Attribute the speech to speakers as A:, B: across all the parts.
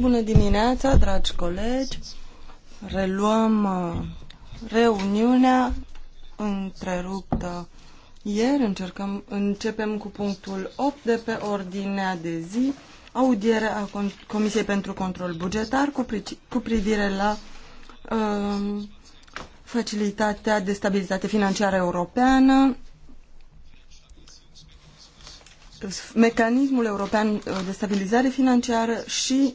A: Bună dimineața, dragi colegi. Reluăm uh, reuniunea întreruptă ieri. Încercăm, începem cu punctul 8 de pe ordinea de zi audierea a Comisiei pentru Control Bugetar cu, pri cu privire la uh, Facilitatea de Stabilitate Financiară Europeană, Mecanismul European uh, de Stabilizare Financiară și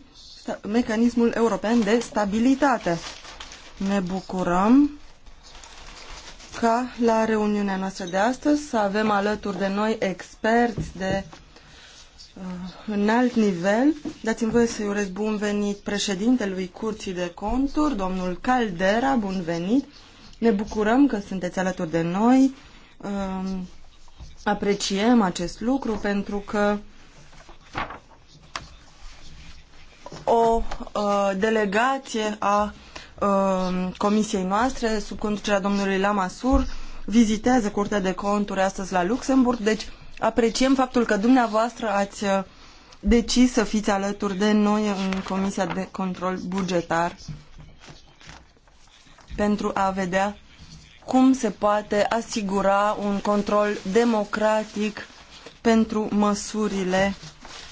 A: Mecanismul European de Stabilitate. Ne bucurăm ca la reuniunea noastră de astăzi să avem alături de noi experți de uh, Uh, în alt nivel. Dați-mi voie să-i urez bun venit președintelui Curții de Conturi, domnul Caldera, bun venit. Ne bucurăm că sunteți alături de noi. Um, apreciem acest lucru pentru că o uh, delegație a um, comisiei noastre sub conducerea domnului Lamasur vizitează Curtea de Conturi astăzi la Luxemburg, deci Apreciem faptul că dumneavoastră ați uh, decis să fiți alături de noi în Comisia de Control Bugetar pentru a vedea cum se poate asigura un control democratic pentru măsurile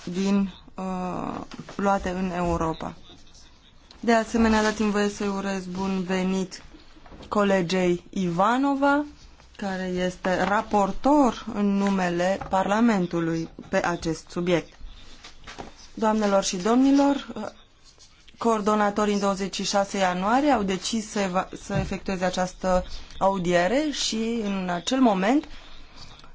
A: din uh, luate în Europa. De asemenea, dați-mi voie să-i urez bun venit colegei Ivanova care este raportor în numele Parlamentului pe acest subiect. Doamnelor și domnilor, coordonatorii în 26 ianuarie au decis să, să efectueze această audiere și în acel moment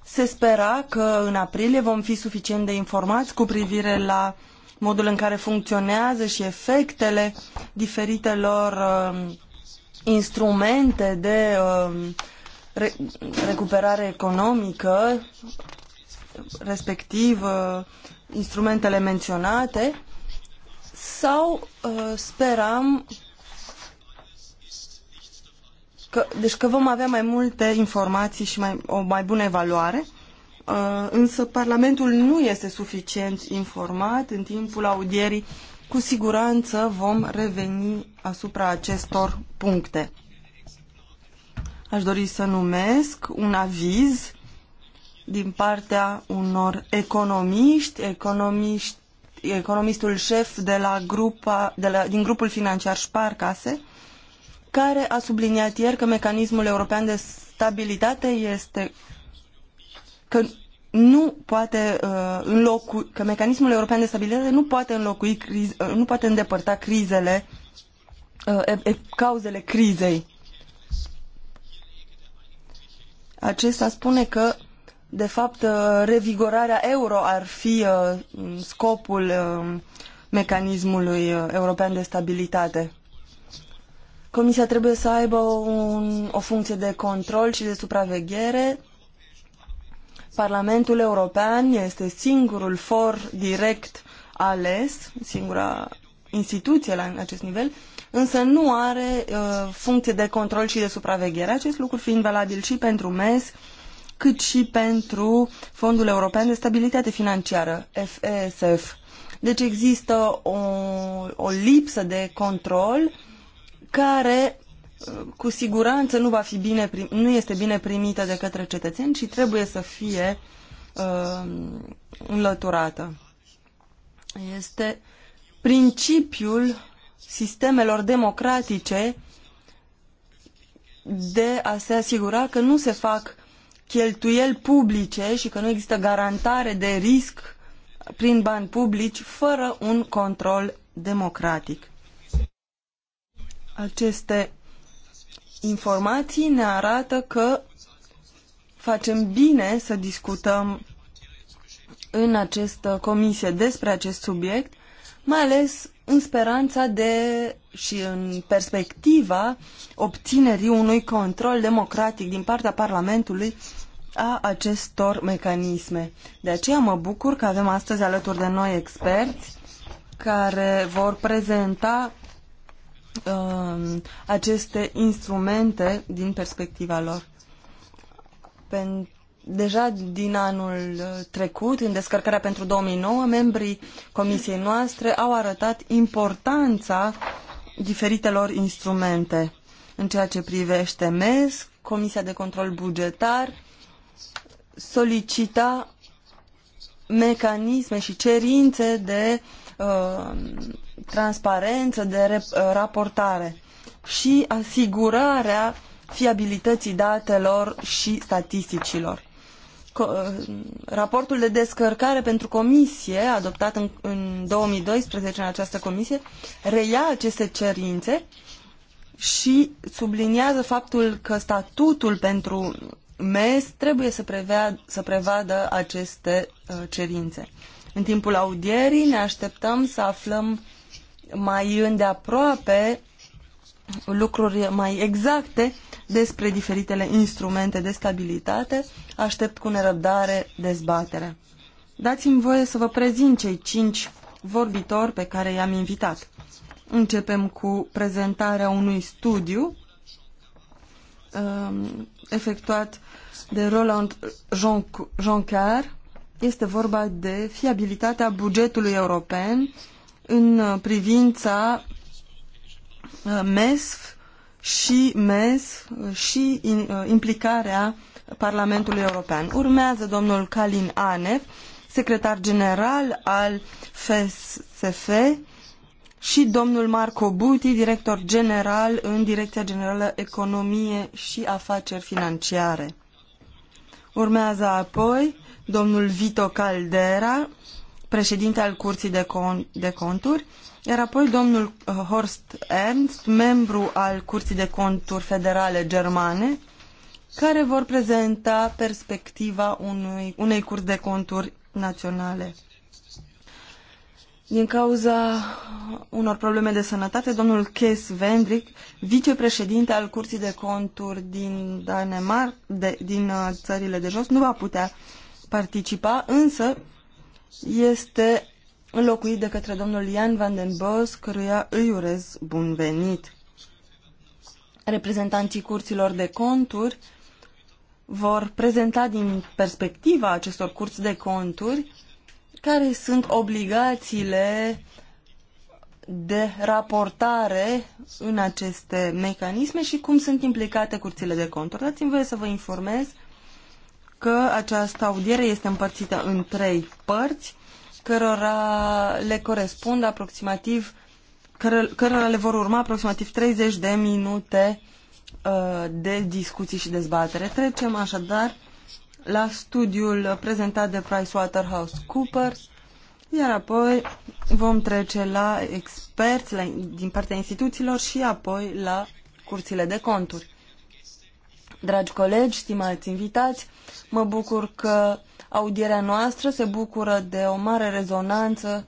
A: se spera că în aprilie vom fi suficient de informați cu privire la modul în care funcționează și efectele diferitelor uh, instrumente de uh, re- recuperare economică, respectiv uh, instrumentele menționate, sau uh, speram că, deci că vom avea mai multe informații și mai, o mai bună evaluare, uh, însă Parlamentul nu este suficient informat în timpul audierii. Cu siguranță vom reveni asupra acestor puncte. Aș dori să numesc un aviz din partea unor economiști, economiști economistul șef de la grupa, de la, din grupul financiar Sparcase, care a subliniat ieri că mecanismul european de stabilitate este că nu poate uh, înlocui, că mecanismul european de stabilitate nu poate înlocui, uh, nu poate îndepărta crizele, uh, e, e, cauzele crizei. Acesta spune că, de fapt, uh, revigorarea euro ar fi uh, scopul uh, mecanismului european de stabilitate. Comisia trebuie să aibă un, o funcție de control și de supraveghere. Parlamentul European este singurul for direct ales, singura instituție la acest nivel însă nu are uh, funcție de control și de supraveghere. Acest lucru fiind valabil și pentru MES, cât și pentru Fondul European de Stabilitate Financiară, FESF. Deci există o, o lipsă de control care uh, cu siguranță nu, va fi bine prim, nu este bine primită de către cetățeni și trebuie să fie uh, înlăturată. Este principiul sistemelor democratice de a se asigura că nu se fac cheltuieli publice și că nu există garantare de risc prin bani publici fără un control democratic. Aceste informații ne arată că facem bine să discutăm în această comisie despre acest subiect, mai ales în speranța de și în perspectiva obținerii unui control democratic din partea Parlamentului a acestor mecanisme. De aceea mă bucur că avem astăzi alături de noi experți care vor prezenta um, aceste instrumente din perspectiva lor. Pentru deja din anul uh, trecut, în descărcarea pentru 2009, membrii comisiei noastre au arătat importanța diferitelor instrumente în ceea ce privește MES, Comisia de Control Bugetar, solicita mecanisme și cerințe de uh, transparență, de uh, raportare și asigurarea fiabilității datelor și statisticilor raportul de descărcare pentru comisie, adoptat în, în 2012 în această comisie, reia aceste cerințe și subliniază faptul că statutul pentru MES trebuie să, prevea, să prevadă aceste uh, cerințe. În timpul audierii ne așteptăm să aflăm mai îndeaproape lucruri mai exacte despre diferitele instrumente de stabilitate. Aștept cu nerăbdare dezbaterea. Dați-mi voie să vă prezint cei cinci vorbitori pe care i-am invitat. Începem cu prezentarea unui studiu um, efectuat de Roland Joncar. Este vorba de fiabilitatea bugetului european în privința Uh, MESF și MES uh, și uh, implicarea Parlamentului European. Urmează domnul Kalin Anef, secretar general al FSF și domnul Marco Buti, director general în Direcția Generală Economie și Afaceri Financiare. Urmează apoi domnul Vito Caldera, președinte al Curții de, Con de Conturi, iar apoi domnul uh, Horst Ernst, membru al Curții de Conturi Federale Germane, care vor prezenta perspectiva unui, unei curți de conturi naționale. Din cauza unor probleme de sănătate, domnul Kes Vendrick, vicepreședinte al Curții de Conturi din Danemark, de, din uh, țările de jos, nu va putea participa, însă este înlocuit de către domnul Ian van den Bos, căruia îi urez bun venit. Reprezentanții curților de conturi vor prezenta din perspectiva acestor curți de conturi care sunt obligațiile de raportare în aceste mecanisme și cum sunt implicate curțile de conturi. Dați-mi voie să vă informez că această audiere este împărțită în trei părți cărora le corespund aproximativ, cărora le vor urma aproximativ 30 de minute uh, de discuții și dezbatere. Trecem așadar la studiul prezentat de PricewaterhouseCoopers, iar apoi vom trece la experți la, din partea instituțiilor și apoi la curțile de conturi. Dragi colegi, stimați invitați, mă bucur că Audierea noastră se bucură de o mare rezonanță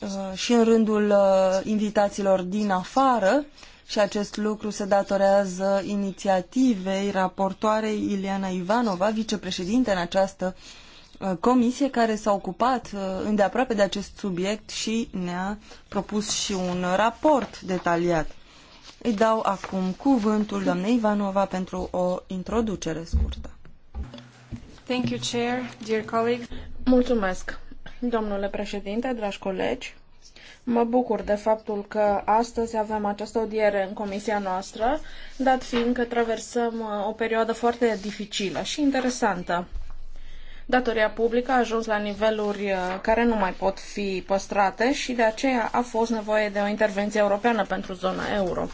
A: uh, și în rândul uh, invitațiilor din afară și acest lucru se datorează inițiativei raportoarei Iliana Ivanova, vicepreședinte în această uh, comisie care s-a ocupat îndeaproape de acest subiect și ne-a propus și un raport detaliat. Îi dau acum cuvântul doamnei Ivanova pentru o introducere scurtă.
B: Mulțumesc, domnule președinte, dragi colegi. Mă bucur de faptul că astăzi avem această audiere în comisia noastră, dat fiind că traversăm uh, o perioadă foarte dificilă și interesantă. Datoria publică a ajuns la niveluri uh, care nu mai pot fi păstrate și de aceea a fost nevoie de o intervenție europeană pentru zona euro.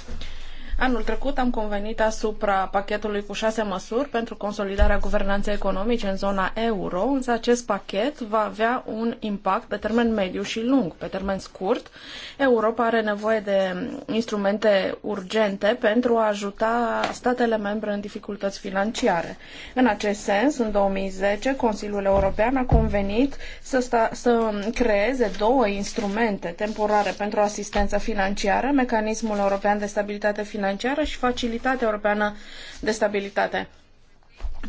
B: Anul trecut am convenit asupra pachetului cu șase măsuri pentru consolidarea guvernanței economice în zona euro, însă acest pachet va avea un impact pe termen mediu și lung. Pe termen scurt, Europa are nevoie de instrumente urgente pentru a ajuta statele membre în dificultăți financiare. În acest sens, în 2010, Consiliul European a convenit să, sta, să creeze două instrumente temporare pentru asistență financiară, mecanismul european de stabilitate financiară financiară și Facilitatea Europeană de Stabilitate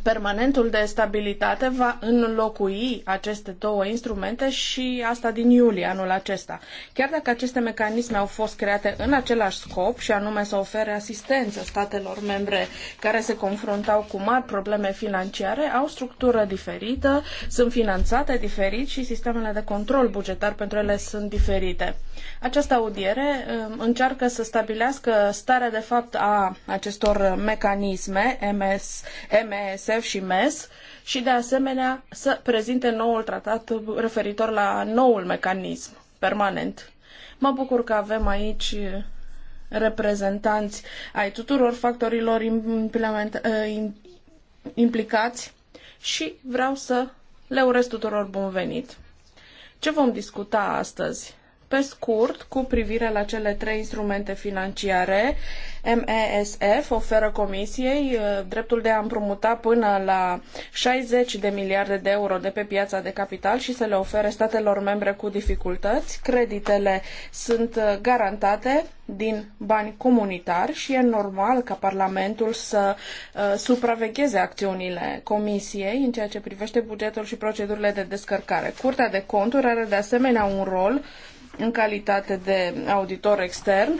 B: permanentul de stabilitate va înlocui aceste două instrumente și asta din iulie anul acesta. Chiar dacă aceste mecanisme au fost create în același scop și anume să ofere asistență statelor membre care se confruntau cu mari probleme financiare, au structură diferită, sunt finanțate diferit și sistemele de control bugetar pentru ele sunt diferite. Această audiere um, încearcă să stabilească starea de fapt a acestor mecanisme MS, MS ESF și MES și de asemenea să prezinte noul tratat referitor la noul mecanism permanent. Mă bucur că avem aici reprezentanți ai tuturor factorilor ă, implicați și vreau să le urez tuturor bun venit. Ce vom discuta astăzi? pe scurt, cu privire la cele trei instrumente financiare, MESF oferă Comisiei uh, dreptul de a împrumuta până la 60 de miliarde de euro de pe piața de capital și să le ofere statelor membre cu dificultăți. Creditele sunt uh, garantate din bani comunitari și e normal ca Parlamentul să uh, supravegheze acțiunile Comisiei în ceea ce privește bugetul și procedurile de descărcare. Curtea de conturi are de asemenea un rol în calitate de auditor extern.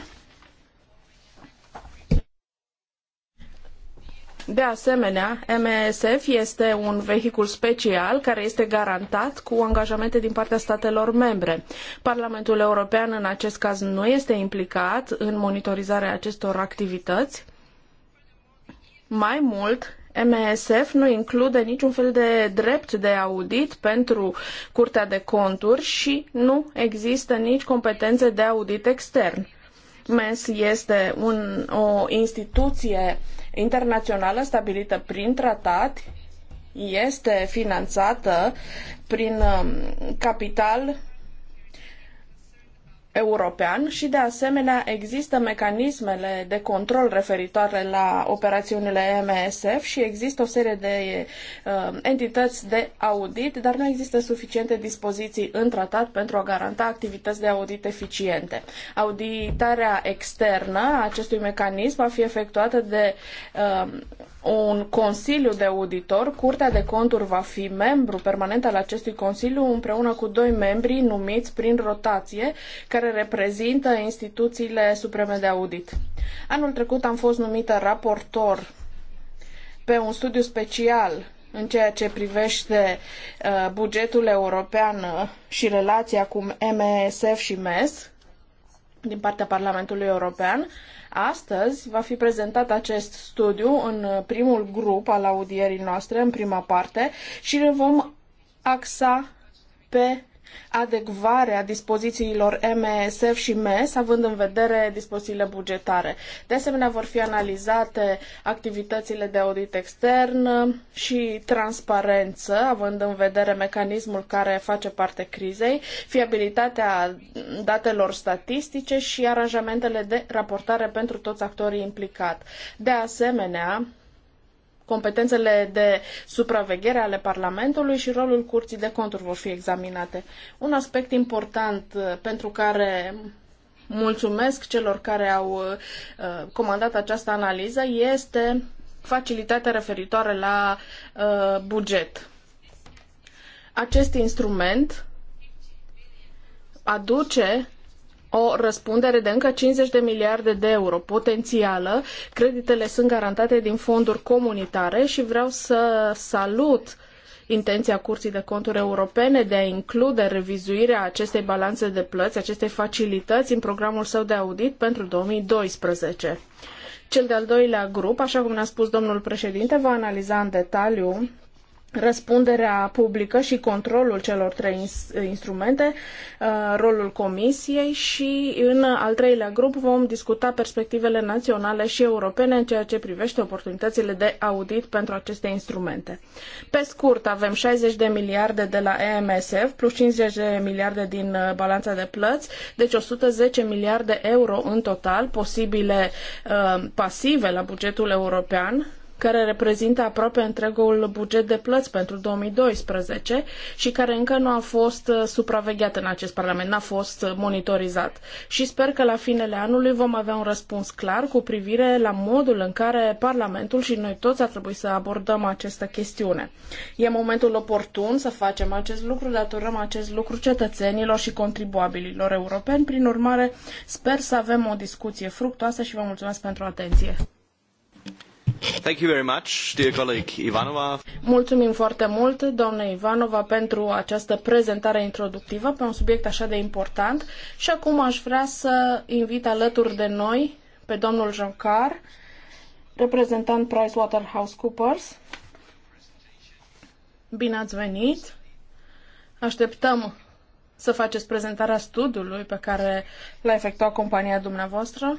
B: De asemenea, MESF este un vehicul special care este garantat cu angajamente din partea statelor membre. Parlamentul European în acest caz nu este implicat în monitorizarea acestor activități. Mai mult, MSF nu include niciun fel de drept de audit pentru Curtea de Conturi și nu există nici competențe de audit extern. MES este un, o instituție internațională stabilită prin tratat, este finanțată prin um, capital european și, de asemenea, există mecanismele de control referitoare la operațiunile MSF și există o serie de uh, entități de audit, dar nu există suficiente dispoziții în tratat pentru a garanta activități de audit eficiente. Auditarea externă a acestui mecanism va fi efectuată de uh, un Consiliu de Auditor. Curtea de Conturi va fi membru permanent al acestui Consiliu împreună cu doi membri numiți prin rotație care reprezintă instituțiile supreme de audit. Anul trecut am fost numită raportor pe un studiu special în ceea ce privește uh, bugetul european uh, și relația cu MESF și MES din partea Parlamentului European. Astăzi va fi prezentat acest studiu în primul grup al audierii noastre, în prima parte, și ne vom axa pe adecvare a dispozițiilor MSF și MES, având în vedere dispozițiile bugetare. De asemenea, vor fi analizate activitățile de audit extern și transparență, având în vedere mecanismul care face parte crizei, fiabilitatea datelor statistice și aranjamentele de raportare pentru toți actorii implicați. De asemenea, competențele de supraveghere ale Parlamentului și rolul Curții de Conturi vor fi examinate. Un aspect important uh, pentru care mulțumesc celor care au uh, comandat această analiză este facilitatea referitoare la uh, buget. Acest instrument aduce o răspundere de încă 50 de miliarde de euro potențială. Creditele sunt garantate din fonduri comunitare și vreau să salut intenția Curții de Conturi Europene de a include revizuirea acestei balanțe de plăți, acestei facilități în programul său de audit pentru 2012. Cel de-al doilea grup, așa cum ne-a spus domnul președinte, va analiza în detaliu răspunderea publică și controlul celor trei instrumente, uh, rolul comisiei și în al treilea grup vom discuta perspectivele naționale și europene în ceea ce privește oportunitățile de audit pentru aceste instrumente. Pe scurt, avem 60 de miliarde de la EMSF plus 50 de miliarde din uh, balanța de plăți, deci 110 miliarde euro în total, posibile uh, pasive la bugetul european, care reprezintă aproape întregul buget de plăți pentru 2012 și care încă nu a fost uh, supravegheat în acest Parlament, n-a fost uh, monitorizat. Și sper că la finele anului vom avea un răspuns clar cu privire la modul în care Parlamentul și noi toți ar trebui să abordăm această chestiune. E momentul oportun să facem acest lucru, datorăm acest lucru cetățenilor și contribuabililor europeni. Prin urmare, sper să avem o discuție fructoasă și vă mulțumesc pentru atenție. Mulțumim foarte mult, doamnă Ivanova, pentru această prezentare introductivă pe un subiect așa de important. Și acum aș vrea să invit alături de noi pe domnul Joncar, reprezentant PricewaterhouseCoopers. Bine ați venit! Așteptăm să faceți prezentarea studiului pe care l-a efectuat compania dumneavoastră.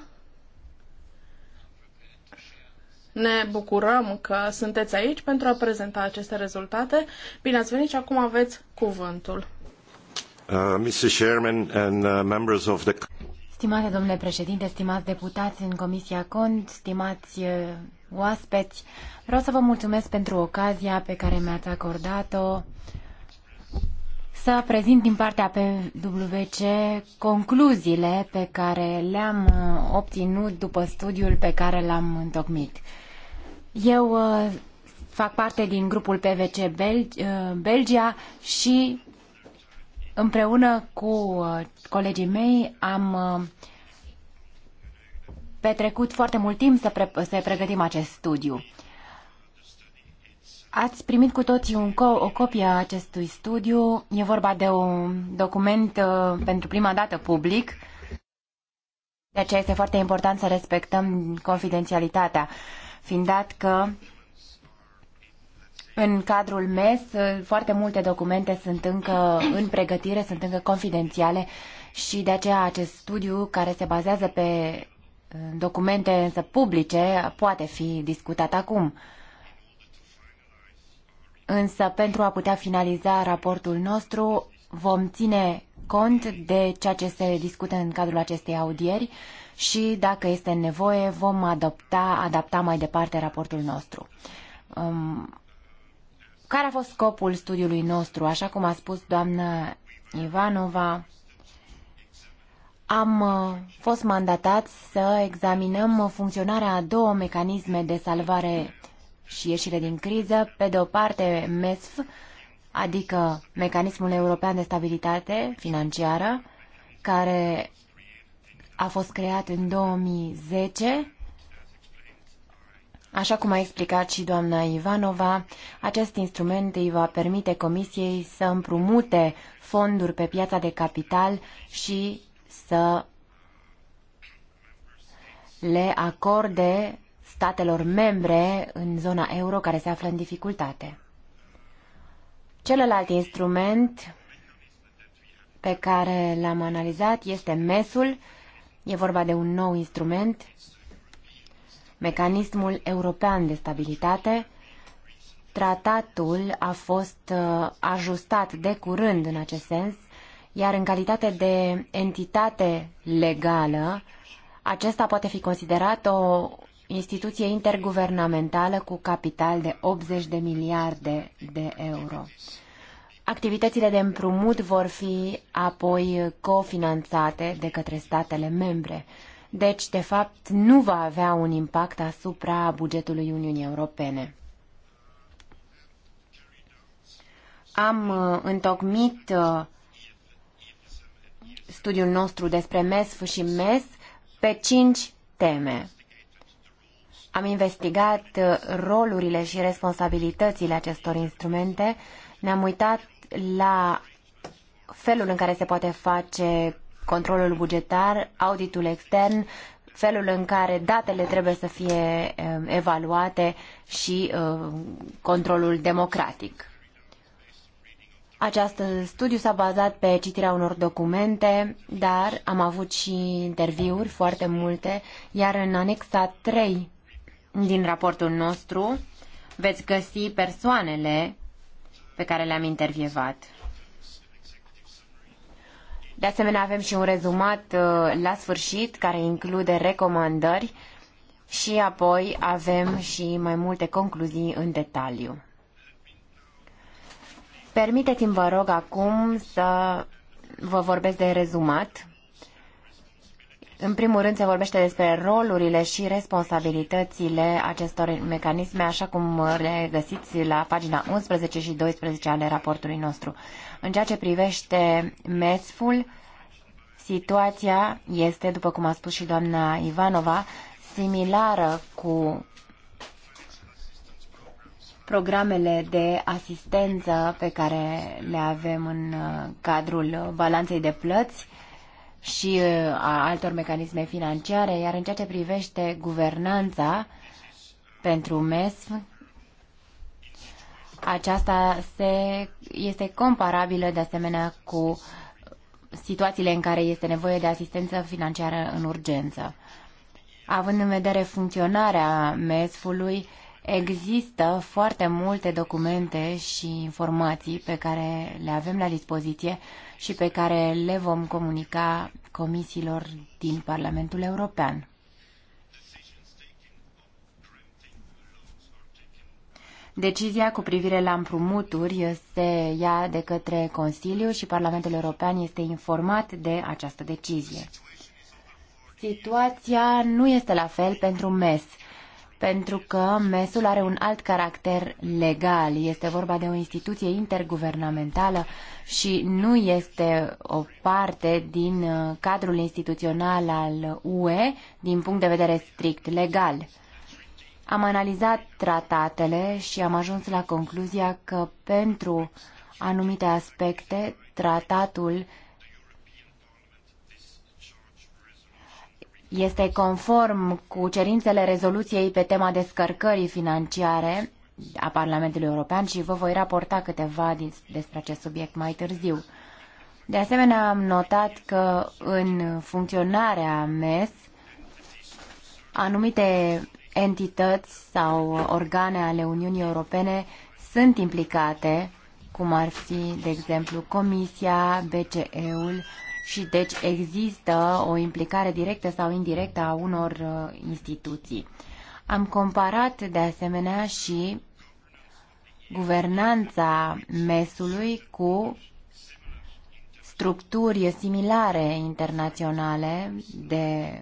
B: Ne bucurăm că sunteți aici pentru a prezenta aceste
C: rezultate. Bine ați venit și acum aveți cuvântul.
D: Uh, Mr. Chairman and uh, members of the...
C: Stimate domnule președinte, stimați deputați în Comisia Cont, stimați uh, oaspeți, vreau să vă mulțumesc pentru ocazia pe care mi-ați acordat-o să prezint din partea PWC concluziile pe care le-am uh, obținut după studiul pe care l-am întocmit. Eu uh, fac parte din grupul PVC uh, Belgia și împreună cu uh, colegii mei am petrecut foarte mult timp să, pre să pregătim acest studiu. Ați primit cu toții un co- o copie a acestui studiu. E vorba de un document uh, pentru prima dată public. De aceea este foarte important să respectăm confidențialitatea. Uh, fiind dat că în cadrul MES uh, foarte multe documente sunt încă în pregătire, sunt încă confidențiale și de aceea acest studiu care se bazează pe uh, documente însă publice poate fi discutat acum. Însă pentru a putea finaliza raportul nostru vom ține cont de ceea ce se discută în cadrul acestei audieri și, dacă este nevoie, vom adopta, adapta mai departe raportul nostru. Um, care a fost scopul studiului nostru? Așa cum a spus doamna Ivanova, am uh, fost mandatați să examinăm funcționarea a două mecanisme de salvare și ieșire din criză. Pe de o parte, MESF, adică Mecanismul European de Stabilitate Financiară, care a fost creat în 2010. Așa cum a explicat și doamna Ivanova, acest instrument îi va permite Comisiei să împrumute fonduri pe piața de capital și să le acorde statelor membre în zona euro care se află în dificultate. Celălalt instrument pe care l-am analizat este MES-ul, E vorba de un nou instrument, mecanismul european de stabilitate. Tratatul a fost uh, ajustat de curând în acest sens, iar în calitate de entitate legală, acesta poate fi considerat o instituție interguvernamentală cu capital de 80 de miliarde de euro. Activitățile de împrumut vor fi apoi cofinanțate de către statele membre. Deci, de fapt, nu va avea un impact asupra bugetului Uniunii Europene. Am uh, întocmit uh, studiul nostru despre MESF și MES pe cinci teme. Am investigat uh, rolurile și responsabilitățile acestor instrumente, ne-am uitat la felul în care se poate face controlul bugetar, auditul extern, felul în care datele trebuie să fie um, evaluate și um, controlul democratic. Acest studiu s-a bazat pe citirea unor documente, dar am avut și interviuri foarte multe, iar în anexa 3 din raportul nostru veți găsi persoanele pe care le-am intervievat. De asemenea, avem și un rezumat uh, la sfârșit care include recomandări și apoi avem și mai multe concluzii în detaliu. Permiteți-mi, vă rog, acum să vă vorbesc de rezumat în primul rând se vorbește despre rolurile și responsabilitățile acestor mecanisme, așa cum le găsiți la pagina 11 și 12 ale raportului nostru. În ceea ce privește MESF-ul, situația este, după cum a spus și doamna Ivanova, similară cu programele de asistență pe care le avem în uh, cadrul uh, balanței de plăți, și uh, a altor mecanisme financiare, iar în ceea ce privește guvernanța pentru MESF, aceasta se, este comparabilă de asemenea cu situațiile în care este nevoie de asistență financiară în urgență. Având în vedere funcționarea MESF-ului, Există foarte multe documente și informații pe care le avem la dispoziție și pe care le vom comunica comisiilor din Parlamentul European. Decizia cu privire la împrumuturi se ia de către Consiliu și Parlamentul European este informat de această decizie. Situația nu este la fel pentru MES pentru că MES-ul are un alt caracter legal. Este vorba de o instituție interguvernamentală și nu este o parte din uh, cadrul instituțional al UE din punct de vedere strict legal. Am analizat tratatele și am ajuns la concluzia că pentru anumite aspecte tratatul este conform cu cerințele rezoluției pe tema descărcării financiare a Parlamentului European și vă voi raporta câteva din, despre acest subiect mai târziu. De asemenea, am notat că în funcționarea MES anumite entități sau organe ale Uniunii Europene sunt implicate, cum ar fi, de exemplu, Comisia, BCE-ul și deci există o implicare directă sau indirectă a unor uh, instituții. Am comparat de asemenea și guvernanța mesului cu structuri similare internaționale de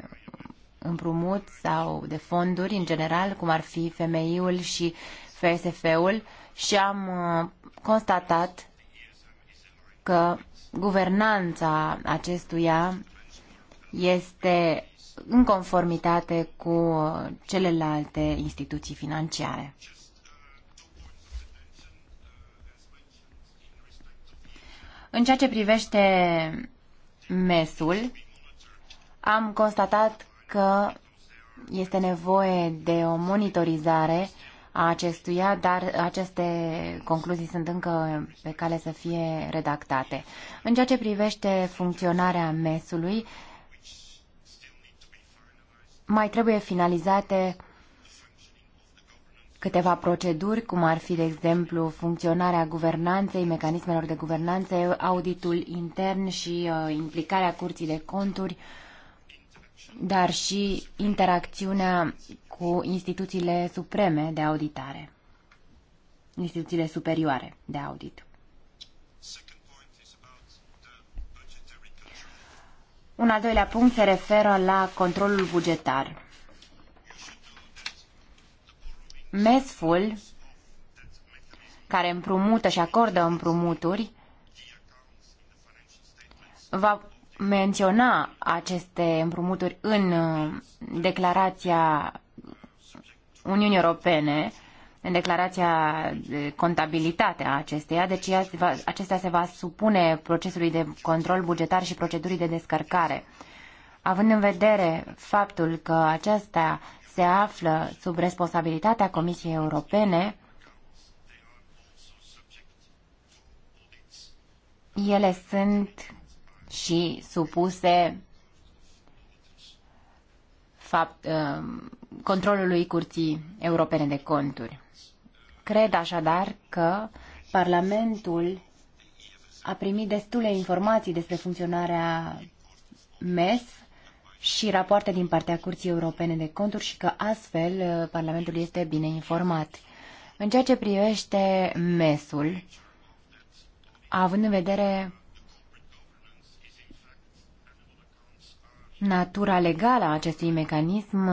C: împrumut sau de fonduri în general, cum ar fi FMI-ul și FSF-ul și am uh, constatat că guvernanța acestuia este în conformitate cu celelalte instituții financiare. În ceea ce privește mesul, am constatat că este nevoie de o monitorizare a acestuia, dar aceste concluzii sunt încă pe cale să fie redactate. În ceea ce privește funcționarea mesului, mai trebuie finalizate câteva proceduri, cum ar fi, de exemplu, funcționarea guvernanței, mecanismelor de guvernanță, auditul intern și uh, implicarea curții de conturi uh, dar și interacțiunea cu instituțiile supreme de auditare, instituțiile superioare de audit. Un al doilea punct se referă la controlul bugetar. Mesful, care împrumută și acordă împrumuturi, va menționa aceste împrumuturi în uh, declarația Uniunii Europene, în declarația de contabilitate a acesteia, deci acestea se va supune procesului de control bugetar și procedurii de descărcare. Având în vedere faptul că acestea se află sub responsabilitatea Comisiei Europene, ele sunt și supuse fapt, um, controlului Curții Europene de Conturi. Cred așadar că Parlamentul a primit destule informații despre funcționarea MES și rapoarte din partea Curții Europene de Conturi și că astfel uh, Parlamentul este bine informat. În ceea ce privește MES-ul, având în vedere natura legală a acestui mecanism,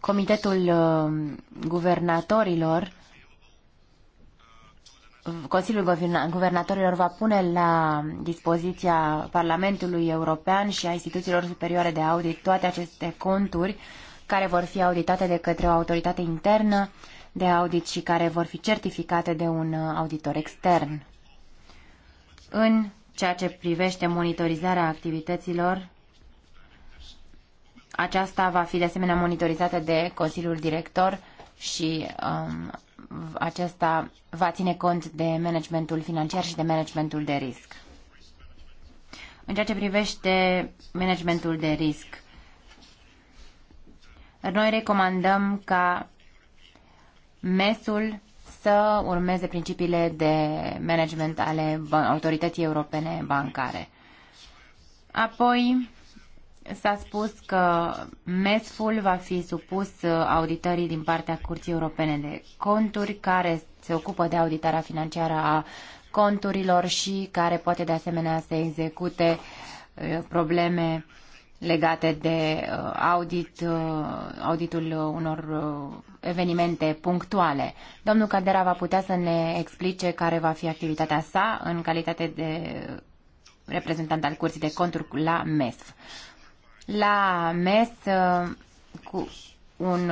C: Comitetul uh, Guvernatorilor Consiliul Guvernatorilor va pune la dispoziția Parlamentului European și a instituțiilor superioare de audit toate aceste conturi care vor fi auditate de către o autoritate internă de audit și care vor fi certificate de un auditor extern. În ceea ce privește monitorizarea activităților, aceasta va fi de asemenea monitorizată de Consiliul Director și um, acesta va ține cont de managementul financiar și de managementul de risc. În ceea ce privește managementul de risc, noi recomandăm ca mesul să urmeze principiile de management ale autorității europene bancare. Apoi s-a spus că MESF-ul va fi supus uh, auditării din partea Curții Europene de Conturi, care se ocupă de auditarea financiară a conturilor și care poate de asemenea să execute uh, probleme uh, legate de uh, audit, uh, auditul uh, unor evenimente punctuale. Domnul Cadera va putea să ne explice care va fi activitatea sa în calitate de reprezentant al Curții de Conturi la MES. La MES, cu un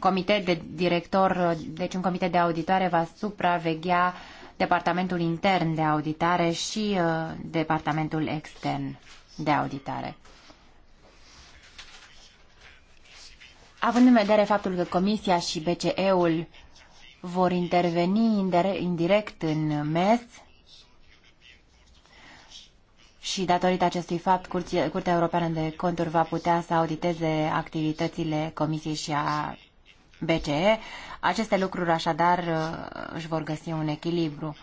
C: comitet de director, deci un comitet de auditoare va supraveghea departamentul intern de auditare și departamentul extern de auditare. Având în vedere faptul că Comisia și BCE-ul vor interveni indirect în MES și datorită acestui fapt, Curtea Europeană de Conturi va putea să auditeze activitățile Comisiei și a BCE. Aceste lucruri așadar uh, își vor găsi un echilibru.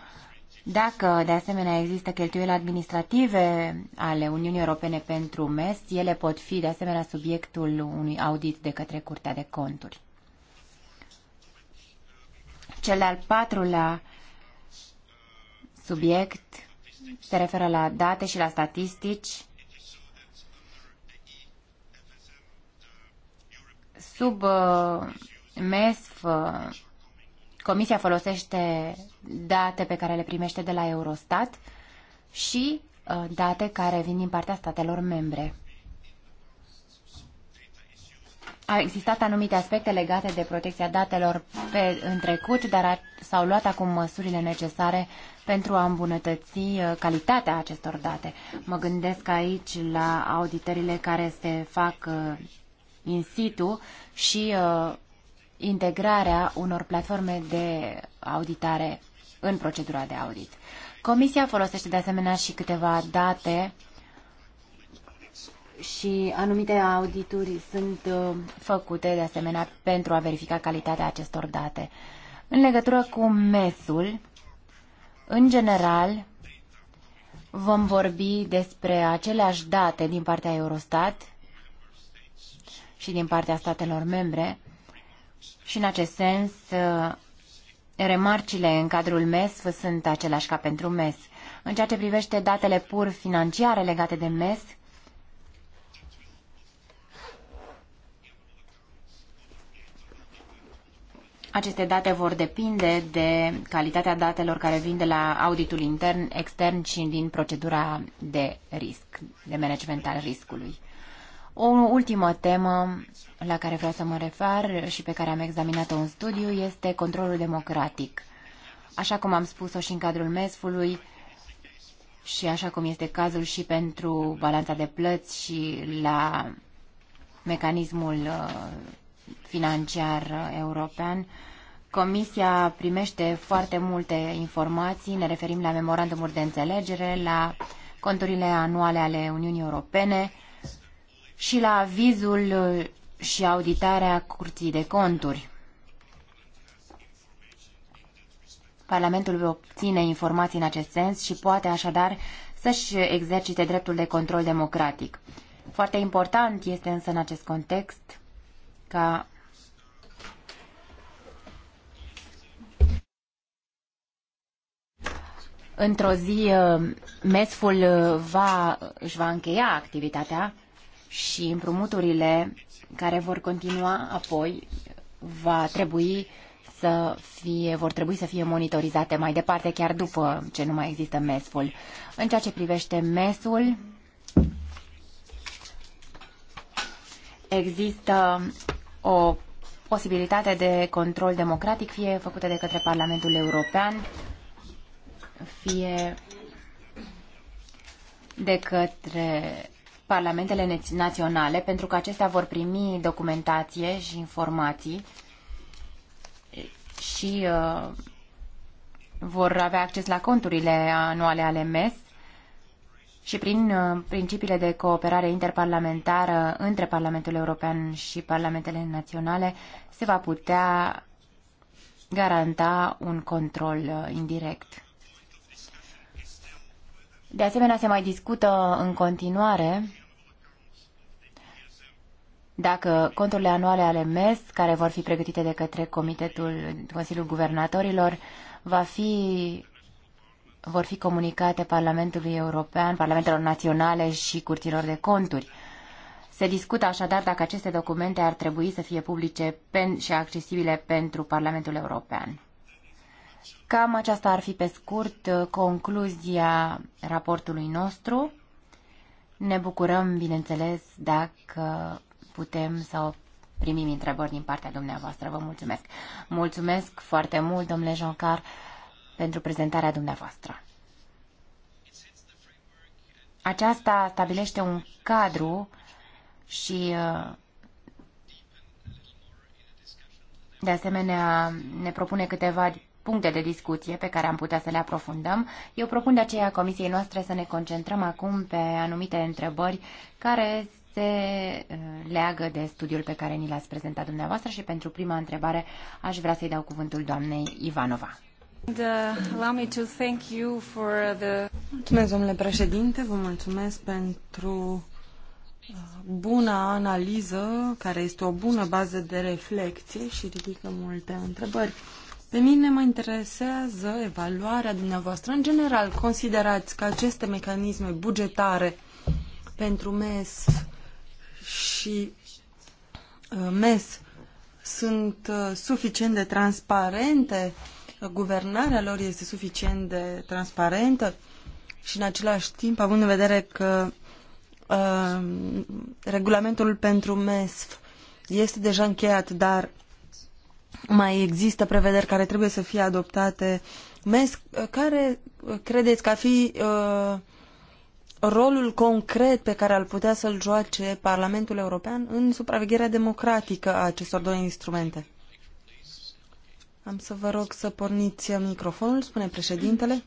C: Dacă, de asemenea, există cheltuieli administrative ale Uniunii Europene pentru MES, ele pot fi, de asemenea, subiectul unui audit de către Curtea de Conturi. Cel de-al patrulea subiect se referă la date și la statistici. Sub uh, MESF uh, Comisia folosește date pe care le primește de la Eurostat și uh, date care vin din partea statelor membre. Au existat anumite aspecte legate de protecția datelor pe, în trecut, dar s-au luat acum măsurile necesare pentru a îmbunătăți uh, calitatea acestor date. Mă gândesc aici la auditările care se fac uh, in situ și integrarea unor platforme de auditare în procedura de audit. Comisia folosește de asemenea și câteva date și anumite audituri sunt uh, făcute de asemenea pentru a verifica calitatea acestor date. În legătură cu mesul, în general, vom vorbi despre aceleași date din partea Eurostat și din partea statelor membre, și în acest sens, uh, remarcile în cadrul MES sunt aceleași ca pentru MES. În ceea ce privește datele pur financiare legate de MES, Aceste date vor depinde de calitatea datelor care vin de la auditul intern, extern și din procedura de risc, de management al riscului. O ultimă temă la care vreau să mă refer și pe care am examinat-o în studiu este controlul democratic. Așa cum am spus-o și în cadrul MESF-ului și așa cum este cazul și pentru balanța de plăți și la mecanismul uh, financiar uh, european, Comisia primește foarte multe informații, ne referim la memorandumuri de înțelegere, la conturile anuale ale Uniunii Europene, și la avizul uh, și auditarea Curții de Conturi. Parlamentul obține informații în acest sens și poate așadar să-și exercite dreptul de control democratic. Foarte important este însă în acest context ca într-o zi uh, mesful uh, va, își va încheia activitatea și împrumuturile care vor continua apoi va trebui să fie, vor trebui să fie monitorizate mai departe, chiar după ce nu mai există mesul. În ceea ce privește mesul, există o posibilitate de control democratic, fie făcută de către Parlamentul European, fie de către parlamentele naționale, pentru că acestea vor primi documentație și informații și uh, vor avea acces la conturile anuale ale MES și prin uh, principiile de cooperare interparlamentară între Parlamentul European și Parlamentele Naționale se va putea garanta un control uh, indirect. De asemenea, se mai discută în continuare dacă conturile anuale ale MES, care vor fi pregătite de către Comitetul Consiliul Guvernatorilor, va fi, vor fi comunicate Parlamentului European, Parlamentelor Naționale și Curților de Conturi. Se discută așadar dacă aceste documente ar trebui să fie publice și accesibile pentru Parlamentul European. Cam aceasta ar fi pe scurt uh, concluzia raportului nostru. Ne bucurăm, bineînțeles, dacă putem să primim întrebări din partea dumneavoastră. Vă mulțumesc. Mulțumesc foarte mult, domnule Joncar, pentru prezentarea dumneavoastră. Aceasta stabilește un cadru și uh, de asemenea ne propune câteva puncte de discuție pe care am putea să le aprofundăm. Eu propun de aceea comisiei noastre să ne concentrăm acum pe anumite întrebări care se uh, leagă de studiul pe care ni l-ați prezentat dumneavoastră și pentru prima întrebare aș vrea să-i dau cuvântul doamnei Ivanova.
A: Uh, mulțumesc, domnule președinte, vă mulțumesc pentru uh, buna analiză, care este o bună bază de reflexie și ridică multe întrebări. Pe mine mă interesează evaluarea dumneavoastră. În general, considerați că aceste mecanisme bugetare pentru MES și uh, MES sunt uh, suficient de transparente? Guvernarea lor este suficient de transparentă? Și în același timp, având în vedere că uh, regulamentul pentru MESF este deja încheiat, dar mai există prevederi care trebuie să fie adoptate. MESC, care credeți că ar fi uh, rolul concret pe care ar putea să-l joace Parlamentul European în supravegherea democratică a acestor două instrumente? Am să vă rog să porniți microfonul, spune președintele.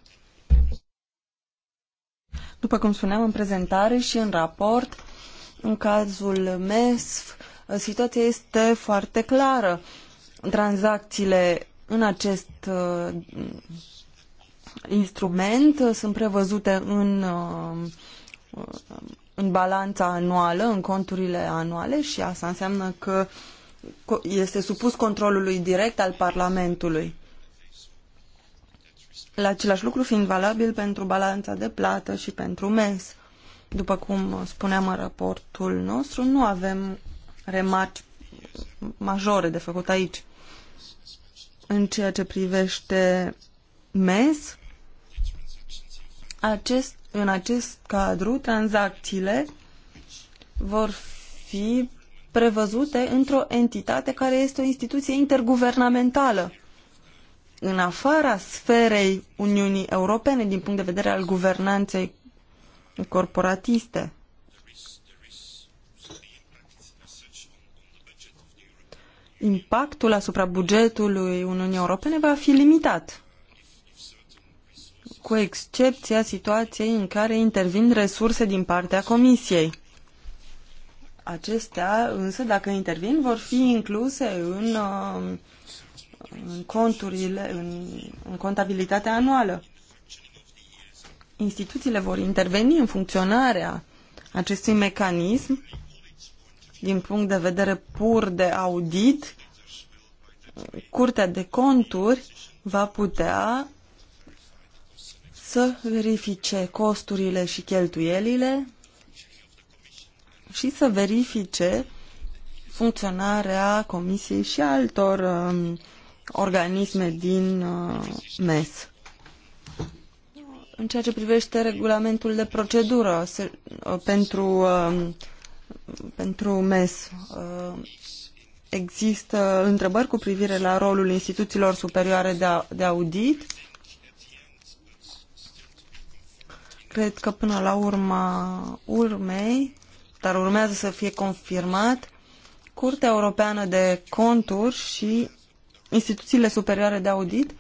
A: După cum spuneam în prezentare și în raport, în cazul MESF, situația este foarte clară. Uh, tranzacțiile în acest uh, instrument sunt prevăzute în, uh, în balanța anuală, în conturile anuale și asta înseamnă că este supus controlului direct al Parlamentului. La același lucru fiind valabil pentru balanța de plată și pentru MES. După cum spuneam în raportul nostru, nu avem remarci majore de făcut aici. În ceea ce privește MES, acest, în acest cadru, tranzacțiile vor fi prevăzute într-o entitate care este o instituție interguvernamentală. În afara sferei Uniunii Europene, din punct de vedere al guvernanței corporatiste. impactul asupra bugetului Uniunii Europene va fi limitat, cu excepția situației în care intervin resurse din partea Comisiei. Acestea, însă, dacă intervin, vor fi incluse în, uh, în conturile, în, în contabilitatea anuală. Instituțiile vor interveni în funcționarea acestui mecanism din punct de vedere pur de audit, Curtea de Conturi va putea să verifice costurile și cheltuielile și să verifice funcționarea Comisiei și altor um, organisme din uh, MES. În ceea ce privește regulamentul de procedură se, uh, pentru uh, pentru MES. Uh, există întrebări cu privire la rolul instituțiilor superioare de, de audit? Cred că până la urma urmei, dar urmează să fie confirmat, Curtea Europeană de Conturi și instituțiile superioare de audit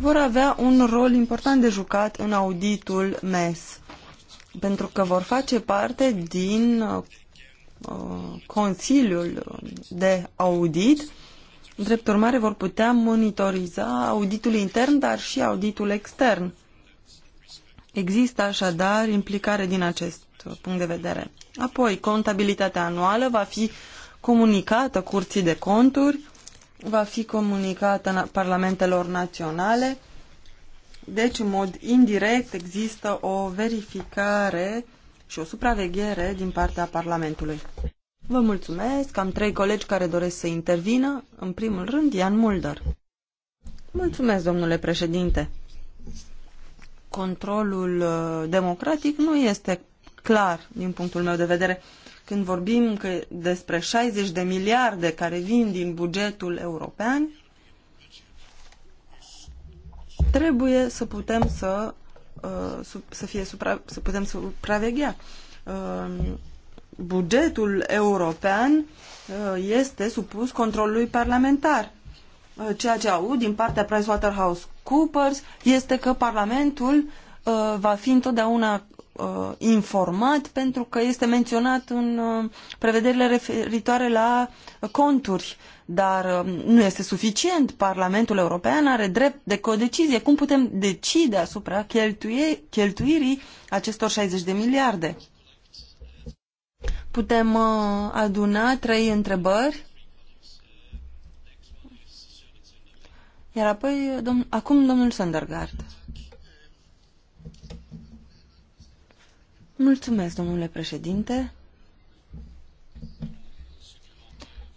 A: vor avea un rol important de jucat în auditul MES, pentru că vor face parte din uh, Uh, Consiliul de audit, drept urmare vor putea monitoriza auditul intern, dar și auditul extern. Există așadar implicare din acest punct de vedere. Apoi, contabilitatea anuală va fi comunicată curții de conturi, va fi comunicată parlamentelor naționale, deci în mod indirect există o verificare și o supraveghere din partea Parlamentului. Vă mulțumesc, am trei colegi care doresc să intervină. În primul rând, Ian Mulder. Mulțumesc, domnule președinte. Controlul uh, democratic nu este clar din punctul meu de vedere. Când vorbim că despre 60 de miliarde care vin din bugetul european, trebuie să putem să Uh, să, fie supra, să putem supraveghea. Uh, bugetul european uh, este supus controlului parlamentar. Ceea ce aud din partea PricewaterhouseCoopers este că Parlamentul va fi întotdeauna informat pentru că este menționat în prevederile referitoare la conturi dar um, nu este suficient. Parlamentul European are drept de codecizie. Cum putem decide asupra cheltuirii acestor 60 de miliarde? Putem uh, aduna trei întrebări? Iar apoi, uh, dom acum domnul Söndergaard. Mulțumesc, domnule președinte.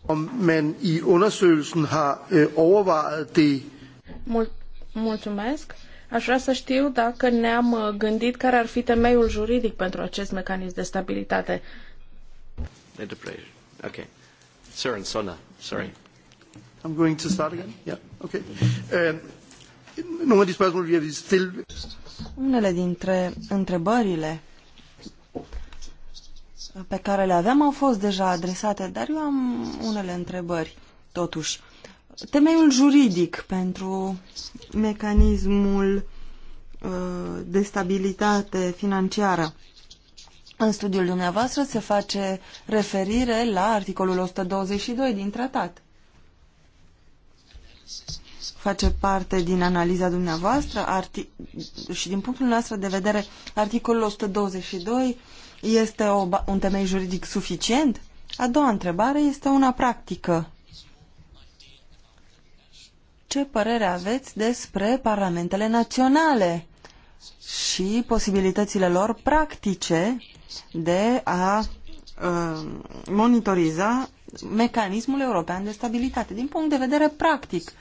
D: Om man i undersøgelsen har øh, overvejet det.
B: mulțumesc. Aș vrea să știu dacă ne-am uh, gândit care ar fi temeiul juridic pentru acest mecanism de stabilitate.
D: Okay. Søren Sonna, sorry. Mm.
A: I'm going to start again? Yeah, okay. Uh, Unele dintre întrebările pe care le aveam au fost deja adresate, dar eu am unele întrebări, totuși. Temeiul juridic pentru mecanismul uh, de stabilitate financiară. În studiul dumneavoastră se face referire la articolul 122 din tratat. Face parte din analiza dumneavoastră arti- și din punctul nostru de vedere articolul 122 este o, un temei juridic suficient? A doua întrebare este una practică. Ce părere aveți despre parlamentele naționale și posibilitățile lor practice de a uh, monitoriza mecanismul european de stabilitate din punct de vedere practic?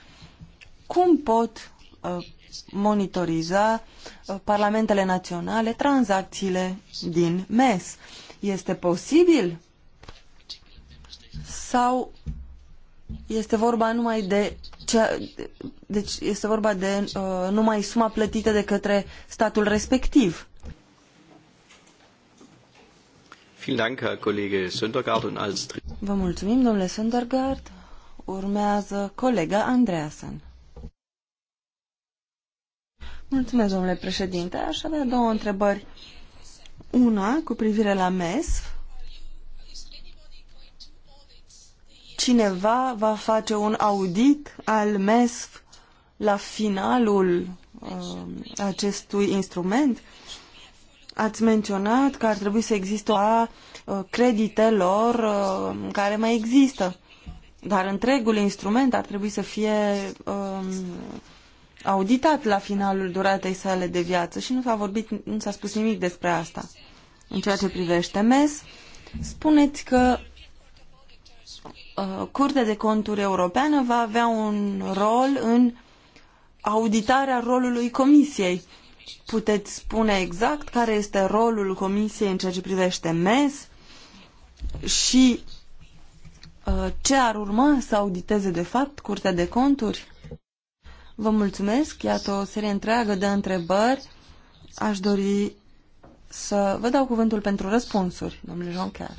A: Cum pot uh, monitoriza uh, parlamentele naționale tranzacțiile din MES. Este posibil? Sau este vorba numai de cea, deci este vorba de uh, numai suma plătită de către statul respectiv? Vă mulțumim, domnule Söndergaard. Urmează colega Andreasen. Mulțumesc, domnule președinte. Aș avea două întrebări. Una cu privire la MESF. Cineva va face un audit al MESF la finalul uh, acestui instrument? Ați menționat că ar trebui să existe a uh, creditelor uh, care mai există, dar întregul instrument ar trebui să fie uh, auditat la finalul duratei sale de viață și nu s-a vorbit, nu s-a spus nimic despre asta. În ceea ce privește MES, spuneți că uh, Curtea de Conturi Europeană va avea un rol în auditarea rolului Comisiei. Puteți spune exact care este rolul Comisiei în ceea ce privește MES și uh, ce ar urma să auditeze de fapt Curtea de Conturi? Vă mulțumesc, iată o serie întreagă de întrebări. Aș dori să vă dau cuvântul pentru răspunsuri, domnule Jonchiar.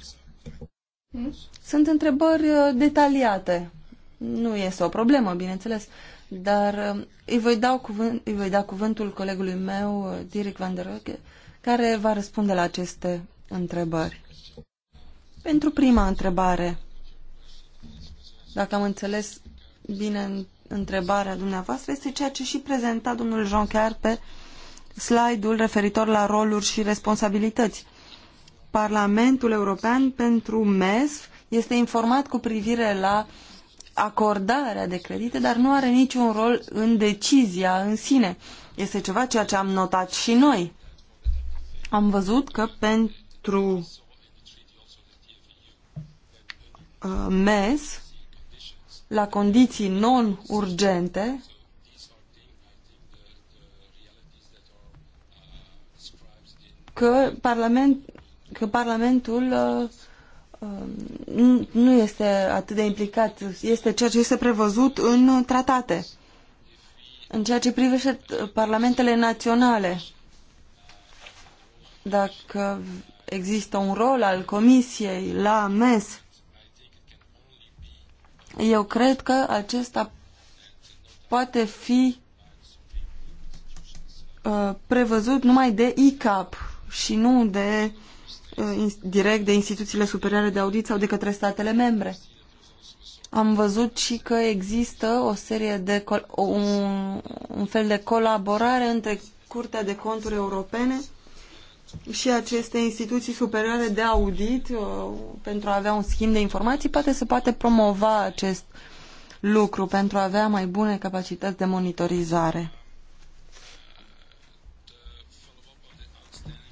A: Sunt întrebări uh, detaliate. Nu este o problemă, bineînțeles, dar uh, îi voi, dau cuvânt, îi voi da cuvântul colegului meu, uh, Dirk van der Rohe, care va răspunde la aceste întrebări. Pentru prima întrebare, dacă am înțeles bine întrebarea dumneavoastră este ceea ce și prezenta domnul Joncar pe slide-ul referitor la roluri și responsabilități. Parlamentul European pentru MESF este informat cu privire la acordarea de credite, dar nu are niciun rol în decizia în sine. Este ceva ceea ce am notat și noi. Am văzut că pentru uh, MES la condiții non-urgente că, parlament, că Parlamentul uh, uh, nu este atât de implicat. Este ceea ce este prevăzut în tratate. În ceea ce privește parlamentele naționale, dacă există un rol al Comisiei la MES eu cred că acesta poate fi uh, prevăzut numai de ICAP și nu de uh, direct de instituțiile superioare de audit sau de către statele membre. Am văzut și că există o serie de un, un fel de colaborare între Curtea de Conturi Europene și aceste instituții superioare de audit uh, pentru a avea un schimb de informații, poate se poate promova acest lucru pentru a avea mai bune capacități de monitorizare.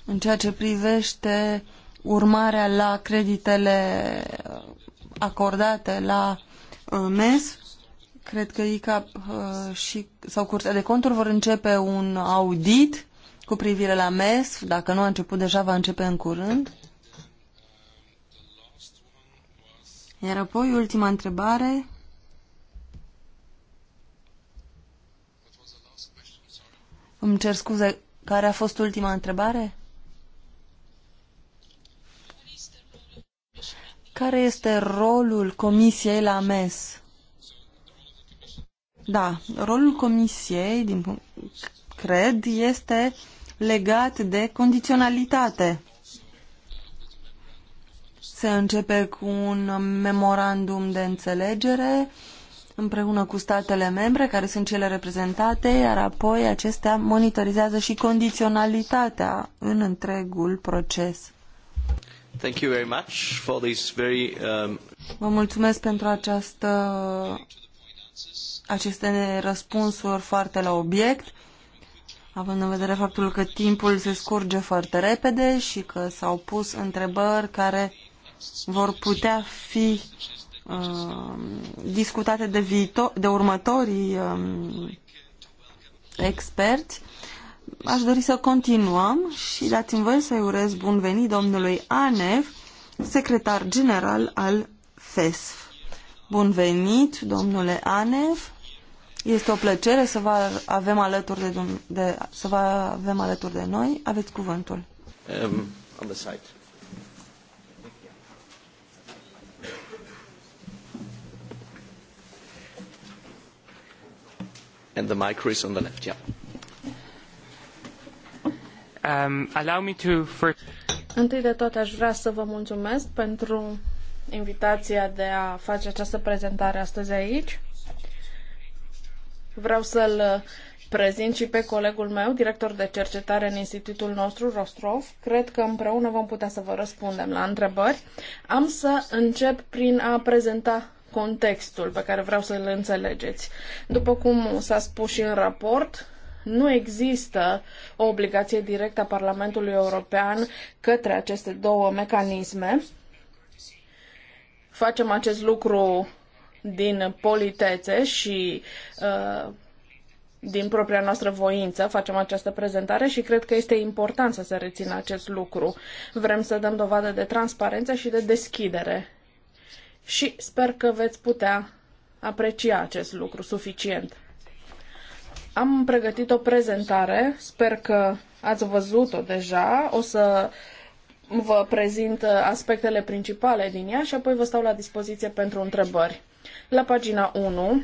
A: În ceea ce privește urmarea la creditele uh, acordate la uh, MES, cred că ICAP și, sau Curtea de Conturi vor începe un audit cu privire la MES, dacă nu a început deja, va începe în curând. Iar apoi, ultima întrebare. Îmi cer scuze, care a fost ultima întrebare? Care este rolul Comisiei la MES? Da, rolul Comisiei, din punct, cred, este legat de condiționalitate. Se începe cu un memorandum de înțelegere împreună cu statele membre, care sunt cele reprezentate, iar apoi acestea monitorizează și condiționalitatea în întregul proces.
D: Thank you very much for this very, um...
A: Vă mulțumesc pentru această, aceste răspunsuri foarte la obiect având în vedere faptul că timpul se scurge foarte repede și că s-au pus întrebări care vor putea fi uh, discutate de, viito, de următorii um, experți. Aș dori să continuăm și dați-mi voi să-i urez bun venit domnului Anev, secretar general al FESF. Bun venit, domnule Anev. Este o plăcere să vă avem alături de, de, să vă avem alături de noi. Aveți cuvântul.
D: Um, on the side. And the mic is on the left, yeah. Um, allow me to first...
B: Întâi de toate aș vrea să vă mulțumesc pentru invitația de a face această prezentare astăzi aici. Vreau să-l uh, prezint și pe colegul meu, director de cercetare în institutul nostru, Rostrov. Cred că împreună vom putea să vă răspundem la întrebări. Am să încep prin a prezenta contextul pe care vreau să-l înțelegeți. După cum s-a spus și în raport, nu există o obligație directă a Parlamentului European către aceste două mecanisme. Facem acest lucru din politețe și uh, din propria noastră voință facem această prezentare și cred că este important să se rețină acest lucru. Vrem să dăm dovadă de transparență și de deschidere. Și sper că veți putea aprecia acest lucru suficient. Am pregătit o prezentare, sper că ați văzut-o deja. O să uh, vă prezint uh, aspectele principale din ea și apoi vă stau la dispoziție pentru întrebări. La pagina 1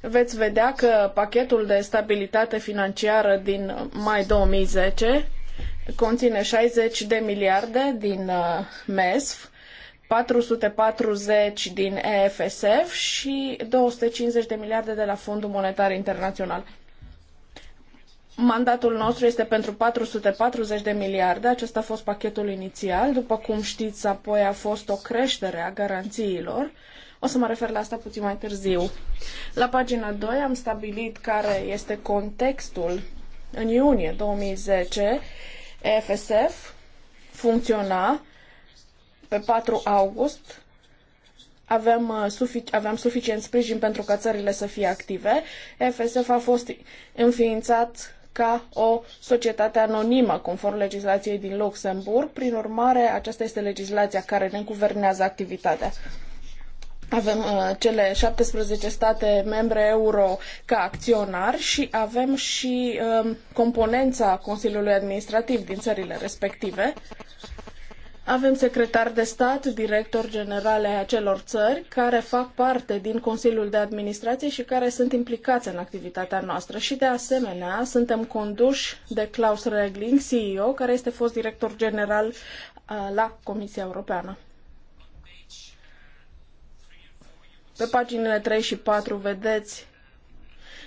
B: veți vedea că pachetul de stabilitate financiară din mai 2010 conține 60 de miliarde din uh, MESF, 440 din EFSF și 250 de miliarde de la Fondul Monetar Internațional. Mandatul nostru este pentru 440 de miliarde, acesta a fost pachetul inițial, după cum știți apoi a fost o creștere a garanțiilor. O să mă refer la asta puțin mai târziu. La pagina 2 am stabilit care este contextul în iunie 2010 EFSF funcționa pe 4 august avem, uh, sufic- aveam suficient sprijin pentru ca țările să fie active. EFSF a fost înființat ca o societate anonimă, conform legislației din Luxemburg. Prin urmare, aceasta este legislația care ne guvernează activitatea. Avem uh, cele 17 state membre euro ca acționari și avem și uh, componența Consiliului Administrativ din țările respective. Avem secretari de stat, directori general ai acelor țări, care fac parte din Consiliul de Administrație și care sunt implicați în activitatea noastră. Și de asemenea, suntem conduși de Klaus Regling, CEO, care este fost director general uh, la Comisia Europeană. Pe paginile 3 și 4 vedeți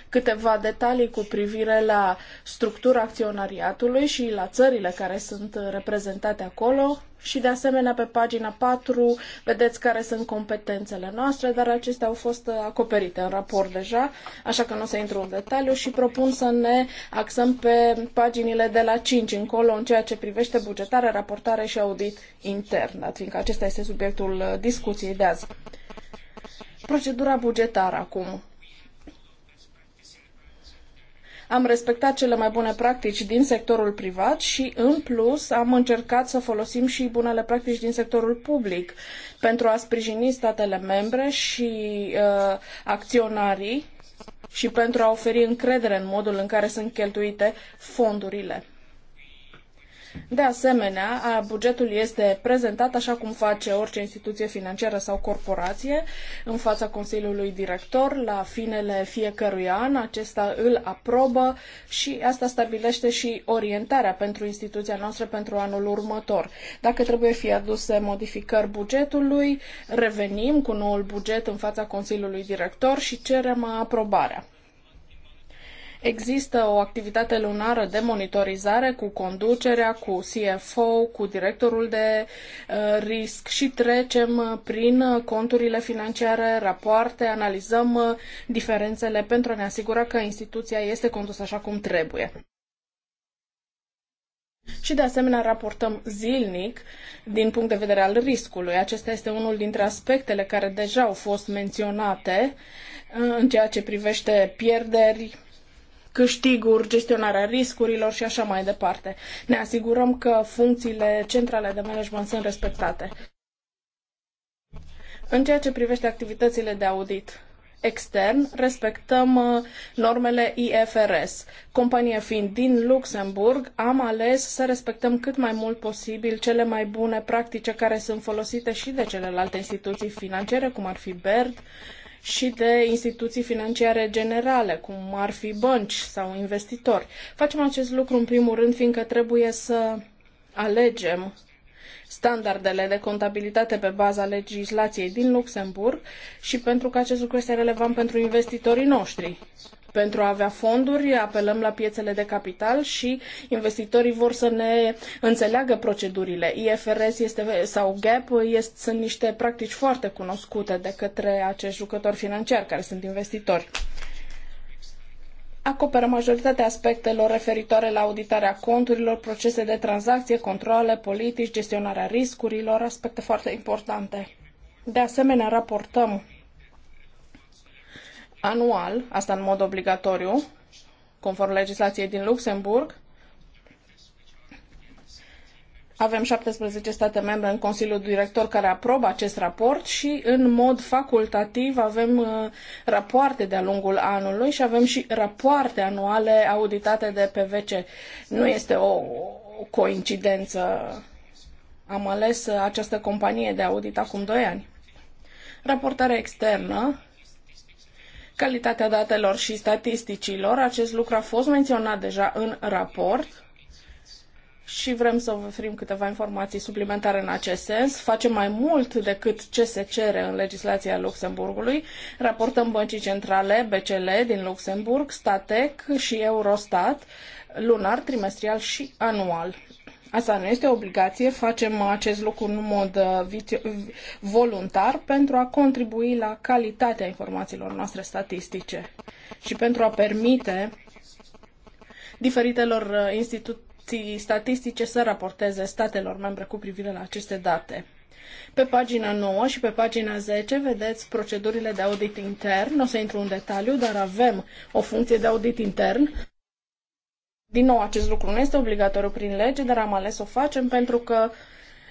B: câteva detalii cu privire la structura acționariatului și la țările care sunt reprezentate acolo și de asemenea pe pagina 4 vedeți care sunt competențele noastre, dar acestea au fost acoperite în raport deja, așa că nu o să intru în detaliu și propun să ne axăm pe paginile de la 5 încolo în ceea ce privește bugetare, raportare și audit intern, dat fiindcă acesta este subiectul discuției de azi. Procedura bugetară acum am respectat cele mai bune practici din sectorul privat și, în plus, am încercat să folosim și bunele practici din sectorul public pentru a sprijini statele membre și uh, acționarii și pentru a oferi încredere în modul în care sunt cheltuite fondurile. De asemenea, bugetul este prezentat așa cum face orice instituție financiară sau corporație în fața Consiliului Director la finele fiecărui an. Acesta îl aprobă și asta stabilește și orientarea pentru instituția noastră pentru anul următor. Dacă trebuie fi aduse modificări bugetului, revenim cu noul buget în fața Consiliului Director și cerem aprobarea. Există o activitate lunară de monitorizare cu conducerea, cu CFO, cu directorul de uh, risc și trecem uh, prin uh, conturile financiare, rapoarte, analizăm diferențele pentru a ne asigura că instituția este condusă așa cum trebuie. Și de asemenea raportăm zilnic din punct de vedere al riscului. Acesta este unul dintre aspectele care deja au fost menționate în ceea ce privește pierderi, câștiguri, gestionarea riscurilor și așa mai departe. Ne asigurăm că funcțiile centrale de management sunt respectate. În ceea ce privește activitățile de audit extern, respectăm uh, normele IFRS. Companie fiind din Luxemburg, am ales să respectăm cât mai mult posibil cele mai bune practici care sunt folosite și de celelalte instituții financiare, cum ar fi BERD, și de instituții financiare generale, cum ar fi bănci sau investitori. Facem acest lucru în primul rând fiindcă trebuie să alegem standardele de contabilitate pe baza legislației din Luxemburg și pentru că acest lucru este relevant pentru investitorii noștri. Pentru a avea fonduri, apelăm la piețele de capital și investitorii vor să ne înțeleagă procedurile. IFRS este, sau GAP este, sunt niște practici foarte cunoscute de către acești jucători financiari care sunt investitori acoperă majoritatea aspectelor referitoare la auditarea conturilor, procese de tranzacție, controle, politici, gestionarea riscurilor, aspecte foarte importante. De asemenea, raportăm anual, asta în mod obligatoriu, conform legislației din Luxemburg, avem 17 state membre în Consiliul Director care aprobă acest raport și în mod facultativ avem uh, rapoarte de-a lungul anului și avem și rapoarte anuale auditate de PVC. Nu este o coincidență. Am ales uh, această companie de audit acum 2 ani. Raportarea externă calitatea datelor și statisticilor. Acest lucru a fost menționat deja în raport și vrem să vă oferim câteva informații suplimentare în acest sens. Facem mai mult decât ce se cere în legislația Luxemburgului. Raportăm băncii centrale, BCL din Luxemburg, Statec și Eurostat, lunar, trimestrial și anual. Asta nu este o obligație, facem acest lucru în mod uh, voluntar pentru a contribui la calitatea informațiilor noastre statistice și pentru a permite diferitelor uh, institut, agenții statistice să raporteze statelor membre cu privire la aceste date. Pe pagina 9 și pe pagina 10 vedeți procedurile de audit intern. O să intru în detaliu, dar avem o funcție de audit intern. Din nou, acest lucru nu este obligatoriu prin lege, dar am ales să o facem pentru că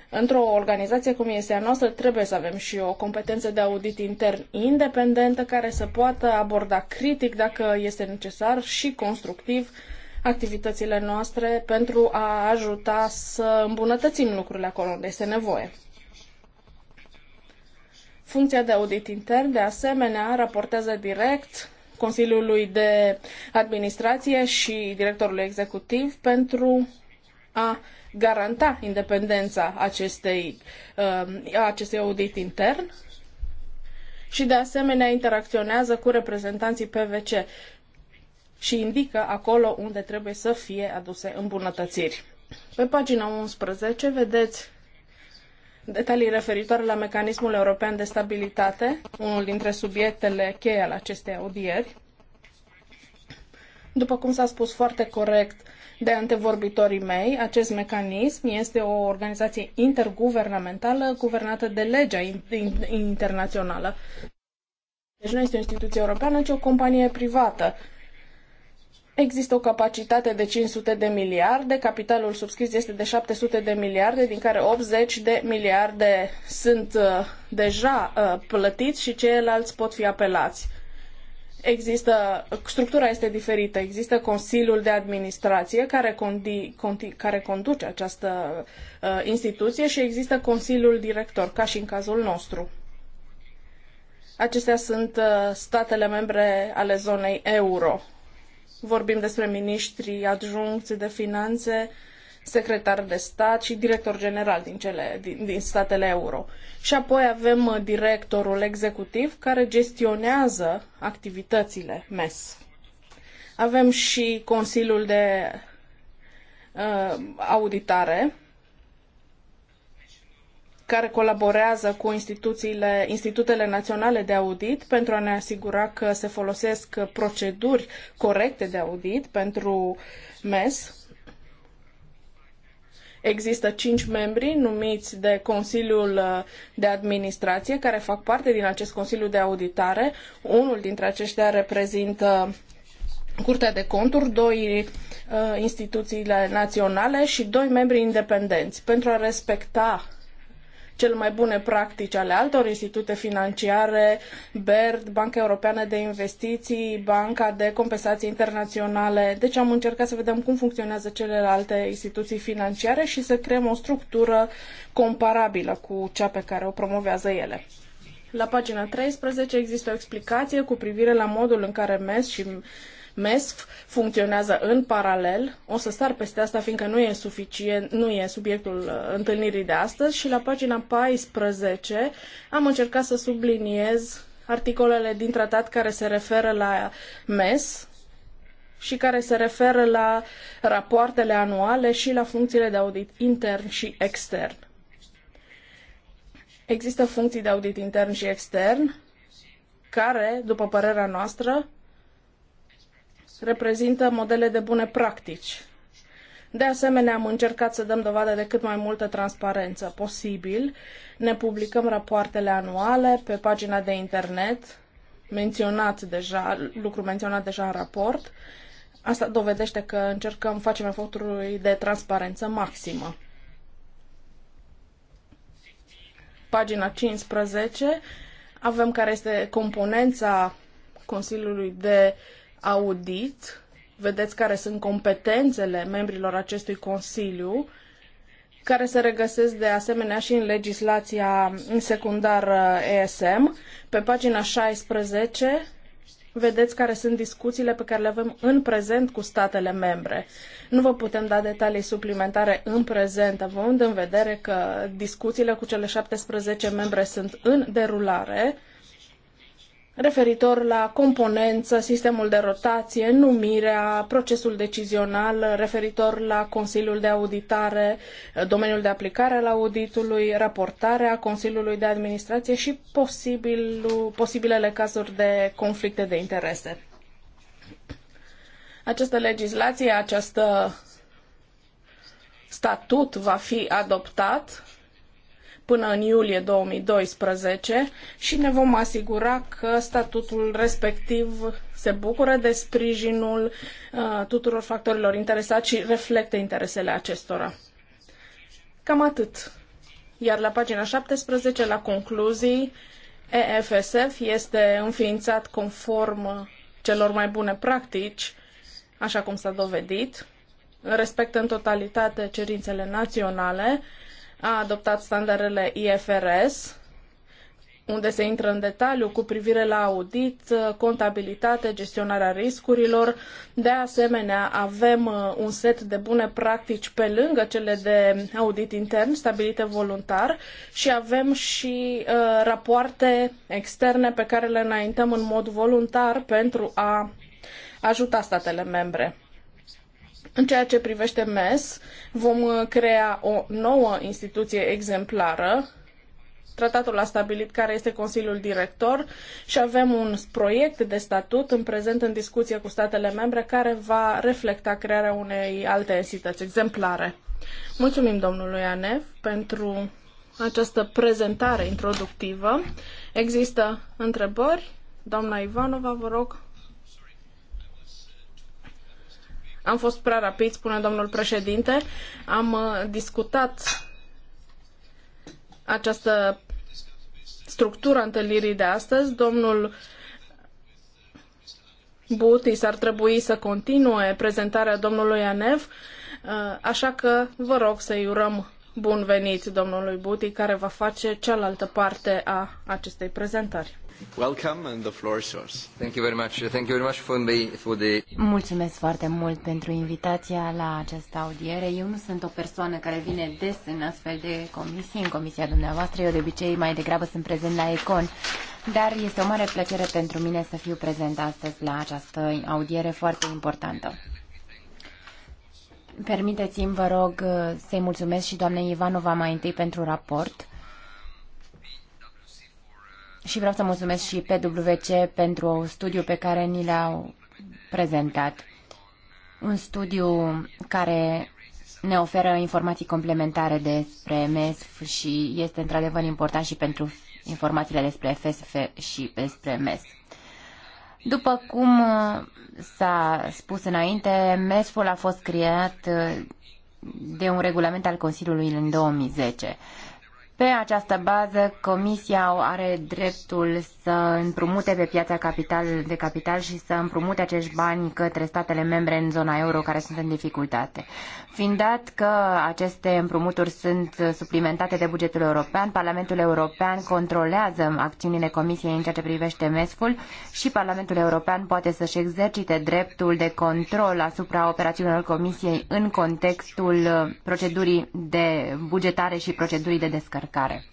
B: într-o organizație cum este a noastră trebuie să avem și o competență de audit intern independentă care să poată aborda critic dacă este necesar și constructiv activitățile noastre pentru a ajuta să îmbunătățim lucrurile acolo unde este nevoie. Funcția de audit intern, de asemenea, raportează direct Consiliului de Administrație și directorului executiv pentru a garanta independența acestei, um, acestei audit intern și de asemenea interacționează cu reprezentanții PVC și indică acolo unde trebuie să fie aduse îmbunătățiri. Pe pagina 11 vedeți detalii referitoare la mecanismul european de stabilitate, unul dintre subiectele cheie ale acestei audieri. După cum s-a spus foarte corect de antevorbitorii mei, acest mecanism este o organizație interguvernamentală guvernată de legea internațională. Deci nu este o instituție europeană, ci o companie privată Există o capacitate de 500 de miliarde, capitalul subscris este de 700 de miliarde, din care 80 de miliarde sunt uh, deja uh, plătiți și ceilalți pot fi apelați. Există, structura este diferită, există Consiliul de Administrație care, condi, care conduce această uh, instituție și există Consiliul Director, ca și în cazul nostru. Acestea sunt uh, statele membre ale zonei euro Vorbim despre miniștri adjuncți de finanțe, secretar de stat și director general din, cele, din, din statele euro. Și apoi avem uh, directorul executiv care gestionează activitățile MES. Avem și Consiliul de uh, Auditare, care colaborează cu instituțiile, institutele naționale de audit pentru a ne asigura că se folosesc proceduri corecte de audit pentru MES. Există cinci membri numiți de Consiliul de Administrație care fac parte din acest Consiliu de Auditare. Unul dintre aceștia reprezintă Curtea de Conturi, doi uh, instituțiile naționale și doi membri independenți. Pentru a respecta cele mai bune practici ale altor institute financiare, BERD, Banca Europeană de Investiții, Banca de Compensații Internaționale. Deci am încercat să vedem cum funcționează celelalte instituții financiare și să creăm o structură comparabilă cu cea pe care o promovează ele. La pagina 13 există o explicație cu privire la modul în care MES și MESF funcționează în paralel. O să sar peste asta, fiindcă nu e, suficient, nu e subiectul uh, întâlnirii de astăzi. Și la pagina 14 am încercat să subliniez articolele din tratat care se referă la MES și care se referă la rapoartele anuale și la funcțiile de audit intern și extern. Există funcții de audit intern și extern care, după părerea noastră, reprezintă modele de bune practici. De asemenea, am încercat să dăm dovadă de cât mai multă transparență posibil. Ne publicăm rapoartele anuale pe pagina de internet, menționat deja, lucru menționat deja în raport. Asta dovedește că încercăm, facem eforturi de transparență maximă. Pagina 15 avem care este componența Consiliului de uh, audit, vedeți care sunt competențele membrilor acestui Consiliu, care se regăsesc de asemenea și în legislația secundară ESM. Pe pagina 16 vedeți care sunt discuțiile pe care le avem în prezent cu statele membre. Nu vă putem da detalii suplimentare în prezent, având în vedere că discuțiile cu cele 17 membre sunt în derulare referitor la componență, sistemul de rotație, numirea, procesul decizional referitor la Consiliul de Auditare, domeniul de aplicare al auditului, raportarea Consiliului de Administrație și posibil, posibilele cazuri de conflicte de interese. Această legislație, acest statut va fi adoptat până în iulie 2012 și ne vom asigura că statutul respectiv se bucură de sprijinul uh, tuturor factorilor interesați și reflectă interesele acestora. Cam atât. Iar la pagina 17, la concluzii, EFSF este înființat conform celor mai bune practici, așa cum s-a dovedit, respectă în totalitate cerințele naționale, uh, a adoptat standardele IFRS, unde se intră în detaliu cu privire la audit, contabilitate, gestionarea riscurilor. De asemenea, avem uh, un set de bune practici pe lângă cele de audit intern stabilite voluntar și avem și uh, rapoarte externe pe care le înaintăm în mod voluntar pentru a ajuta statele membre. În ceea ce privește MES, vom uh, crea o nouă instituție exemplară. Tratatul a stabilit care este Consiliul Director și avem un proiect de statut în prezent în discuție cu statele membre care va reflecta crearea unei alte entități exemplare. Mulțumim domnului Anev pentru această prezentare introductivă. Există întrebări? Doamna Ivanova, vă rog. Am fost prea rapid, spune domnul președinte. Am uh, discutat această structură a întâlnirii de astăzi. Domnul Butis ar trebui să continue prezentarea domnului Anev, uh, așa că vă rog să-i urăm bun venit domnului Buti, care va
C: face cealaltă parte a acestei prezentări.
D: Welcome and the floor is yours. Thank you very much. Thank you very much for the, for the...
C: Mulțumesc foarte mult pentru invitația la această audiere. Eu nu sunt o persoană care vine des în astfel de comisii, în comisia dumneavoastră. Eu de obicei mai degrabă sunt prezent la Econ. Dar este o mare plăcere pentru mine să fiu prezent astăzi la această audiere foarte importantă. Permiteți-mi, vă rog, să-i mulțumesc și doamnei Ivanova mai întâi pentru raport și vreau să mulțumesc și PWC pentru studiul pe care ni l-au prezentat. Un studiu care ne oferă informații complementare despre MESF și este într-adevăr important și pentru informațiile despre FSF și despre MESF. După cum uh, s-a spus înainte, MESF-ul a fost creat uh, de un regulament al Consiliului în 2010. Pe această bază, Comisia are dreptul să împrumute pe piața capital, de capital și să împrumute acești bani către statele membre în zona euro care sunt în dificultate. Fiind dat că aceste împrumuturi sunt suplimentate de bugetul european, Parlamentul European controlează acțiunile Comisiei în ceea ce privește MESF-ul și Parlamentul European poate să-și exercite dreptul de control asupra operațiunilor Comisiei în contextul procedurii de bugetare și procedurii de descărcare debarcare.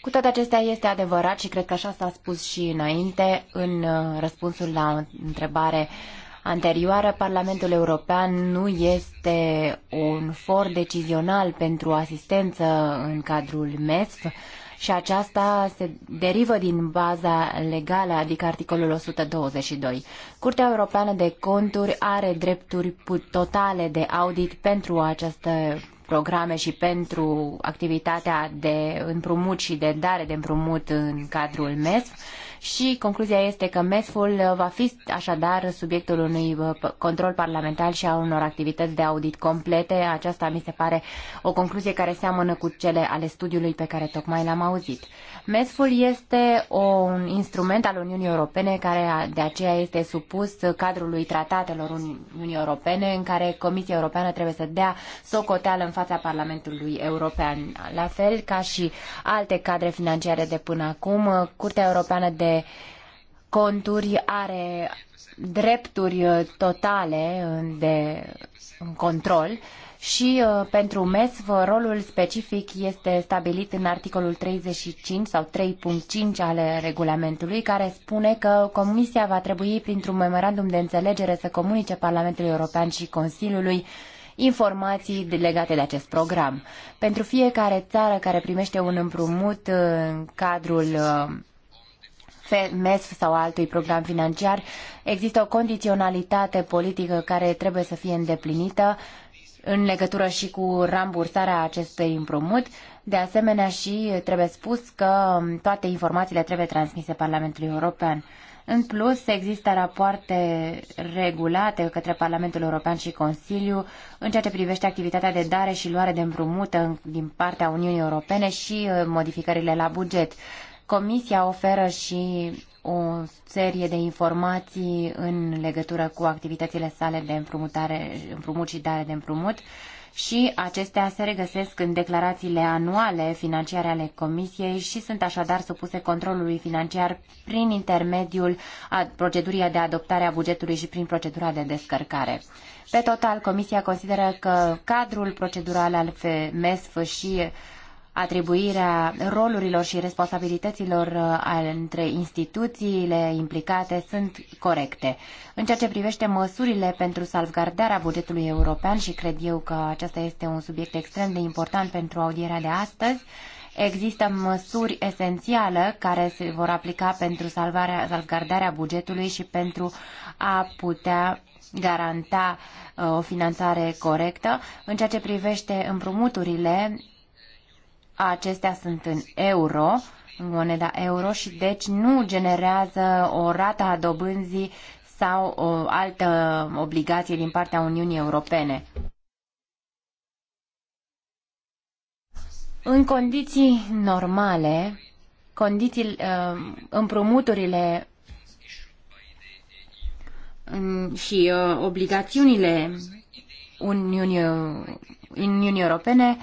C: Cu toate acestea este adevărat și cred că așa s-a spus și înainte în uh, răspunsul la o întrebare anterioară, Parlamentul European nu este un for decizional pentru asistență în cadrul MESF și aceasta se derivă din baza legală, adică articolul 122. Curtea Europeană de Conturi are drepturi totale de audit pentru această programe și pentru activitatea de împrumut și de dare de împrumut în cadrul MESF și concluzia este că MESF-ul uh, va fi așadar subiectul unui uh, control parlamentar și a unor activități de audit complete. Aceasta mi se pare o concluzie care seamănă cu cele ale studiului pe care tocmai l-am auzit. MESF-ul este un instrument al Uniunii Europene care de aceea este supus cadrului tratatelor Uniunii Europene în care Comisia Europeană trebuie să dea socoteală în fața Parlamentului European. La fel ca și alte cadre financiare de până acum, uh, Curtea Europeană de conturi are drepturi uh, totale uh, de control și uh, pentru MESV rolul specific este stabilit în articolul 35 sau 3.5 ale regulamentului care spune că Comisia va trebui printr-un memorandum de înțelegere să comunice Parlamentului European și Consiliului informații legate de acest program. Pentru fiecare țară care primește un împrumut în cadrul MES sau altui program financiar, există o condiționalitate politică care trebuie să fie îndeplinită în legătură și cu rambursarea acestui împrumut. De asemenea și trebuie spus că toate informațiile trebuie transmise Parlamentului European. În plus, există rapoarte regulate către Parlamentul European și Consiliu în ceea ce privește activitatea de dare și luare de împrumută din partea Uniunii Europene și uh, modificările la buget. Comisia oferă și o serie de informații în legătură cu activitățile sale de împrumutare, împrumut și dare de împrumut și acestea se regăsesc în declarațiile anuale financiare ale Comisiei și sunt așadar supuse controlului financiar prin intermediul procedurii de adoptare a bugetului și prin procedura de descărcare. Pe total, Comisia consideră că cadrul procedural al FMESF și atribuirea rolurilor și responsabilităților uh, între instituțiile implicate sunt corecte. În ceea ce privește măsurile pentru salvgardarea bugetului european, și cred eu că acesta este un subiect extrem de important pentru audierea de astăzi, Există măsuri esențiale care se vor aplica pentru salvarea, salvgardarea bugetului și pentru a putea garanta uh, o finanțare corectă. În ceea ce privește împrumuturile, acestea sunt în euro, în moneda euro și deci nu generează o rată a dobânzii sau o altă obligație din partea Uniunii Europene. În condiții normale, condiții, uh, împrumuturile um, și uh, obligațiunile Uniunii, Uniunii Europene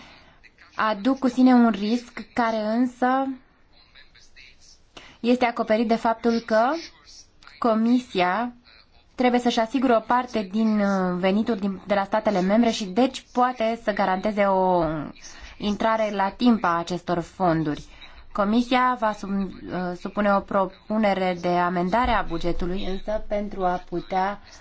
C: aduc cu sine un risc care însă este acoperit de faptul că Comisia trebuie să-și asigure o parte din uh, venituri din, de la statele membre și deci poate să garanteze o intrare la timp a acestor fonduri. Comisia va sub, uh, supune o propunere de amendare a bugetului, însă pentru a putea uh,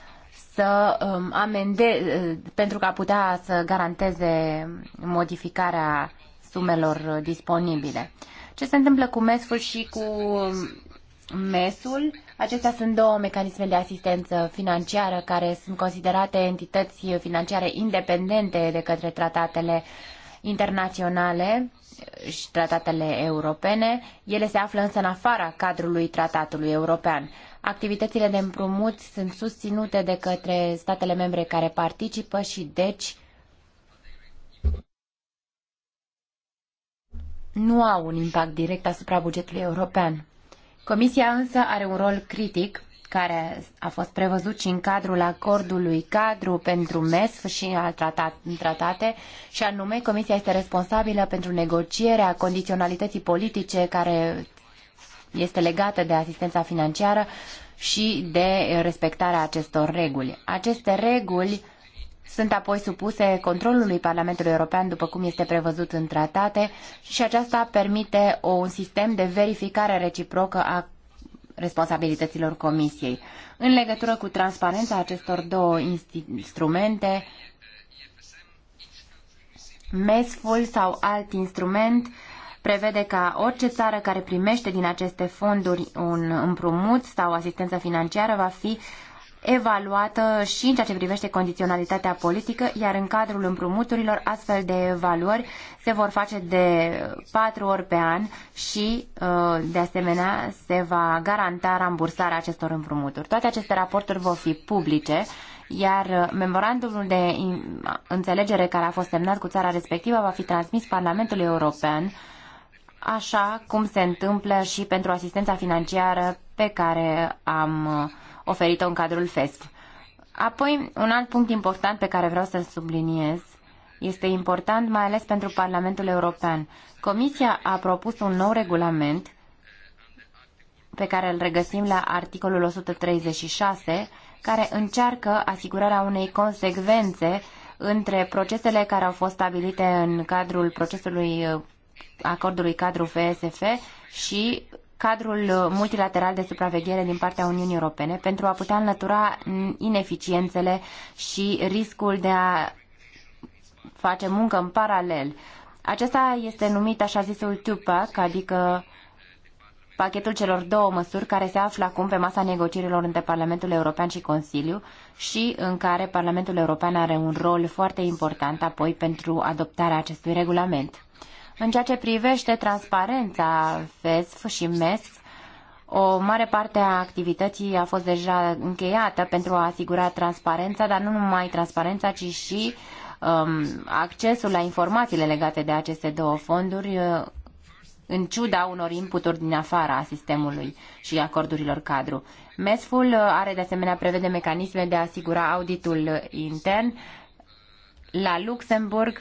C: să um, amende, uh, pentru a putea să garanteze modificarea sumelor disponibile. Ce se întâmplă cu MESFul și cu um, MESul? Acestea sunt două mecanisme de asistență financiară care sunt considerate entități financiare independente de către tratatele internaționale și tratatele europene, ele se află însă în afara cadrului tratatului european. Activitățile de împrumut sunt susținute de către statele membre care participă și deci nu au un impact direct asupra bugetului european. Comisia însă are un rol critic care a fost prevăzut și în cadrul acordului cadru pentru MESF și al tratat, tratate, și anume Comisia este responsabilă pentru negocierea condiționalității politice care este legată de asistența financiară și de respectarea acestor reguli. Aceste reguli sunt apoi supuse controlului Parlamentului European, după cum este prevăzut în tratate, și aceasta permite un sistem de verificare reciprocă a responsabilităților Comisiei. În legătură cu transparența acestor două instrumente, MESF-ul sau alt instrument prevede ca orice țară care primește din aceste fonduri un împrumut sau asistență financiară va fi evaluată și în ceea ce privește condiționalitatea politică, iar în cadrul împrumuturilor astfel de evaluări se vor face de patru ori pe an și, uh, de asemenea, se va garanta rambursarea acestor împrumuturi. Toate aceste raporturi vor fi publice, iar uh, memorandumul de înțelegere care a fost semnat cu țara respectivă va fi transmis Parlamentului European, așa cum se întâmplă și pentru asistența financiară pe care am uh, oferită în cadrul FESF. Apoi, un alt punct important pe care vreau să-l subliniez este important mai ales pentru Parlamentul European. Comisia a propus un nou regulament pe care îl regăsim la articolul 136, care încearcă asigurarea unei consecvențe între procesele care au fost stabilite în cadrul procesului acordului cadru FSF și cadrul uh, multilateral de supraveghere din partea Uniunii Europene pentru a putea înlătura ineficiențele și riscul de a face muncă în paralel. Acesta este numit așa zisul Tupac, adică pachetul celor două măsuri care se află acum pe masa negocierilor între Parlamentul European și Consiliu și în care Parlamentul European are un rol foarte important apoi pentru adoptarea acestui regulament. În ceea ce privește transparența FESF și MESF, o mare parte a activității a fost deja încheiată pentru a asigura transparența, dar nu numai transparența, ci și um, accesul la informațiile legate de aceste două fonduri, uh, în ciuda unor inputuri din afara sistemului și acordurilor cadru. MESF-ul uh, are de asemenea prevede mecanisme de a asigura auditul intern la Luxemburg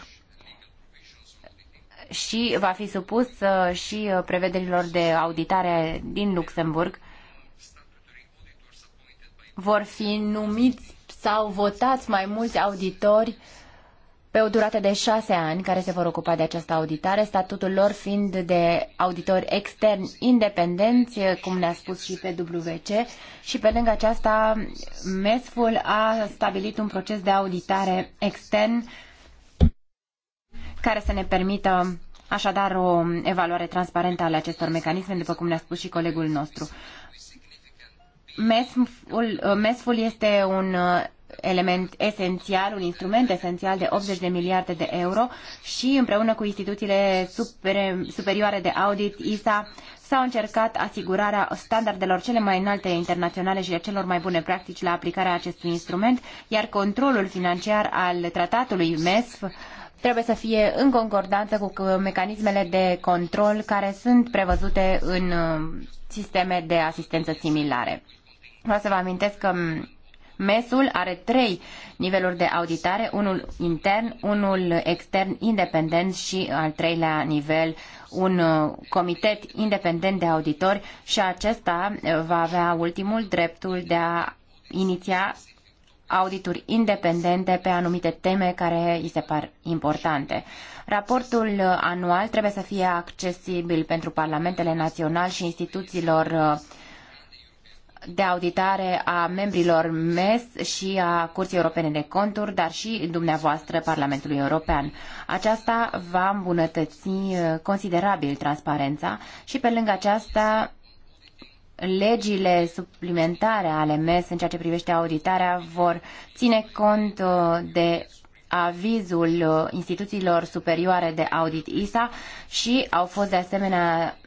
C: și va fi supus uh, și uh, prevederilor de auditare din Luxemburg. Vor fi numiți sau votați mai mulți auditori pe o durată de șase ani care se vor ocupa de această auditare, statutul lor fiind de auditori externi independenți, cum ne-a spus și PwC, și pe lângă aceasta MESF-ul a stabilit un proces de auditare extern care să ne permită așadar o evaluare transparentă ale acestor mecanisme, după cum ne-a spus și colegul nostru. MESF-ul, mesf este un uh, element esențial, un instrument esențial de 80 de miliarde de euro și împreună cu instituțiile superioare de audit, ISA, s-au încercat asigurarea standardelor cele mai înalte internaționale și a celor mai bune practici la aplicarea acestui instrument, iar controlul financiar al tratatului MESF trebuie să fie în concordanță cu mecanismele de control care sunt prevăzute în uh, sisteme de asistență similare. Vreau să vă amintesc că MES-ul are trei niveluri de auditare, unul intern, unul extern independent și al treilea nivel un uh, comitet independent de auditori și acesta uh, va avea ultimul dreptul de a iniția audituri independente pe anumite teme care îi se par importante. Raportul anual trebuie să fie accesibil pentru parlamentele naționale și instituțiilor uh, de auditare a membrilor MES și a Curții Europene de Conturi, dar și dumneavoastră Parlamentului European. Aceasta va îmbunătăți uh, considerabil transparența și pe lângă aceasta legile suplimentare ale MES în ceea ce privește auditarea vor ține cont uh, de avizul uh, instituțiilor superioare de audit ISA și au fost de asemenea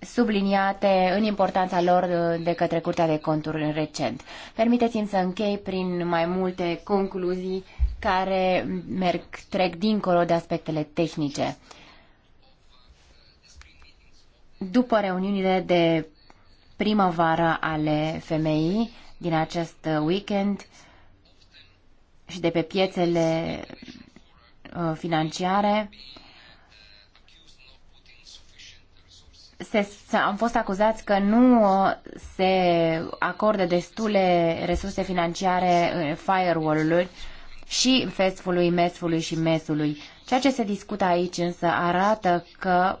C: subliniate în importanța lor uh, de către Curtea de Conturi recent. Permiteți-mi să închei prin mai multe concluzii care merg, trec dincolo de aspectele tehnice după reuniunile de primăvară ale femeii din acest weekend și de pe piețele uh, financiare, se, am fost acuzați că nu uh, se acordă destule resurse financiare uh, firewall-ului și festului, mesului și mesului. Ceea ce se discută aici însă arată că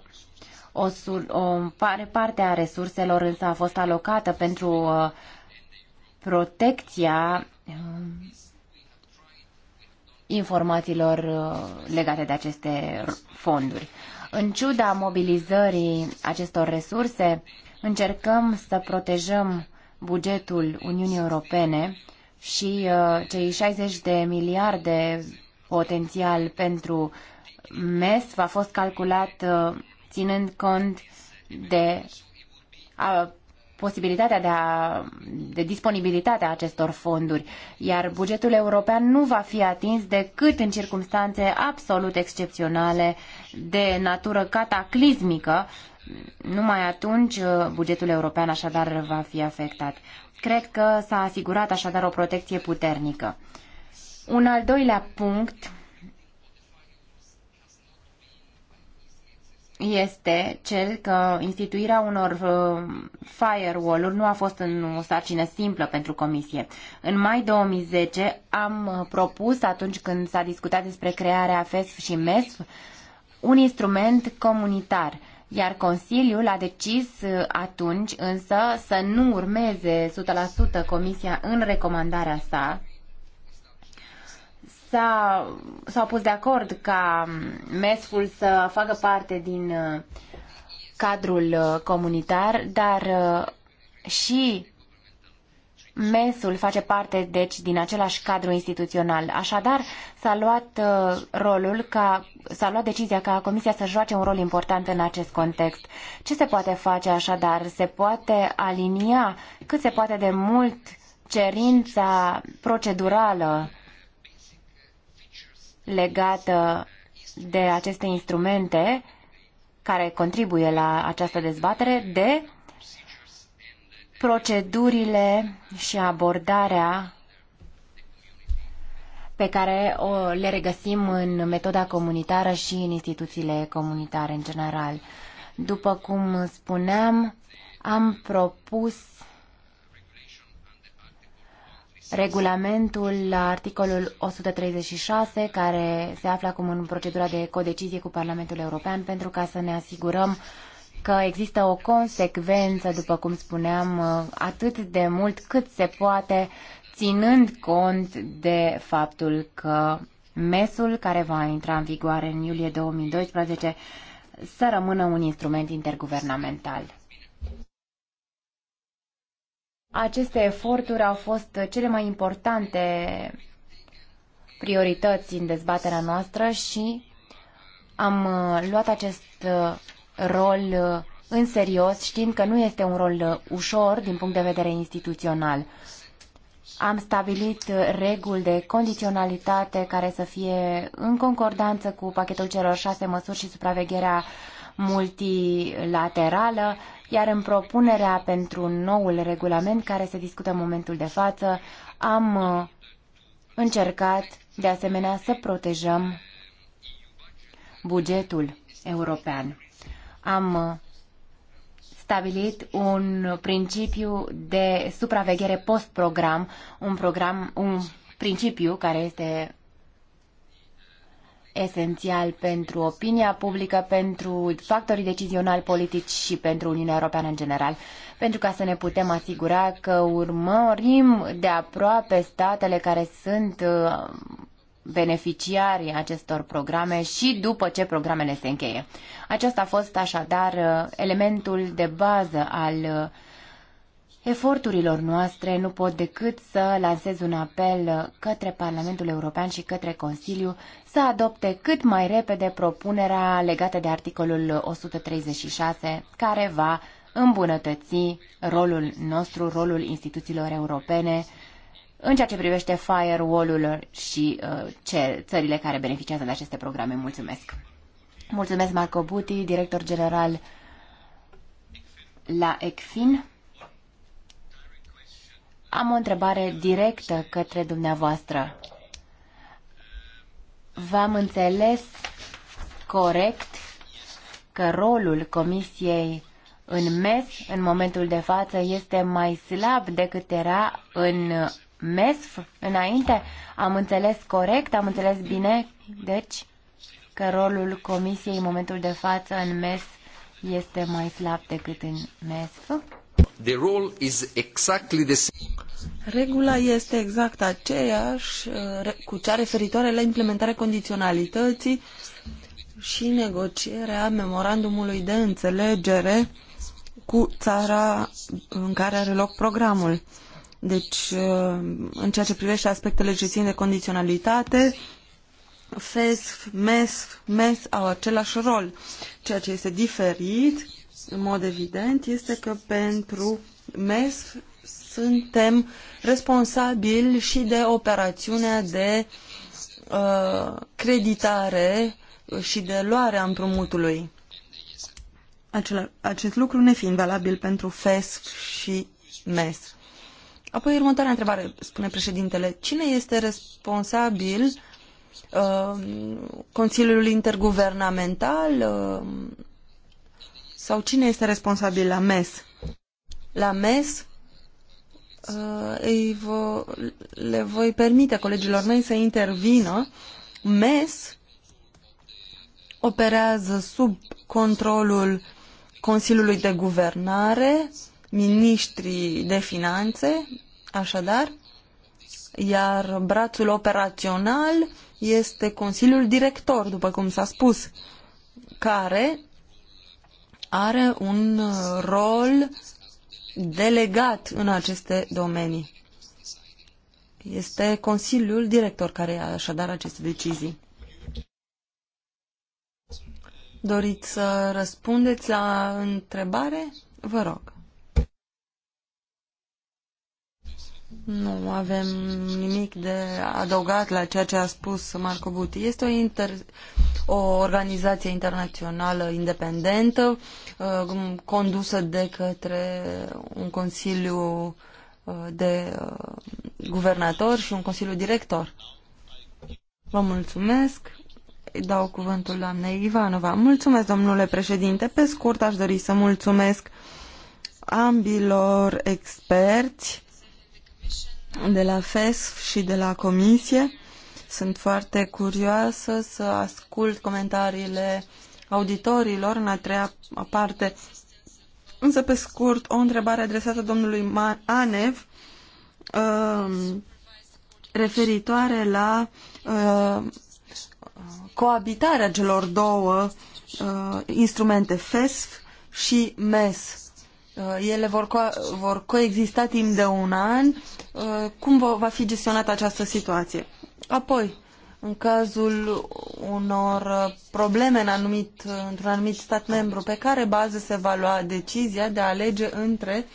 C: o, o parte a resurselor însă a fost alocată pentru uh, protecția uh, informațiilor uh, legate de aceste fonduri. În ciuda mobilizării acestor resurse, încercăm să protejăm bugetul Uniunii Europene și cei 60 de miliarde potențial pentru MES a fost calculat ținând cont de a, posibilitatea de, a, de disponibilitatea acestor fonduri, iar bugetul european nu va fi atins decât în circunstanțe absolut excepționale de natură cataclismică. Numai atunci uh, bugetul european așadar va fi afectat. Cred că s-a asigurat așadar o protecție puternică. Un al doilea punct este cel că instituirea unor uh, firewall-uri nu a fost în o sarcină simplă pentru comisie. În mai 2010 am uh, propus, atunci când s-a discutat despre crearea FESF și MESF, un instrument comunitar, iar Consiliul a decis uh, atunci însă să nu urmeze 100% comisia în recomandarea sa s-a, s-au pus de acord ca MESF-ul să facă parte din uh, cadrul uh, comunitar, dar uh, și mesul face parte, deci, din același cadru instituțional. Așadar, s-a luat rolul ca, s-a luat decizia ca Comisia să joace un rol important în acest context. Ce se poate face așadar? Se poate alinia cât se poate de mult cerința procedurală legată de aceste instrumente care contribuie la această dezbatere de procedurile și abordarea pe care o, le regăsim în metoda comunitară și în instituțiile comunitare în general. După cum spuneam, am propus regulamentul la articolul 136, care se află acum în procedura de codecizie cu Parlamentul European, pentru ca să ne asigurăm că există o consecvență, după cum spuneam, atât de mult cât se poate, ținând cont de faptul că mesul care va intra în vigoare în iulie 2012 să rămână un instrument interguvernamental. Aceste eforturi au fost cele mai importante priorități în dezbaterea noastră și am uh, luat acest uh, rol uh, în serios, știind că nu este un rol ușor din punct de vedere instituțional. Am stabilit reguli de condiționalitate care să fie în concordanță cu pachetul celor șase măsuri și supravegherea multilaterală, iar în propunerea pentru noul regulament care se discută în momentul de față, am uh, încercat de asemenea să protejăm bugetul european. Am uh, stabilit un principiu de supraveghere post-program, un, program, un principiu care este esențial pentru opinia publică, pentru factorii decizionali politici și pentru Uniunea Europeană în general, pentru ca să ne putem asigura că urmărim de aproape statele care sunt uh, beneficiarii acestor programe și după ce programele se încheie. Acesta a fost așadar uh, elementul de bază al uh, eforturilor noastre nu pot decât să lansez un apel către Parlamentul European și către Consiliu să adopte cât mai repede propunerea legată de articolul 136, care va îmbunătăți rolul nostru, rolul instituțiilor europene în ceea ce privește firewall-ul și uh, ce, țările care beneficiază de aceste programe. Mulțumesc! Mulțumesc, Marco Buti, director general la ECFIN. Am o întrebare directă către dumneavoastră. V-am înțeles corect că rolul Comisiei în MES în momentul de față este mai slab decât era în MESF înainte? Am înțeles corect? Am înțeles bine? Deci că rolul Comisiei în momentul de față în MES este mai slab decât în MESF?
A: Regula este exact aceeași uh, cu cea referitoare la implementarea condiționalității și negocierea memorandumului de înțelegere cu țara în care are loc programul. Deci, uh, în ceea ce privește aspectele ce țin de condiționalitate, FESF, mes, MES au același rol. Ceea ce este diferit în mod evident este că pentru MES suntem responsabili și de operațiunea de uh, creditare și de luare a împrumutului. Acela, acest lucru ne fiind valabil pentru FESF și MES. Apoi următoarea întrebare, spune președintele, cine este responsabil uh, Consiliul Interguvernamental, uh, sau cine este responsabil la MES? La MES uh, îi vă, le voi permite colegilor mei să intervină. MES operează sub controlul Consiliului de Guvernare, ministrii de finanțe, așadar, iar brațul operațional este Consiliul Director, după cum s-a spus, care are un uh, rol delegat în aceste domenii. Este Consiliul Director care ia așadar aceste decizii. Doriți să răspundeți la întrebare? Vă rog. Nu avem nimic de adăugat la ceea ce a spus Marco Buti. Este o, inter... o organizație internațională independentă, uh, um, condusă de către un consiliu uh, de uh, guvernator și un consiliu director. Vă mulțumesc. Îi dau cuvântul doamnei Ivanova. Mulțumesc, domnule președinte. Pe scurt, aș dori să mulțumesc ambilor experți de la FESF și de la Comisie. Sunt foarte curioasă să ascult comentariile auditorilor în a treia parte. Însă, pe scurt, o întrebare adresată domnului Anev uh, referitoare la uh, coabitarea celor două uh, instrumente FESF și MES. Uh, ele vor, co- vor coexista timp de un an. Uh, cum va fi gestionată această situație? Apoi, în cazul unor uh, probleme în anumit, într-un anumit stat membru, pe care bază se va lua decizia de a alege între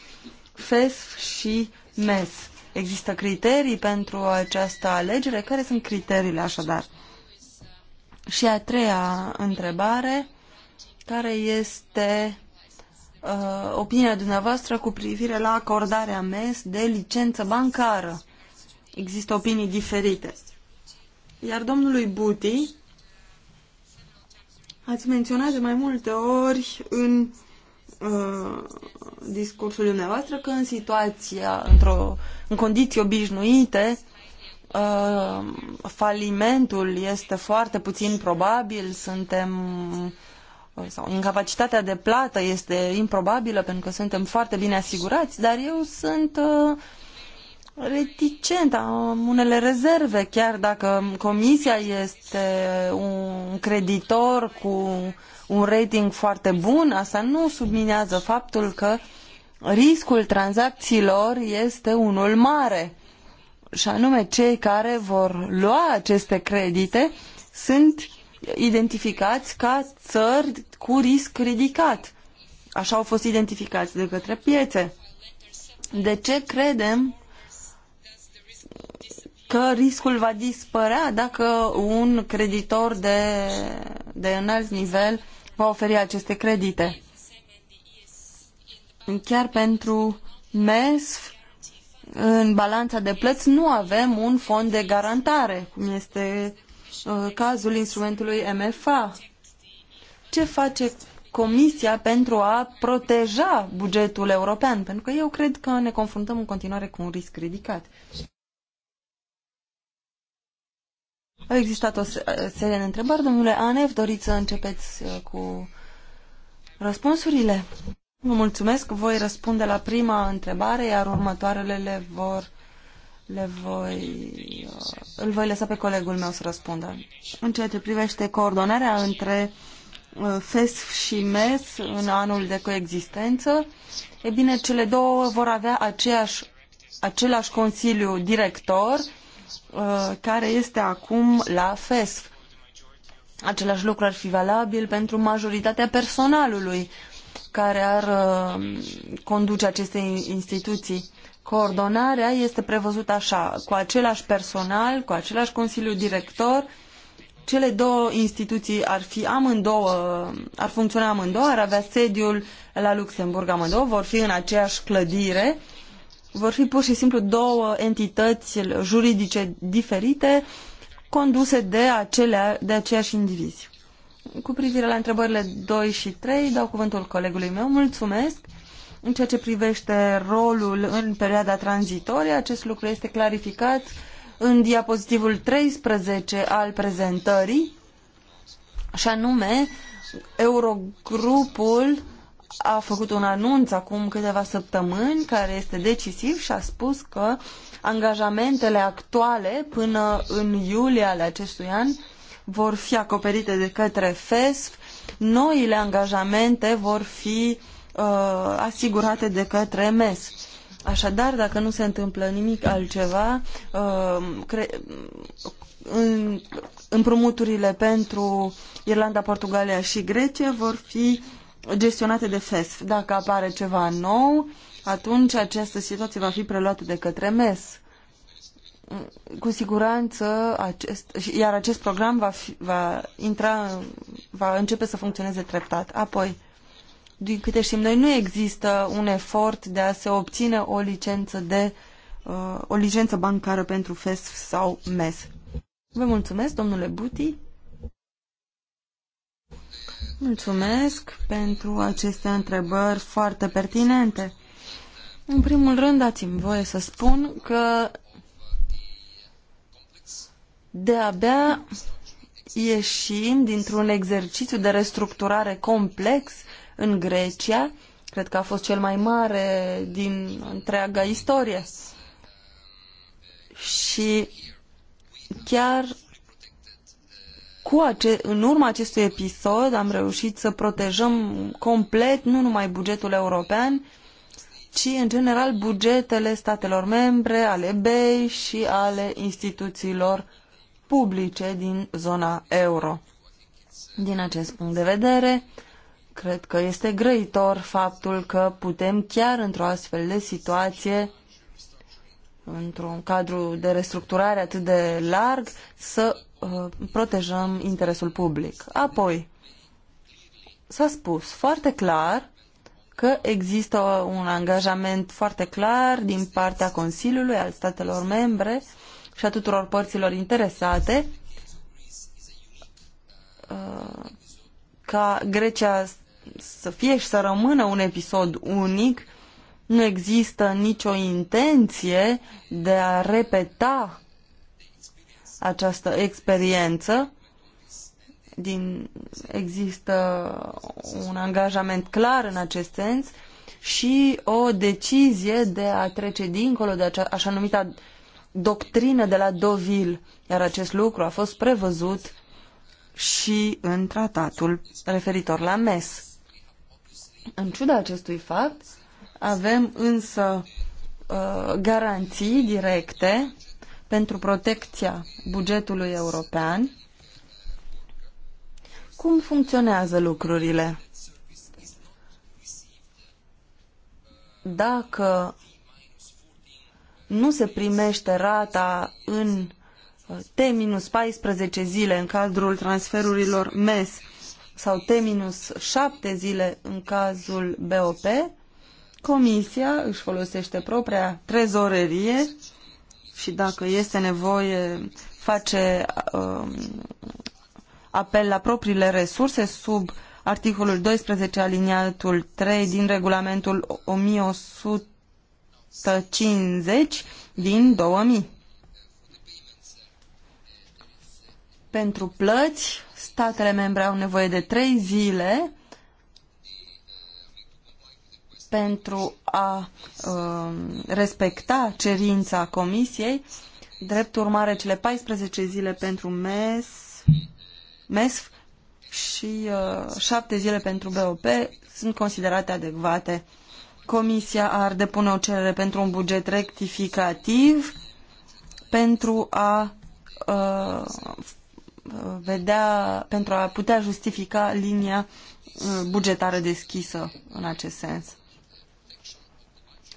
A: FESF și MES? Există criterii pentru această alegere? Care sunt criteriile așadar? Și a treia întrebare, care este uh, opinia dumneavoastră cu privire la acordarea MES de licență bancară. Există opinii diferite. Iar domnului Buti, ați menționat de mai multe ori în uh, discursul dumneavoastră că în situația, într-o, în condiții obișnuite, uh, falimentul este foarte puțin probabil, suntem sau incapacitatea de plată este improbabilă pentru că suntem foarte bine asigurați, dar eu sunt uh, reticent, am unele rezerve, chiar dacă Comisia este un creditor cu un rating foarte bun, asta nu subminează faptul că riscul tranzacțiilor este unul mare. Și anume, cei care vor lua aceste credite sunt identificați ca țări cu risc ridicat. Așa au fost identificați de către piețe. De ce credem că riscul va dispărea dacă un creditor de, de înalt nivel va oferi aceste credite? Chiar pentru MESF, în balanța de plăți, nu avem un fond de garantare, cum este Uh, cazul instrumentului MFA. Ce face Comisia pentru a proteja bugetul european? Pentru că eu cred că ne confruntăm în continuare cu un risc ridicat. Au existat o serie de întrebări. Domnule Anev, doriți să începeți uh, cu răspunsurile? Vă mulțumesc. Voi răspunde la prima întrebare, iar următoarele le vor le voi, uh, îl voi lăsa pe colegul meu să răspundă. În ceea ce privește coordonarea între FESF uh, și MES în anul de coexistență, e bine, cele două vor avea aceeași, același Consiliu Director uh, care este acum la FESF. Același lucru ar fi valabil pentru majoritatea personalului care ar conduce aceste instituții Coordonarea este prevăzută așa, cu același personal, cu același consiliu director, cele două instituții ar fi amândouă, ar funcționa amândouă, ar avea sediul la Luxemburg amândouă, vor fi în aceeași clădire, vor fi pur și simplu două entități juridice diferite conduse de, acelea, de aceeași indivizi. Cu privire la întrebările 2 și 3, dau cuvântul colegului meu, mulțumesc. În ceea ce privește rolul în perioada tranzitorie, acest lucru este clarificat în diapozitivul 13 al prezentării, și anume, Eurogrupul a făcut un anunț acum câteva săptămâni care este decisiv și a spus că angajamentele actuale până în iulie ale acestui an vor fi acoperite de către FESF, noile angajamente vor fi uh, Uh, asigurate de către MES. Așadar, dacă nu se întâmplă nimic altceva, uh, în, împrumuturile pentru Irlanda, Portugalia și Grecia vor fi gestionate de FESF. Dacă apare ceva nou, atunci această situație va fi preluată de către MES. Cu siguranță, acest, iar acest program va, fi, va intra, va începe să funcționeze treptat. Apoi, din câte știm noi, nu există un efort de a se obține o licență, de, uh, o licență bancară pentru FES sau MES. Vă mulțumesc, domnule Buti. Mulțumesc pentru aceste întrebări foarte pertinente. În primul rând, dați-mi voie să spun că de-abia ieșim dintr-un exercițiu de restructurare complex uh, în Grecia. Cred că a fost cel mai mare din întreaga istorie. Și chiar cu ace- în urma acestui episod am reușit să protejăm complet nu numai bugetul european, ci în general bugetele statelor membre, ale BEI și ale instituțiilor publice din zona euro. Din acest punct de vedere, Cred că este grăitor faptul că putem chiar într-o astfel de situație într-un cadru de restructurare atât de larg, să uh, protejăm interesul public. Apoi, s-a spus foarte clar că există un angajament foarte clar din partea Consiliului, al statelor membre și a tuturor părților interesate uh, ca Grecia să fie și să rămână un episod unic, nu există nicio intenție de a repeta această experiență. Din, există un angajament clar în acest sens și o decizie de a trece dincolo de acea, așa numită doctrină de la Dovil. iar acest lucru a fost prevăzut și în tratatul referitor la MES. În ciuda acestui fapt, avem însă uh, garanții directe pentru protecția bugetului european. Cum funcționează lucrurile? Dacă nu se primește rata în uh, T-14 zile în cadrul transferurilor MES sau T-7 zile în cazul BOP, Comisia își folosește propria trezorerie și dacă este nevoie face uh, apel la propriile resurse sub articolul 12 aliniatul 3 din regulamentul 1150 din 2000. Pentru plăți statele membre au nevoie de trei zile pentru a um, respecta cerința comisiei. Drept urmare, cele 14 zile pentru MES, MESF și uh, 7 zile pentru BOP sunt considerate adecvate. Comisia ar depune o cerere pentru un buget rectificativ pentru a uh, vedea, pentru a putea justifica linia uh, bugetară deschisă în acest sens.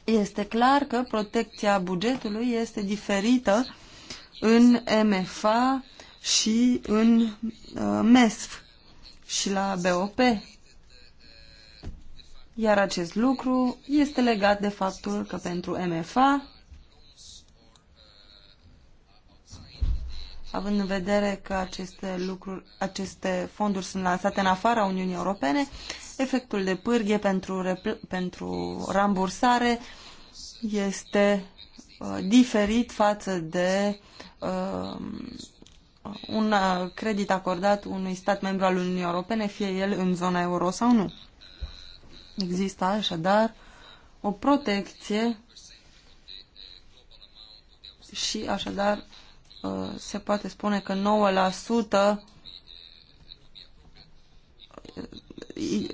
A: Este clar că protecția bugetului este diferită în MFA și în uh, MESF și la BOP. Iar acest lucru este legat de faptul că pentru MFA având în vedere că aceste, lucruri, aceste fonduri sunt lansate în afara Uniunii Europene, efectul de pârghie pentru, pentru rambursare este uh, diferit față de uh, un uh, credit acordat unui stat membru al Uniunii Europene, fie el în zona euro sau nu. Există așadar o protecție și așadar Uh, se poate spune că 9%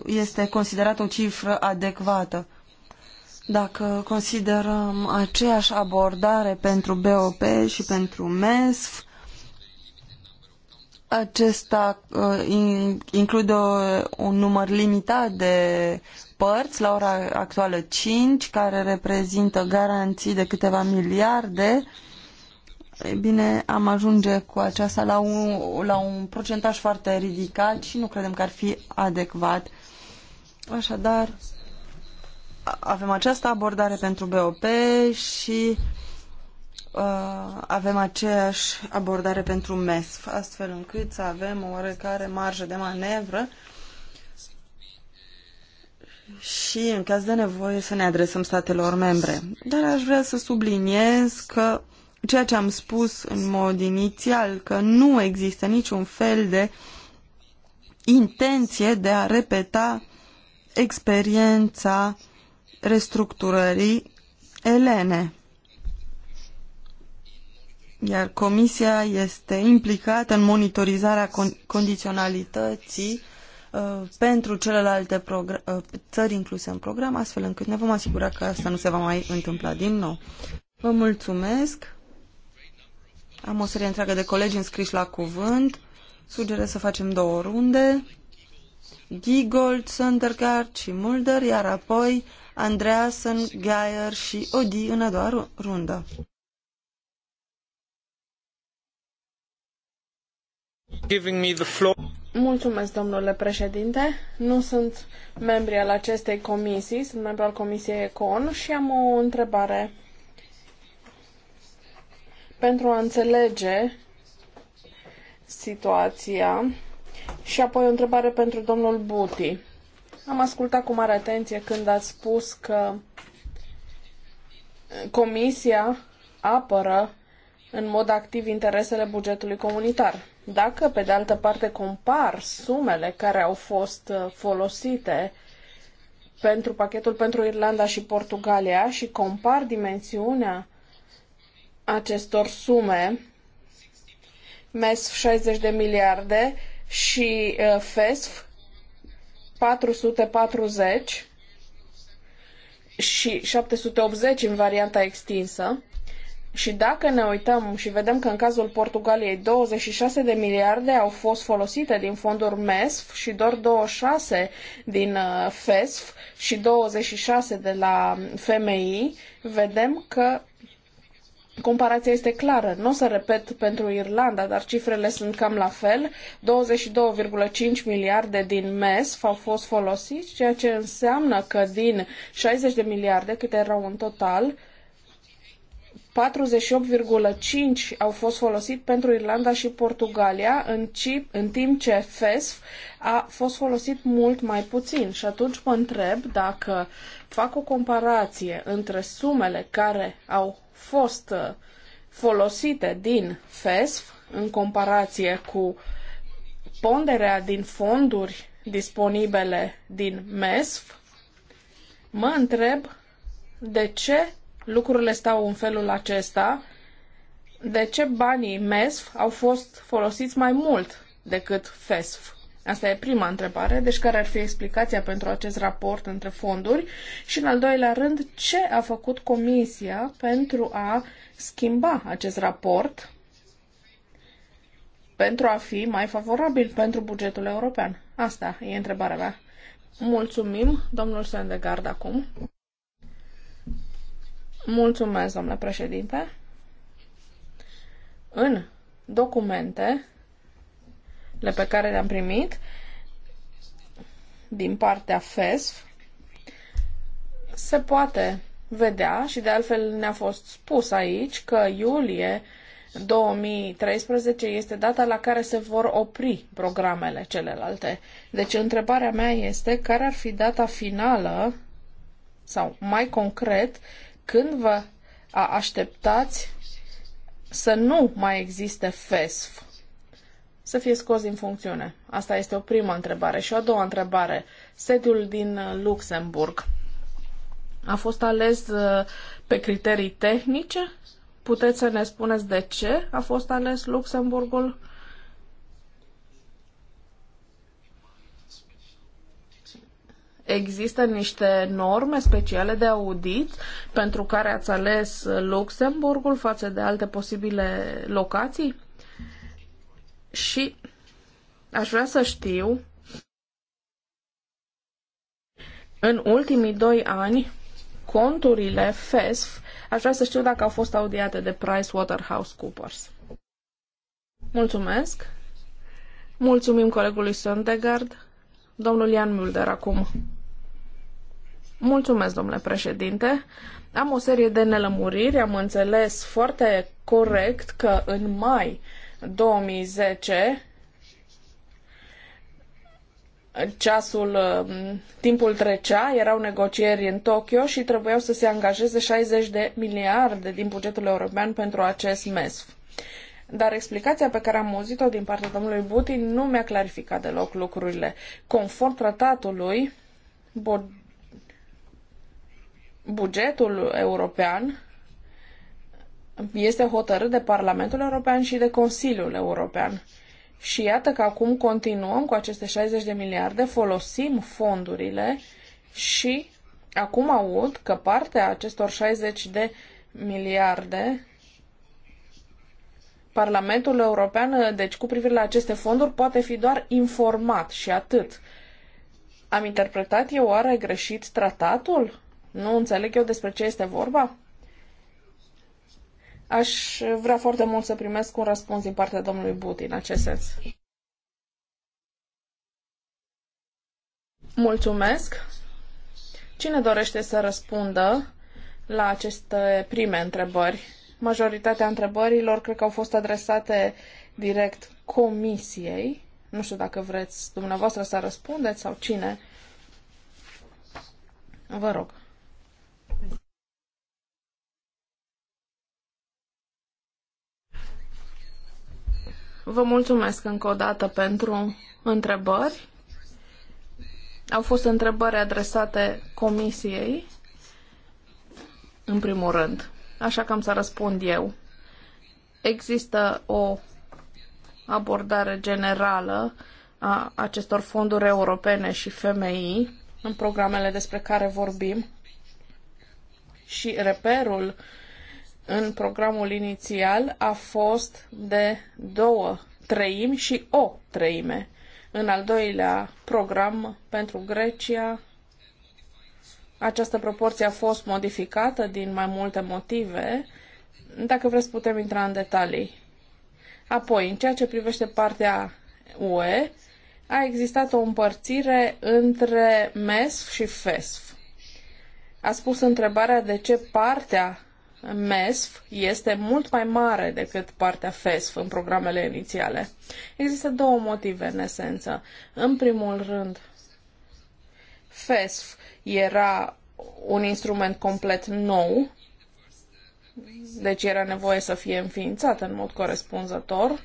A: este considerată o cifră adecvată. Dacă considerăm aceeași abordare pentru BOP și pentru MESF, acesta uh, include un număr limitat de părți, la ora actuală 5, care reprezintă garanții de câteva miliarde bine, am ajunge cu aceasta la un, la un procentaj foarte ridicat și nu credem că ar fi adecvat. Așadar, avem această abordare pentru BOP și uh, avem aceeași abordare pentru MESF, astfel încât să avem o oarecare marjă de manevră și, în caz de nevoie, să ne adresăm statelor membre. Dar aș vrea să subliniez că ceea ce am spus în mod inițial, că nu există niciun fel de intenție de a repeta experiența restructurării elene. Iar comisia este implicată în monitorizarea con condiționalității uh, pentru celelalte uh, țări incluse în program, astfel încât ne vom asigura că asta nu se va mai întâmpla din nou. Vă mulțumesc! Am o serie întreagă de colegi înscriși la cuvânt. Sugerez să facem două runde. Giegold, Sundergaard și Mulder, iar apoi Andreasen, Geyer și Odi în a doua rundă.
B: Mulțumesc, domnule președinte. Nu sunt membri al acestei comisii, sunt membru al Comisiei Econ și am o întrebare pentru a înțelege situația. Și apoi o întrebare pentru domnul Buti. Am ascultat cu mare atenție când ați spus că Comisia apără în mod activ interesele bugetului comunitar. Dacă, pe de altă parte, compar sumele care au fost uh, folosite pentru pachetul pentru Irlanda și Portugalia și compar dimensiunea acestor sume, MESF 60 de miliarde și uh, FESF 440 și 780 în varianta extinsă. Și dacă ne uităm și vedem că în cazul Portugaliei 26 de miliarde au fost folosite din fonduri MESF și doar 26 din uh, FESF și 26 de la FMI, vedem că Comparația este clară. Nu o să repet pentru Irlanda, dar cifrele sunt cam la fel. 22,5 miliarde din MES au fost folosiți, ceea ce înseamnă că din 60 de miliarde, câte erau în total, 48,5 au fost folosit pentru Irlanda și Portugalia, în, în timp ce FESF a fost folosit mult mai puțin. Și atunci mă întreb dacă fac o comparație între sumele care au fost uh, folosite din FESF în comparație cu ponderea din fonduri disponibile din MESF, mă întreb de ce lucrurile stau în felul acesta, de ce banii MESF au fost folosiți mai mult decât FESF. Asta e prima întrebare, deci care ar fi explicația pentru acest raport între fonduri și în al doilea rând, ce a făcut Comisia pentru a schimba acest raport pentru a fi mai favorabil pentru bugetul european? Asta e întrebarea mea. Mulțumim, domnul Sendegard, acum. Mulțumesc, domnule președinte. În documente le pe care le-am primit din partea FESF, se poate vedea și de altfel ne-a fost spus aici că iulie 2013 este data la care se vor opri programele celelalte. Deci întrebarea mea este care ar fi data finală sau mai concret când vă așteptați să nu mai existe FESF să fie scos din funcțiune? Asta este o primă întrebare. Și o a doua întrebare. Sediul din uh, Luxemburg a fost ales uh, pe criterii tehnice? Puteți să ne spuneți de ce a fost ales Luxemburgul? Există niște norme speciale de audit pentru care ați ales Luxemburgul față de alte posibile locații? Și aș vrea să știu în ultimii doi ani conturile FESF, aș vrea să știu dacă au fost audiate de PricewaterhouseCoopers. Mulțumesc! Mulțumim colegului Sondegard, domnul Ian Mulder acum. Mulțumesc, domnule președinte. Am o serie de nelămuriri. Am înțeles foarte corect că în mai 2010 ceasul, um, timpul trecea, erau negocieri în Tokyo și trebuiau să se angajeze 60 de miliarde din bugetul european pentru acest MESF. Dar explicația pe care am auzit-o din partea domnului Putin nu mi-a clarificat deloc lucrurile. Conform tratatului, bugetul european este hotărât de Parlamentul European și de Consiliul European. Și iată că acum continuăm cu aceste 60 de miliarde, folosim fondurile și acum aud că partea acestor 60 de miliarde Parlamentul European, deci cu privire la aceste fonduri, poate fi doar informat și atât. Am interpretat eu oare greșit tratatul? Nu înțeleg eu despre ce este vorba? Aș vrea foarte mult să primesc un răspuns din partea domnului Buti în acest sens. Mulțumesc. Cine dorește să răspundă la aceste prime întrebări? Majoritatea întrebărilor cred că au fost adresate direct comisiei. Nu știu dacă vreți dumneavoastră să răspundeți sau cine. Vă rog. Vă mulțumesc încă o dată pentru întrebări. Au fost întrebări adresate comisiei, în primul rând. Așa că am să răspund eu. Există o abordare generală a acestor fonduri europene și FMI în programele despre care vorbim și reperul uh, în programul inițial a fost de două treimi și o treime. În al doilea program pentru Grecia, această proporție a fost modificată din mai multe motive. Dacă vreți, putem intra în detalii. Apoi, în ceea ce privește partea UE, a existat o împărțire între MESF și FESF. A spus întrebarea de ce partea MESF este mult mai mare decât partea FESF în programele inițiale. Există două motive, în esență. În primul rând, FESF era un instrument complet nou, deci era nevoie să fie înființat în mod corespunzător.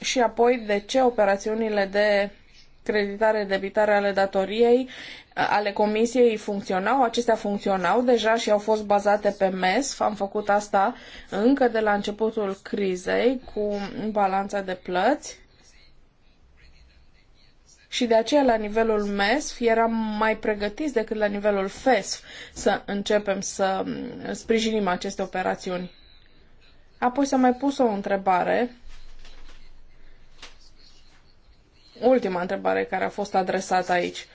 B: Și apoi, de ce operațiunile de creditare, debitare ale datoriei, ale comisiei funcționau, acestea funcționau deja și au fost bazate pe MES. Am făcut asta încă de la începutul crizei cu balanța de plăți. Și de aceea, la nivelul MESF, eram mai pregătiți decât la nivelul FESF să începem să sprijinim aceste operațiuni. Apoi s-a mai pus o întrebare ultima întrebare care a fost adresată aici.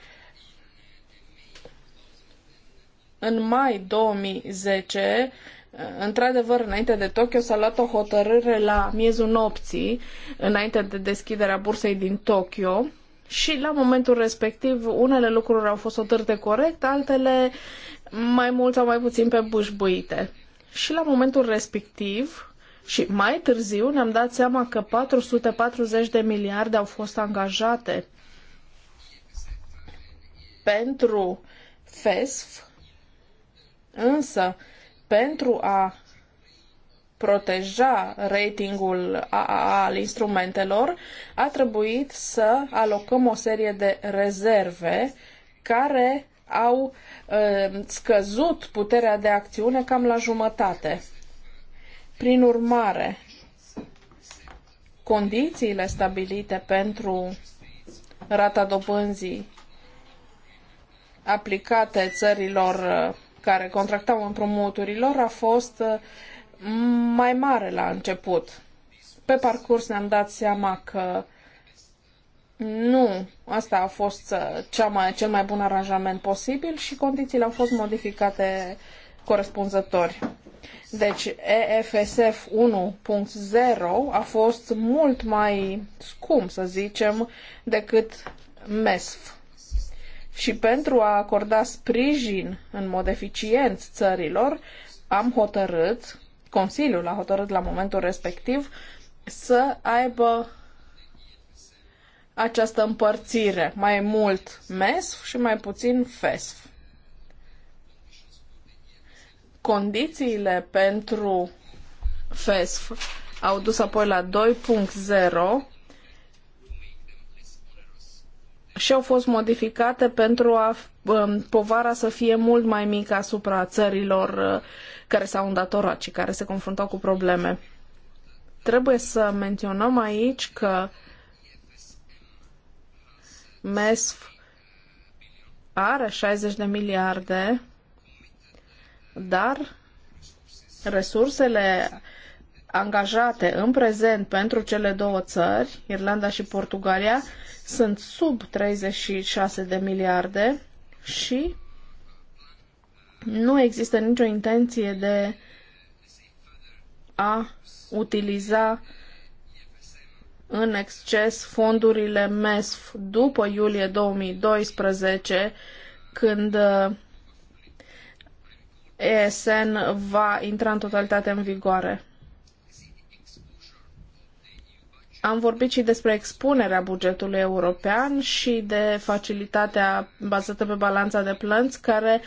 B: În mai 2010, Într-adevăr, înainte de Tokyo s-a luat o hotărâre la miezul nopții, înainte de deschiderea bursei din Tokyo, și la momentul respectiv unele lucruri au fost hotărâte corect, altele mai mult sau mai puțin pe bușbuite. Și la momentul respectiv, și mai târziu ne-am dat seama că 440 de miliarde au fost angajate pentru FESF, însă pentru a proteja ratingul AAA al instrumentelor, a trebuit să alocăm o serie de rezerve care au ă, scăzut puterea de acțiune cam la jumătate. Prin urmare, condițiile stabilite pentru rata dobânzii aplicate țărilor uh, care contractau împrumuturilor a fost uh, mai mare la început. Pe parcurs ne-am dat seama că nu, asta a fost uh, cea mai, cel mai bun aranjament posibil și condițiile au fost modificate corespunzători. Deci EFSF 1.0 a fost mult mai scump, să zicem, decât MESF. Și pentru a acorda sprijin în mod eficient țărilor, am hotărât, Consiliul a hotărât la momentul respectiv, să aibă această împărțire, mai mult MESF și mai puțin FESF. Condițiile pentru FESF au dus apoi la 2.0 și au fost modificate pentru a um, povara să fie mult mai mică asupra țărilor uh, care s-au îndatorat și care se confruntau cu probleme. Trebuie să menționăm aici că MESF are 60 de miliarde dar resursele angajate în prezent pentru cele două țări, Irlanda și Portugalia, sunt sub 36 de miliarde și nu există nicio intenție de a utiliza în exces fondurile MESF după iulie 2012, când uh, ESN va intra în totalitate în vigoare. Am vorbit și despre expunerea bugetului european și de facilitatea bazată pe balanța de plăți care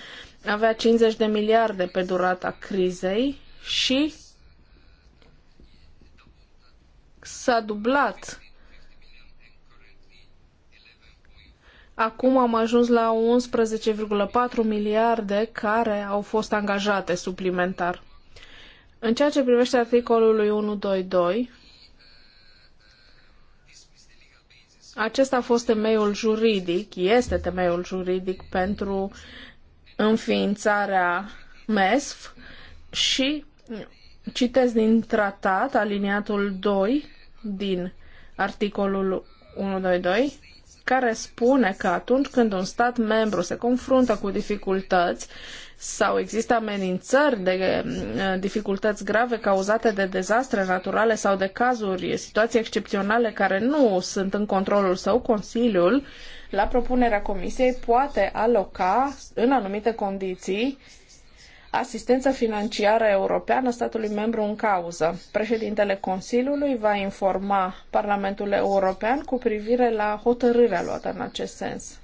B: avea 50 de miliarde pe durata crizei și s-a dublat Acum am ajuns la 11,4 miliarde care au fost angajate suplimentar. În ceea ce privește articolul 122, acesta a fost temeiul juridic, este temeiul juridic pentru înființarea MESF și citesc din tratat, aliniatul 2 din articolul 122, care spune că atunci când un stat membru se confruntă cu dificultăți sau există amenințări de eh, dificultăți grave cauzate de dezastre naturale sau de cazuri, situații excepționale care nu sunt în controlul său, Consiliul, la propunerea Comisiei, poate aloca, în anumite condiții, asistență financiară europeană statului membru în cauză. Președintele Consiliului va informa Parlamentul European cu privire la hotărârea luată în acest sens.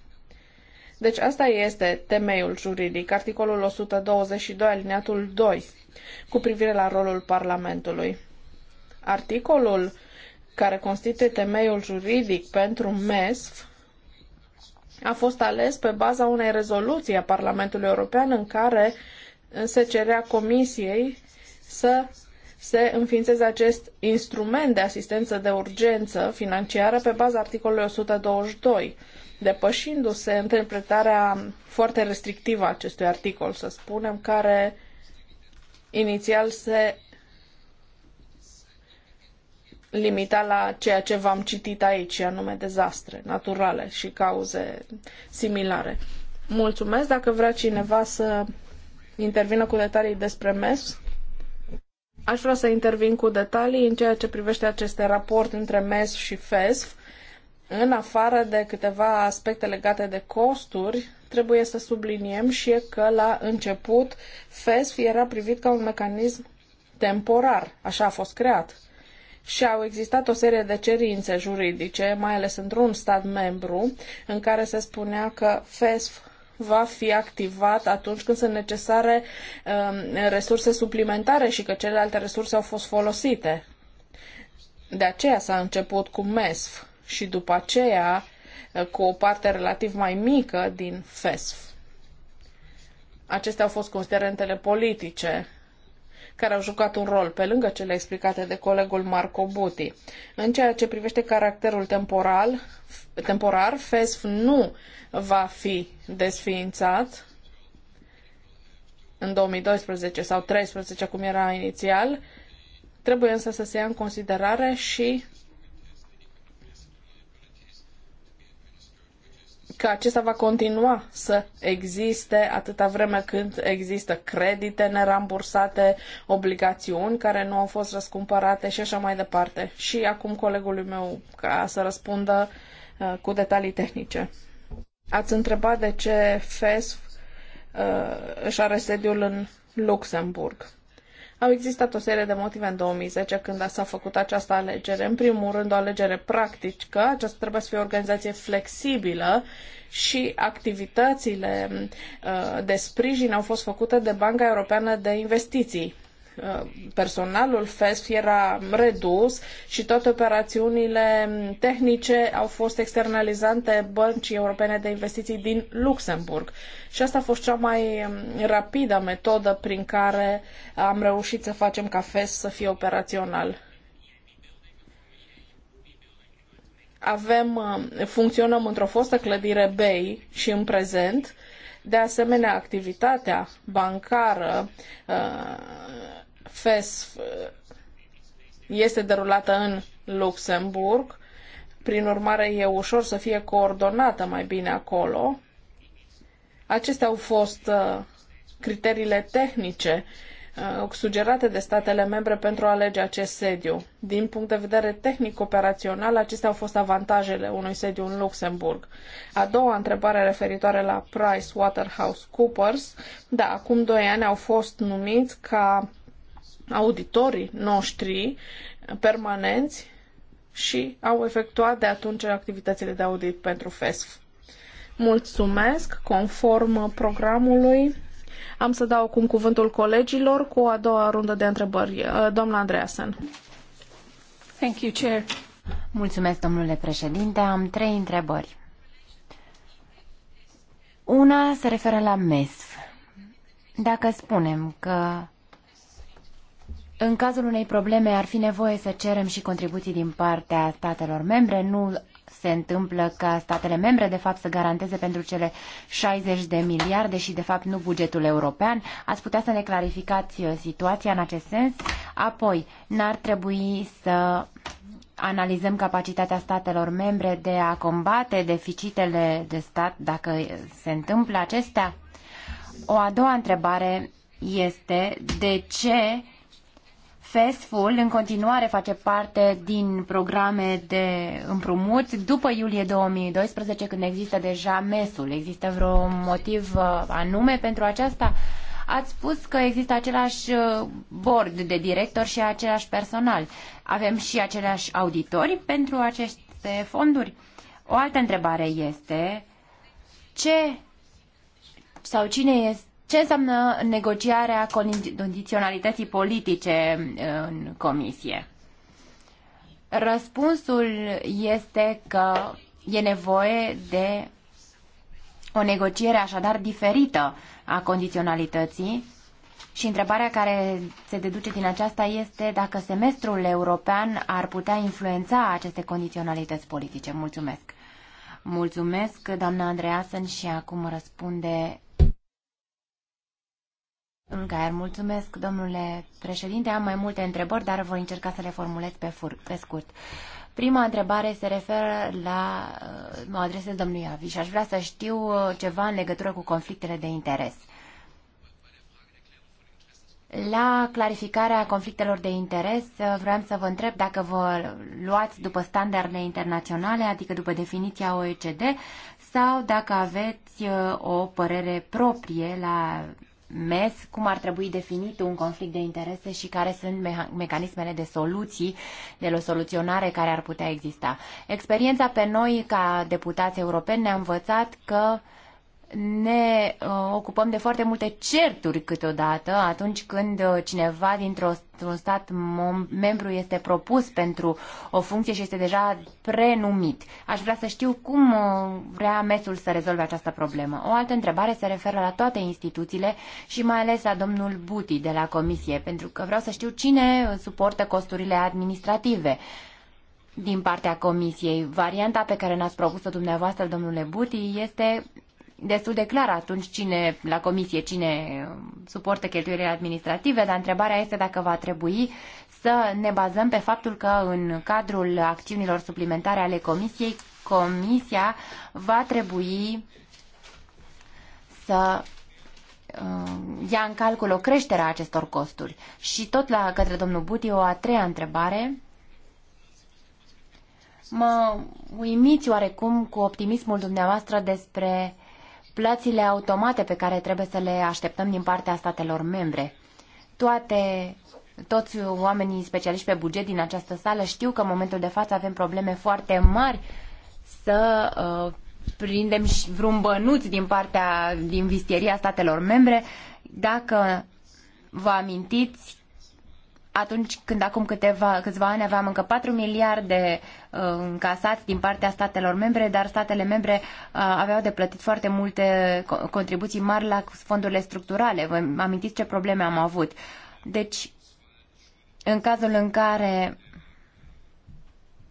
B: Deci asta este temeiul juridic, articolul 122, alineatul 2, cu privire la rolul Parlamentului. Articolul care constituie temeiul juridic pentru MESF a fost ales pe baza unei rezoluții a Parlamentului European în care se cerea comisiei să se înființeze acest instrument de asistență de urgență financiară pe baza articolului 122, depășindu-se interpretarea foarte restrictivă a acestui articol, să spunem, care inițial se limita la ceea ce v-am citit aici, anume dezastre naturale și cauze similare. Mulțumesc dacă vrea cineva să intervină cu detalii despre MES. Aș vrea să intervin cu detalii în ceea ce privește acest raport între MES și FESF. În afară de câteva aspecte legate de costuri, trebuie să subliniem și că la început FESF era privit ca un mecanism temporar, așa a fost creat. Și au existat o serie de cerințe juridice, mai ales într-un stat membru, în care se spunea că FESF va fi activat atunci când sunt necesare um, resurse suplimentare și că celelalte resurse au fost folosite. De aceea s-a început cu MESF și după aceea uh, cu o parte relativ mai mică din FESF. Acestea au fost considerentele politice care au jucat un rol, pe lângă cele explicate de colegul Marco Buti. În ceea ce privește caracterul temporal, temporar, FESF nu va fi desființat în 2012 sau 2013, cum era inițial. Trebuie însă să se ia în considerare și că acesta va continua să existe atâta vreme cât există credite nerambursate, obligațiuni care nu au fost răscumpărate și așa mai departe. Și acum colegului meu ca să răspundă uh, cu detalii tehnice. Ați întrebat de ce FESF uh, își are sediul în Luxemburg. Au existat o serie de motive în 2010 când s-a făcut această alegere. În primul rând, o alegere practică. Aceasta trebuie să fie o organizație flexibilă și activitățile uh, de sprijin au fost făcute de Banca Europeană de Investiții personalul FESF era redus și toate operațiunile tehnice au fost externalizate băncii europene de investiții din Luxemburg. Și asta a fost cea mai um, rapidă metodă prin care am reușit să facem ca FESF să fie operațional. Avem, um, funcționăm într-o fostă clădire BEI și în prezent, de asemenea, activitatea bancară uh, Fes este derulată în Luxemburg, prin urmare e ușor să fie coordonată mai bine acolo. Acestea au fost uh, criteriile tehnice uh, sugerate de statele membre pentru a alege acest sediu. Din punct de vedere tehnic-operațional, acestea au fost avantajele unui sediu în Luxemburg. A doua întrebare referitoare la Price Waterhouse Coopers, Da, acum doi ani au fost numiți ca auditorii noștri permanenți și au efectuat de atunci activitățile de audit pentru FESF. Mulțumesc, conform programului. Am să dau acum cuvântul colegilor cu a doua rundă de
C: întrebări. Uh, doamna Andreasen. Thank you, Chair. Mulțumesc, domnule președinte. Am trei întrebări. Una se referă la MESF. Dacă spunem că în cazul unei probleme ar fi nevoie să cerem și contribuții din partea statelor membre. Nu se întâmplă ca statele membre, de fapt, să garanteze pentru cele 60 de miliarde și, de fapt, nu bugetul european. Ați putea să ne clarificați uh, situația în acest sens? Apoi, n-ar trebui să analizăm capacitatea statelor membre de a combate deficitele de stat dacă se întâmplă acestea? O a doua întrebare este de ce FESF-ul în continuare face parte din programe de împrumut după iulie 2012, când există deja MES-ul. Există vreo motiv uh, anume pentru aceasta? Ați spus că există același uh, board de director și același personal. Avem și aceleași auditori pentru aceste fonduri? O altă întrebare este ce sau cine este ce înseamnă negociarea condiționalității politice uh, în comisie? Răspunsul este că e nevoie de o negociere așadar diferită a condiționalității și întrebarea care se deduce din aceasta este dacă semestrul european ar putea influența aceste condiționalități politice. Mulțumesc! Mulțumesc, doamna Andreasen, și acum răspunde mulțumesc, domnule președinte. Am mai multe întrebări, dar voi încerca să le formulez pe, fur, pe scurt. Prima întrebare se referă la... Uh, mă adresez domnului Avi și aș vrea să știu uh, ceva în legătură cu conflictele de interes. La clarificarea conflictelor de interes, uh, vreau să vă întreb dacă vă luați după standardele internaționale, adică după definiția OECD, sau dacă aveți o părere proprie la MES, cum ar trebui definit un conflict de interese și care sunt meha- mecanismele de soluții, de soluționare care ar putea exista. Experiența pe noi, ca deputați europeni, ne-a învățat că uh, ne uh, ocupăm de foarte multe certuri câteodată atunci când uh, cineva dintr-un stat membru este propus pentru o funcție și este deja prenumit. Aș vrea să știu cum uh, vrea mesul să rezolve această problemă. O altă întrebare se referă la toate instituțiile și mai ales la domnul Buti de la Comisie, pentru că vreau să știu cine suportă costurile administrative din partea Comisiei. Varianta pe care ne-ați propus-o dumneavoastră, domnule Buti, este destul de clar atunci cine la comisie, cine suportă cheltuielile administrative, dar întrebarea este dacă va trebui să ne bazăm pe faptul că în cadrul acțiunilor suplimentare ale comisiei, comisia va trebui să uh, ia în calcul o creștere a acestor costuri. Și tot la către domnul Buti o a treia întrebare. Mă uimiți oarecum cu optimismul dumneavoastră despre plățile automate pe care trebuie să le așteptăm din partea statelor membre. Toate, toți oamenii specialiști pe buget din această sală știu că în momentul de față avem probleme foarte mari să uh, prindem vreun bănuț din partea, din vistieria statelor membre. Dacă vă amintiți, atunci când acum câteva, câțiva ani aveam încă 4 miliarde uh, încasați din partea statelor membre, dar statele membre uh, aveau de plătit foarte multe contribuții mari la fondurile structurale. Vă amintiți ce probleme am avut. Deci, în cazul în care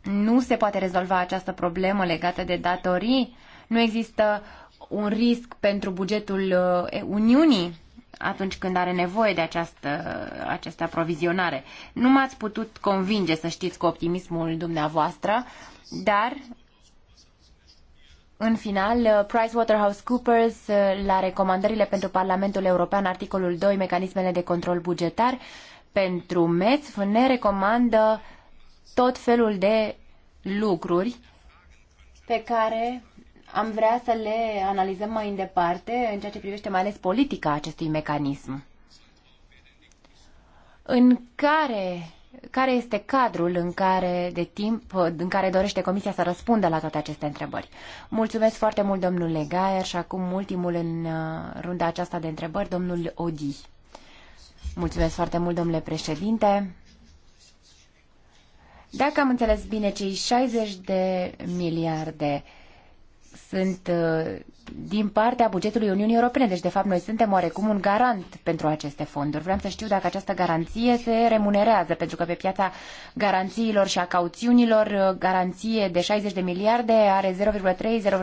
C: nu se poate rezolva această problemă legată de datorii, nu există un risc pentru bugetul uh, Uniunii atunci când are nevoie de această, această aprovizionare. Nu m-ați putut convinge să știți cu optimismul dumneavoastră, dar în final, PricewaterhouseCoopers, la recomandările pentru Parlamentul European, articolul 2, mecanismele de control bugetar, pentru MES ne recomandă tot felul de lucruri pe care am vrea să le analizăm mai departe în ceea ce privește mai ales politica acestui mecanism. În care, care este cadrul în care, de timp, în care dorește Comisia să răspundă la toate aceste întrebări? Mulțumesc foarte mult, domnul Legaier, și acum ultimul în uh, runda aceasta de întrebări, domnul Odi. Mulțumesc foarte mult, domnule președinte. Dacă am înțeles bine, cei 60 de miliarde uh, sunt uh, din partea bugetului Uniunii Europene. Deci, de fapt, noi suntem oarecum un garant pentru aceste fonduri. Vreau să știu dacă această garanție se remunerează, pentru că pe piața garanțiilor și a cauțiunilor, uh, garanție de 60 de miliarde are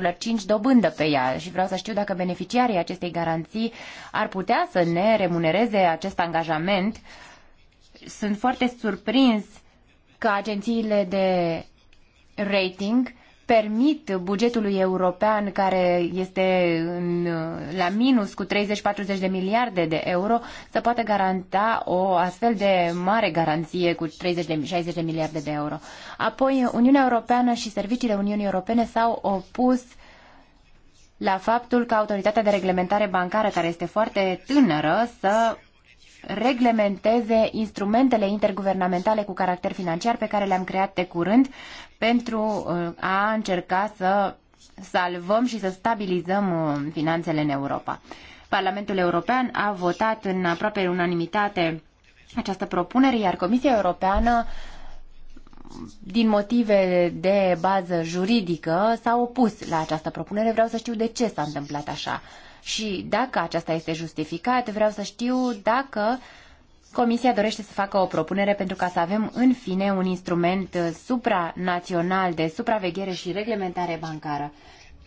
C: 0,3-0,5 dobândă pe ea și vreau să știu dacă beneficiarii acestei garanții ar putea să ne remunereze acest angajament. Sunt foarte surprins că agențiile de rating permit bugetului european care este în, la minus cu 30-40 de miliarde de euro să poată garanta o astfel de mare garanție cu 30 60 de miliarde de euro. Apoi, Uniunea Europeană și serviciile Uniunii Europene s-au opus la faptul că autoritatea de reglementare bancară, care este foarte tânără, să reglementeze instrumentele interguvernamentale cu caracter financiar pe care le-am creat de curând pentru uh, a încerca să salvăm și să stabilizăm uh, finanțele în Europa. Parlamentul European a votat în aproape unanimitate această propunere, iar Comisia Europeană din motive de bază juridică s-a opus la această propunere. Vreau să știu de ce s-a întâmplat așa și dacă aceasta este justificat, vreau să știu dacă Comisia dorește să facă o propunere pentru ca să avem în fine un instrument uh, supranațional de supraveghere și reglementare bancară.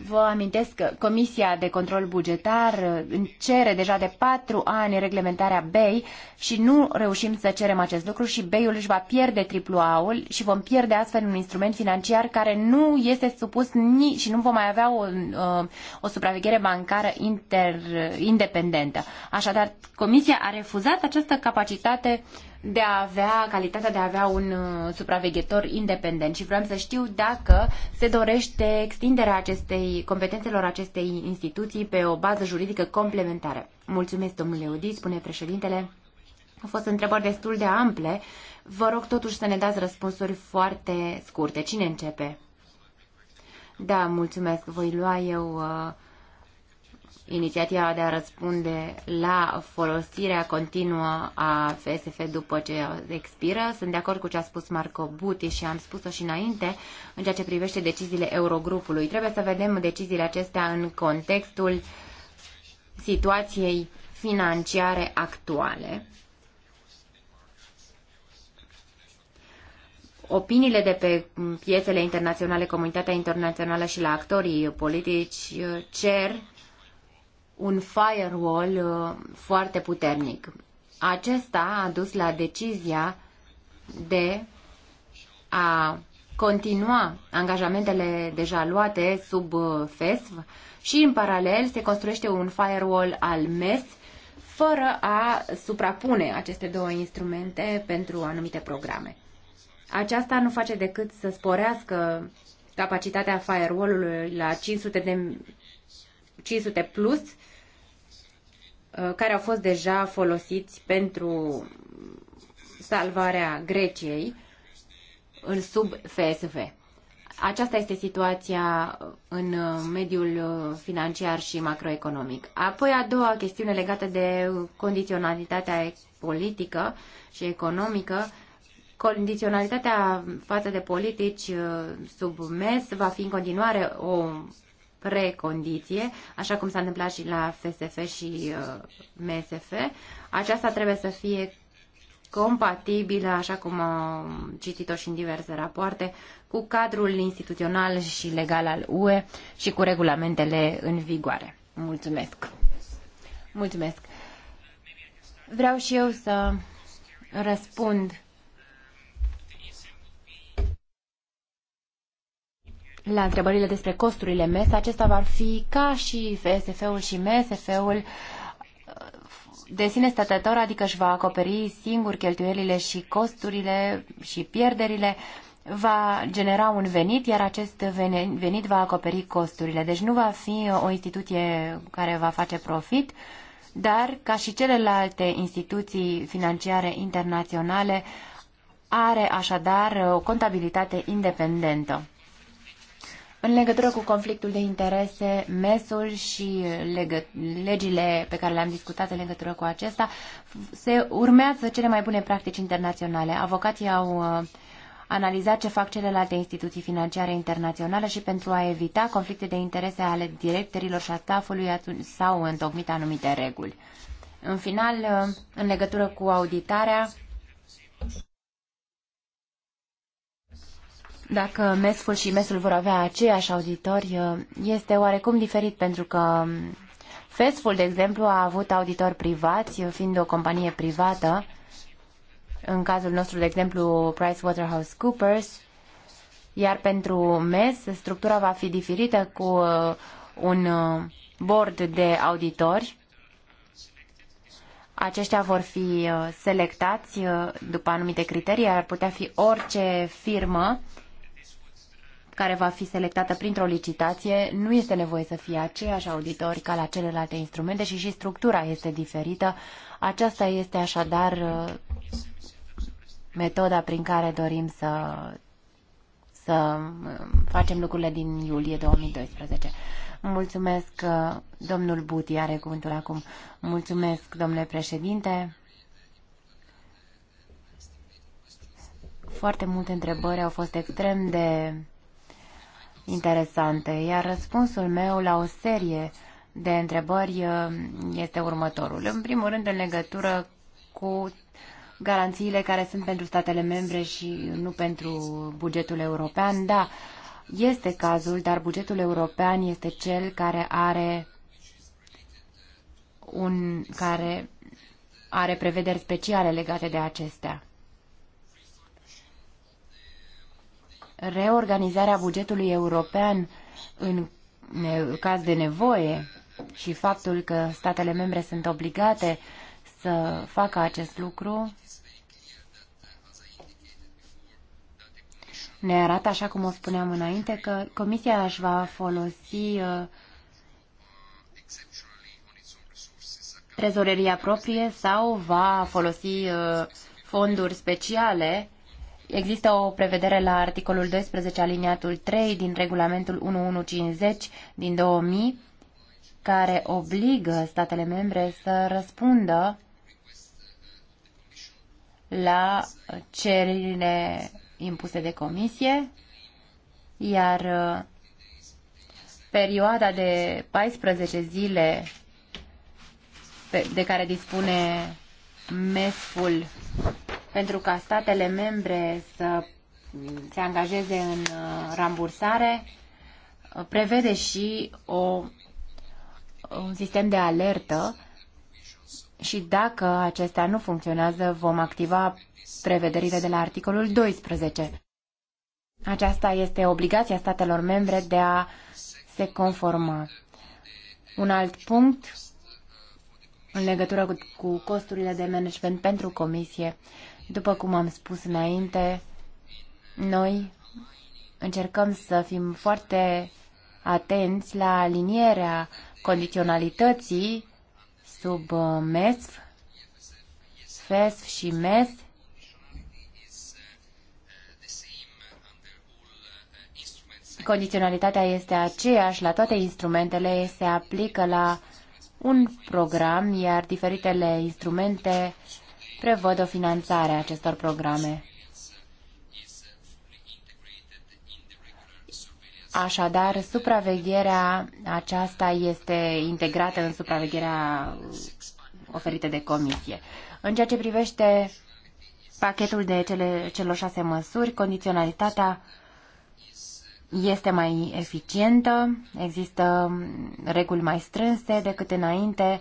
C: Vă amintesc că Comisia de Control Bugetar uh, cere deja de patru ani reglementarea BEI și nu reușim să cerem acest lucru și BEI-ul își va pierde AAA-ul și vom pierde astfel un instrument financiar care nu este supus ni și nu vom mai avea o, uh, o supraveghere bancară inter, uh, independentă. Așadar, Comisia a refuzat această capacitate uh, de a avea, calitatea de a avea un uh, supraveghetor independent și vreau să știu dacă se dorește extinderea acestei competențelor acestei instituții pe o bază juridică complementară. Mulțumesc, domnule Udi, spune președintele. Au fost întrebări destul de ample. Vă rog totuși să ne dați răspunsuri foarte scurte. Cine începe? Da, mulțumesc. Voi lua eu uh, inițiativa de a răspunde la folosirea continuă a FSF după ce expiră. Sunt de acord cu ce a spus Marco Buti și am spus-o și înainte în ceea ce privește deciziile Eurogrupului. Trebuie să vedem deciziile acestea în contextul situației financiare actuale. opiniile de pe piețele internaționale, comunitatea internațională și la actorii politici cer un firewall uh, foarte puternic. Acesta a dus la decizia de a continua angajamentele deja luate sub uh, FESV și în paralel se construiește un firewall al MES fără a suprapune aceste două instrumente pentru anumite programe. Aceasta nu face decât să sporească capacitatea firewall-ului la 500, de, 500 plus Uh, care au fost deja folosiți pentru salvarea Greciei în sub FSV. Aceasta este situația în uh, mediul uh, financiar și macroeconomic. Apoi a doua chestiune legată de condiționalitatea politică și economică. Condiționalitatea față de politici sub MES va fi în continuare o precondiție, așa cum s-a întâmplat și la FSF și uh, MSF. Aceasta trebuie să fie compatibilă, așa cum am citit-o și în diverse rapoarte, cu cadrul instituțional și legal al UE și cu regulamentele în vigoare. Mulțumesc! Mulțumesc! Vreau și eu să răspund la întrebările despre costurile MES, acesta va fi ca și FSF-ul și MSF-ul de sine stătător, adică își va acoperi singur cheltuielile și costurile și pierderile, va genera un venit, iar acest venit va acoperi costurile. Deci nu va fi o instituție care va face profit, dar ca și celelalte instituții financiare internaționale, are așadar o contabilitate independentă. În legătură cu conflictul de interese, mesul și legă, legile pe care le-am discutat în legătură cu acesta, se urmează cele mai bune practici internaționale. Avocații au uh, analizat ce fac celelalte instituții financiare internaționale și pentru a evita conflicte de interese ale directorilor și a staffului sau întocmit anumite reguli. În final, uh, în legătură cu auditarea, dacă MESFul și MESul vor avea aceiași auditori, uh, este oarecum diferit pentru că um, FESFul, de exemplu, a avut auditori privați, uh, fiind o companie privată. În cazul nostru, de exemplu, PricewaterhouseCoopers, iar pentru MES, structura va fi diferită cu uh, un board de auditori. Aceștia vor fi selectați după anumite criterii, ar putea fi orice firmă care va fi selectată printr-o licitație, nu este nevoie să fie aceiași auditori ca la celelalte instrumente și și structura este diferită. Aceasta este așadar uh, metoda prin care dorim să, să uh, facem lucrurile din iulie 2012. Mulțumesc, uh, domnul Buti are cuvântul acum. Mulțumesc, domnule președinte. Foarte multe întrebări au fost extrem de interesante, iar răspunsul meu la o serie de întrebări uh, este următorul. În primul rând, în legătură cu garanțiile care sunt pentru statele membre și nu pentru bugetul european, da, este cazul, dar bugetul european este cel care are un care are prevederi speciale legate de acestea. reorganizarea bugetului european în caz de nevoie și faptul că statele membre sunt obligate să facă acest lucru ne arată, așa cum o spuneam înainte, că Comisia își va folosi uh, trezoreria proprie sau va folosi uh, fonduri speciale Există o prevedere la articolul 12 aliniatul 3 din regulamentul 1150 din 2000 care obligă statele membre să răspundă la cererile impuse de comisie, iar uh, perioada de 14 zile de care dispune MESFul pentru ca statele membre să se angajeze în uh, rambursare, uh, prevede și o, un sistem de alertă și dacă acestea nu funcționează, vom activa prevederile de la articolul 12. Aceasta este obligația statelor membre de a se conforma. Un alt punct în legătură cu costurile de management pentru comisie. După cum am spus înainte, noi încercăm să fim foarte atenți la alinierea condiționalității sub uh, MESF, FESF și MES. Condiționalitatea este aceeași la toate instrumentele, se aplică la un program, iar diferitele instrumente prevăd o finanțare a acestor programe. Așadar, supravegherea aceasta este integrată în supravegherea oferită de comisie. În ceea ce privește pachetul de cele, celor șase măsuri, condiționalitatea este mai eficientă, există reguli mai strânse decât înainte,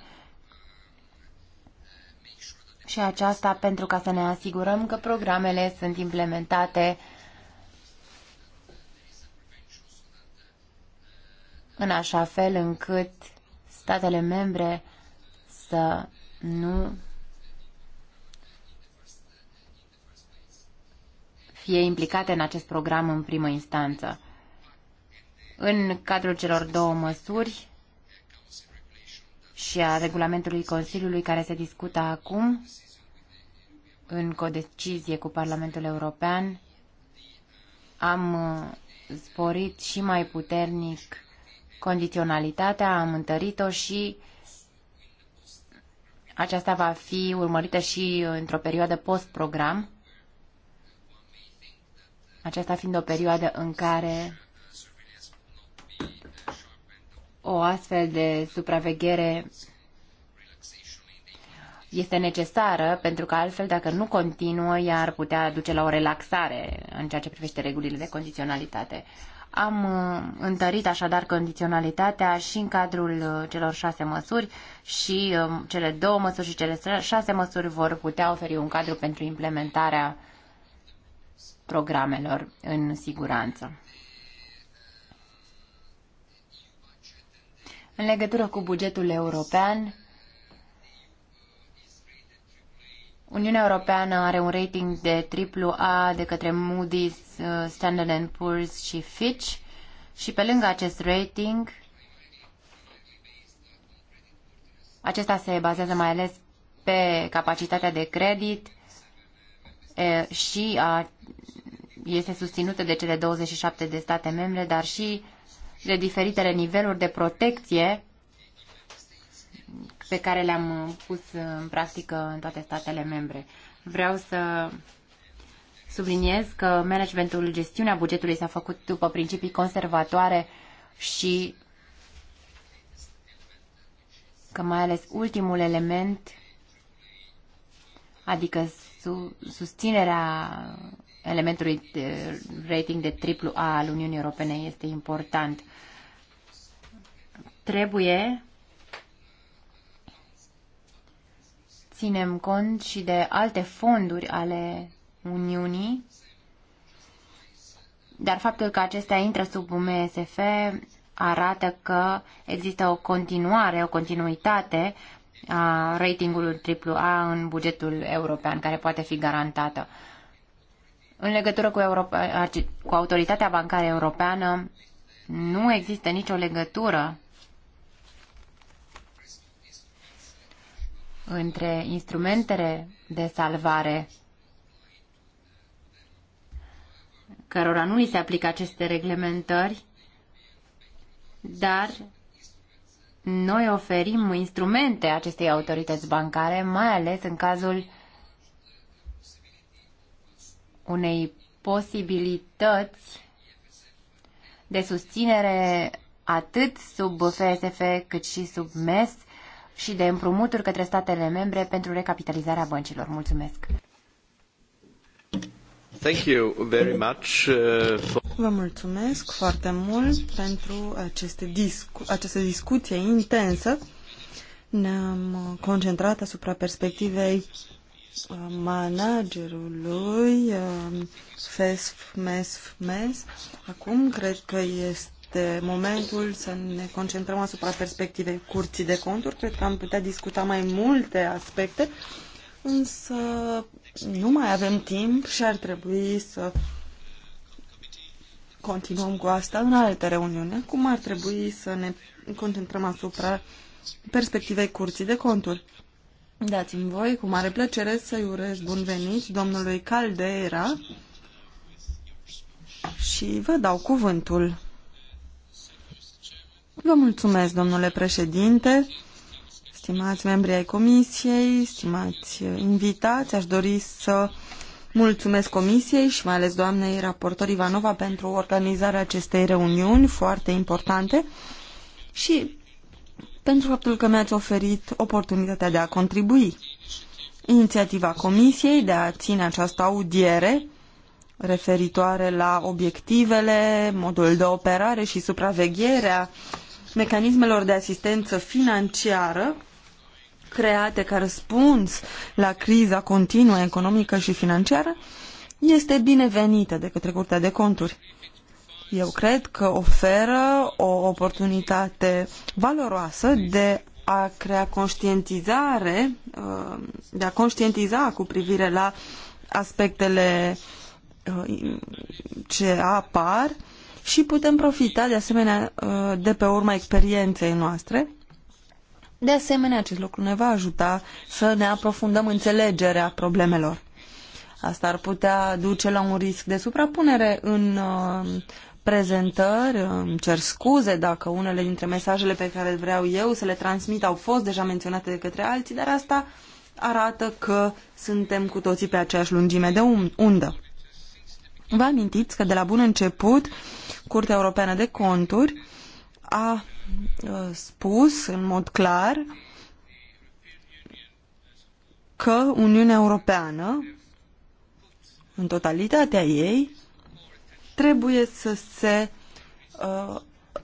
C: și aceasta pentru ca să ne asigurăm că programele sunt implementate în așa fel încât statele membre să nu fie implicate în acest program în primă instanță. În cadrul celor două măsuri, și a regulamentului Consiliului care se discută acum în codecizie cu Parlamentul European, am uh, sporit și mai puternic condiționalitatea, am întărit-o și aceasta va fi urmărită și uh, într-o perioadă post-program, aceasta fiind o perioadă în care o astfel de supraveghere este necesară, pentru că altfel, dacă nu continuă, ea ar putea duce la o relaxare în ceea ce privește regulile de condiționalitate. Am uh, întărit așadar condiționalitatea și în cadrul uh, celor șase măsuri și um, cele două măsuri și cele șase măsuri vor putea oferi un cadru pentru implementarea programelor în siguranță. În legătură cu bugetul european, Uniunea Europeană are un rating de AAA de către Moody's, Standard Poor's și Fitch și pe lângă acest rating, acesta se bazează mai ales pe capacitatea de credit și a, este susținută de cele 27 de state membre, dar și de diferitele niveluri de protecție pe care le-am uh, pus în practică în toate statele membre. Vreau să subliniez că managementul, gestiunea bugetului s-a făcut după principii conservatoare și că mai ales ultimul element, adică su- susținerea elementului eh, rating de A al Uniunii Europene este important. Trebuie ținem cont și de alte fonduri ale Uniunii, dar faptul că acestea intră sub MSF arată că există o continuare, o continuitate a ratingului AAA în bugetul european care poate fi garantată. În legătură cu, Europa, cu Autoritatea Bancară Europeană, nu există nicio legătură între instrumentele de salvare cărora nu li se aplică aceste reglementări, dar noi oferim instrumente acestei autorități bancare, mai ales în cazul unei posibilități de susținere atât sub FSF cât și sub MES și de împrumuturi către statele membre pentru recapitalizarea băncilor. Mulțumesc!
D: Thank you very much, uh, for...
C: Vă mulțumesc foarte mult
A: pentru aceste discu această discuție intensă. Ne-am concentrat asupra perspectivei Managerul lui um, FESF, MESF, MES. Acum cred că este momentul să ne concentrăm asupra perspectivei curții de conturi. Cred că am putea discuta mai multe aspecte, însă nu mai avem timp și ar trebui să continuăm cu asta în alte reuniuni. Acum ar trebui să ne concentrăm asupra perspectivei curții de conturi Dați-mi voi, cu mare plăcere, să-i urez bun venit domnului Caldera și vă dau cuvântul. Vă mulțumesc, domnule președinte, stimați membri ai comisiei, stimați invitați, aș dori să mulțumesc comisiei și mai ales doamnei raportor Ivanova pentru organizarea acestei reuniuni foarte importante și pentru faptul că mi-ați oferit oportunitatea de a contribui. Inițiativa Comisiei de a ține această audiere referitoare la obiectivele, modul de operare și supravegherea mecanismelor de asistență financiară create ca răspuns la criza continuă economică și financiară este binevenită de către Curtea de Conturi eu cred că oferă o oportunitate valoroasă de a crea conștientizare, uh, de a conștientiza cu privire la aspectele uh, ce apar și putem profita de asemenea uh, de pe urma experienței noastre. De asemenea, acest lucru ne va ajuta să ne aprofundăm înțelegerea problemelor. Asta ar putea duce la un risc de suprapunere în prezentări. Îmi cer scuze dacă unele dintre mesajele pe care vreau eu să le transmit au fost deja menționate de către alții, dar asta arată că suntem cu toții pe aceeași lungime de um- undă. Vă amintiți că de la bun început Curtea Europeană de Conturi a uh, spus în mod clar că Uniunea Europeană, în totalitatea ei, trebuie să se uh,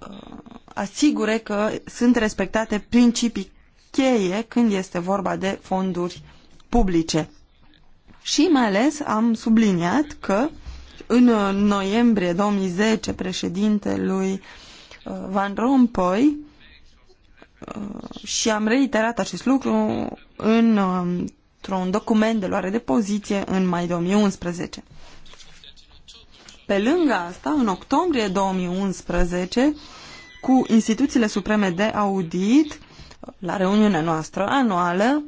A: uh, asigure că sunt respectate principii cheie când este vorba de fonduri publice. Și mai ales am subliniat că în noiembrie 2010 președintelui uh, Van Rompuy uh, și am reiterat acest lucru într-un document de luare de poziție în mai 2011. Pe lângă asta, în octombrie 2011, cu instituțiile supreme de audit, la reuniunea noastră anuală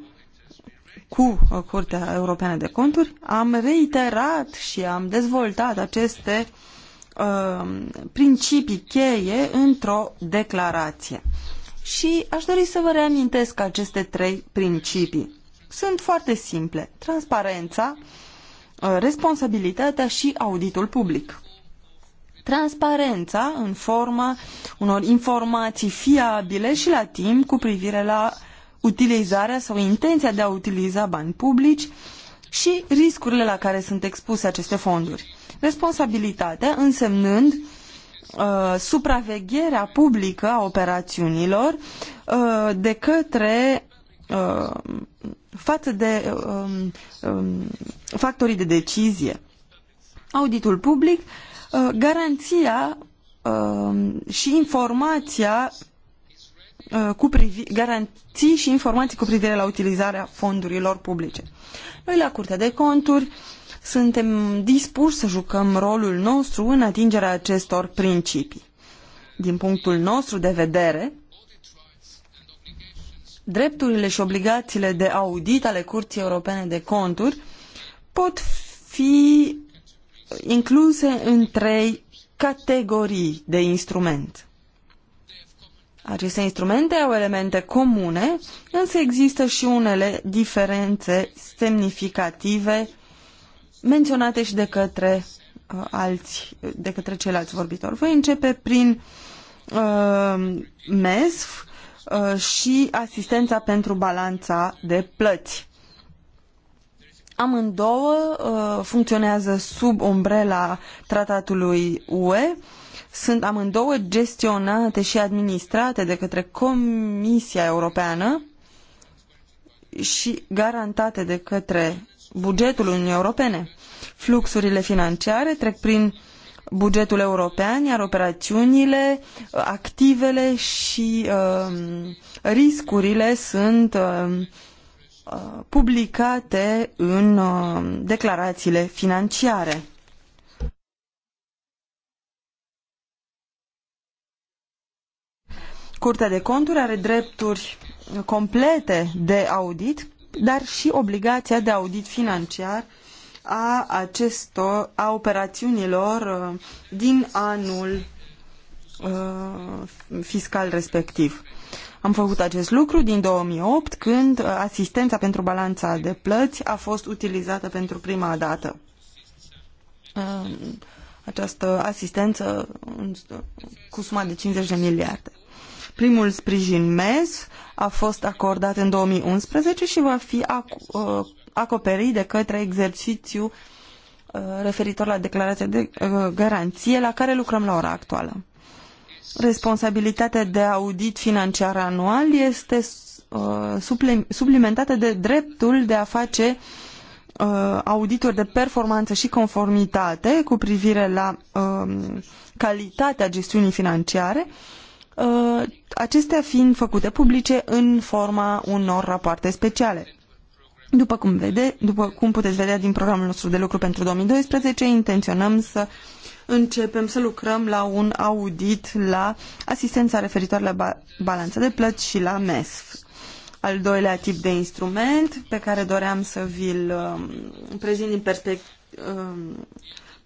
A: cu uh, Curtea Europeană de Conturi, am reiterat și am dezvoltat aceste uh, principii cheie într-o declarație. Și aș dori să vă reamintesc aceste trei principii. Sunt foarte simple. Transparența, uh, Uh, responsabilitatea și auditul public. Transparența în forma unor informații fiabile și la timp cu privire la utilizarea sau intenția de a utiliza bani publici și riscurile la care sunt expuse aceste fonduri. Responsabilitatea însemnând uh, supravegherea publică a operațiunilor uh, de către uh, față de um, um, factorii de decizie. Auditul public, uh, garanția uh, și informația uh, cu privi, garanții și informații cu privire la utilizarea fondurilor publice. Noi la Curtea de Conturi suntem dispuși să jucăm rolul nostru în atingerea acestor principii. Din punctul nostru de vedere, drepturile și obligațiile de audit ale Curții Europene de Conturi pot fi incluse în trei categorii de instrument. Aceste instrumente au elemente comune, însă există și unele diferențe semnificative menționate și de către uh, alți, de către ceilalți vorbitori. Voi începe prin uh, MESF, Uh, și asistența pentru balanța de plăți. Amândouă uh, funcționează sub umbrela tratatului UE, sunt amândouă gestionate și administrate de către Comisia Europeană și garantate de către bugetul Uniunii Europene. Fluxurile financiare trec prin bugetul european, iar operațiunile, activele și uh, riscurile sunt um, uh, publicate în uh, declarațiile financiare. Curtea de conturi are drepturi complete de audit, dar și obligația de audit financiar uh, a, acestor, a operațiunilor uh, din anul uh, fiscal respectiv. Am făcut acest lucru din 2008, când uh, asistența pentru balanța de plăți a fost utilizată pentru prima dată. Această asistență cu suma de 50 de miliarde. Primul sprijin MES a fost acordat în 2011 și va fi acoperi de către exercițiu uh, referitor la declarația de uh, garanție la care lucrăm la ora actuală. Responsabilitatea de audit financiar anual este uh, suplimentată de dreptul de a face audituri de performanță și conformitate cu privire la um, calitatea gestiunii financiare, acestea fiind făcute publice în forma unor rapoarte speciale. După cum, vede, după cum puteți vedea din programul nostru de lucru pentru 2012, intenționăm să începem să lucrăm la un audit la asistența referitoare la ba balanța de plăți și la MESF. Al doilea tip de instrument pe care doream să vi-l um, prezint din perspect um,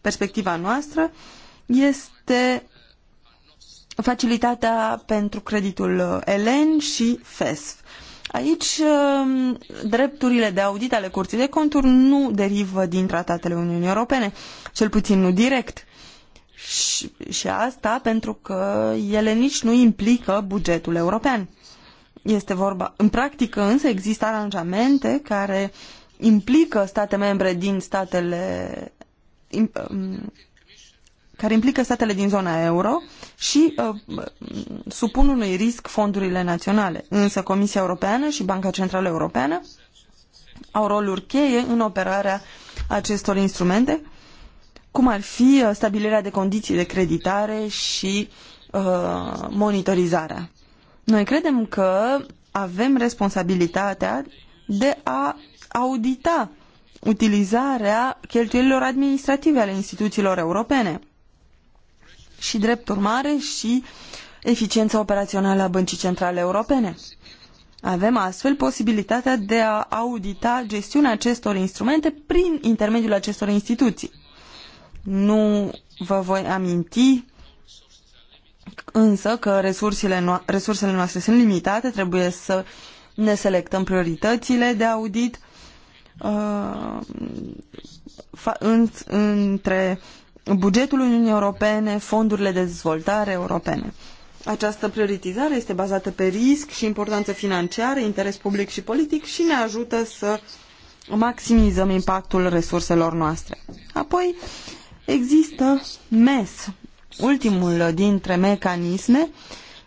A: perspectiva noastră este facilitatea pentru creditul uh, ELEN și FESF Aici, um, drepturile de audit ale Curții de Conturi nu derivă din tratatele Uniunii Europene, cel puțin nu direct. Și, și asta pentru că ele nici nu implică bugetul european. Este vorba. În practică însă există aranjamente care implică state membre din statele um, care implică statele din zona euro și uh, supun unui risc fondurile naționale. Însă Comisia Europeană și Banca Centrală Europeană au roluri cheie în operarea acestor instrumente, cum ar fi uh, stabilirea de condiții de creditare și uh, monitorizarea. Noi credem că avem responsabilitatea de a audita utilizarea cheltuielilor administrative ale instituțiilor europene și, drept urmare, și eficiența operațională a Băncii Centrale Europene. Avem astfel posibilitatea de a audita gestiunea acestor instrumente prin intermediul acestor instituții. Nu vă voi aminti însă că resursele, no resursele noastre sunt limitate, trebuie să ne selectăm prioritățile de audit uh, în, între bugetul Uniunii Europene, fondurile de dezvoltare europene. Această prioritizare este bazată pe risc și importanță financiară, interes public și politic și ne ajută să maximizăm impactul resurselor noastre. Apoi există MES, ultimul dintre mecanisme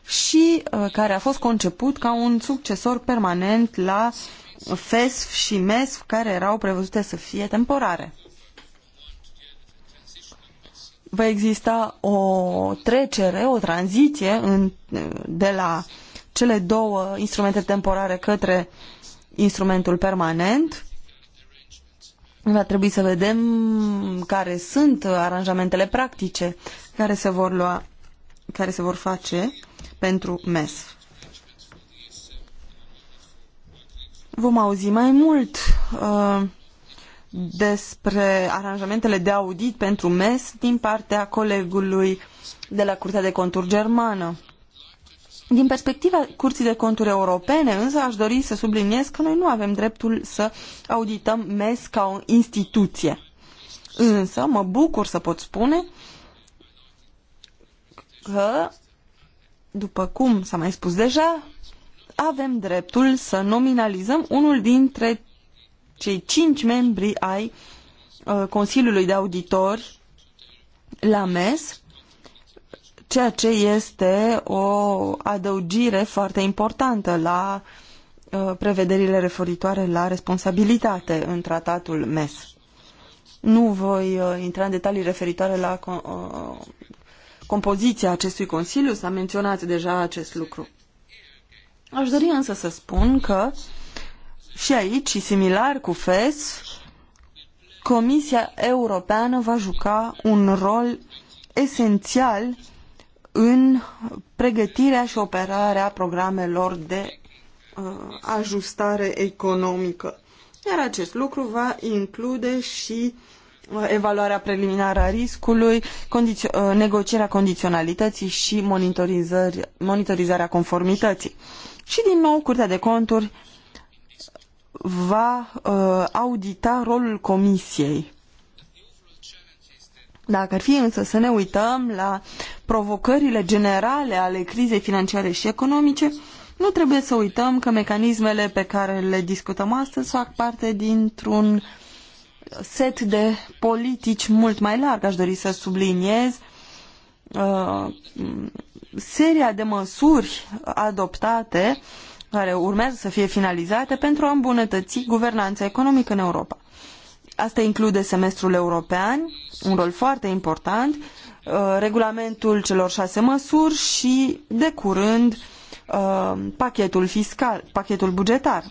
A: și uh, care a fost conceput ca un succesor permanent la FESF și MESF care erau prevăzute să fie temporare va exista o trecere, o tranziție în, de la cele două instrumente temporare către instrumentul permanent. Va trebui să vedem care sunt aranjamentele practice care se vor lua, care se vor face pentru MES. Vom auzi mai mult uh, despre aranjamentele de audit pentru MES din partea colegului de la Curtea de Conturi Germană. Din perspectiva Curții de Conturi Europene, însă aș dori să subliniez că noi nu avem dreptul să audităm MES ca o instituție. Însă mă bucur să pot spune că, după cum s-a mai spus deja, avem dreptul să nominalizăm unul dintre cei cinci membri ai uh, Consiliului de Auditori la MES, ceea ce este o adăugire foarte importantă la uh, prevederile referitoare la responsabilitate în tratatul MES. Nu voi uh, intra în detalii referitoare la compoziția acestui Consiliu, s-a menționat deja acest lucru. Aș dori însă să spun că uh, și aici, și similar cu FES, Comisia Europeană va juca un rol esențial în pregătirea și operarea programelor de uh, ajustare economică. Iar acest lucru va include și uh, evaluarea preliminară a riscului, condițio uh, negocierea condiționalității și monitorizarea conformității. Și din nou, Curtea de Conturi va uh, audita rolul Comisiei. Dacă ar fi însă să ne uităm la provocările generale ale crizei financiare și economice, nu trebuie să uităm că mecanismele pe care le discutăm astăzi fac parte dintr-un set de politici mult mai larg. Aș dori să subliniez uh, seria de măsuri adoptate uh, care urmează să fie finalizate pentru a îmbunătăți guvernanța economică în Europa. Asta include semestrul european, un rol foarte important, uh, regulamentul celor șase măsuri și, de curând, uh, pachetul fiscal, pachetul bugetar.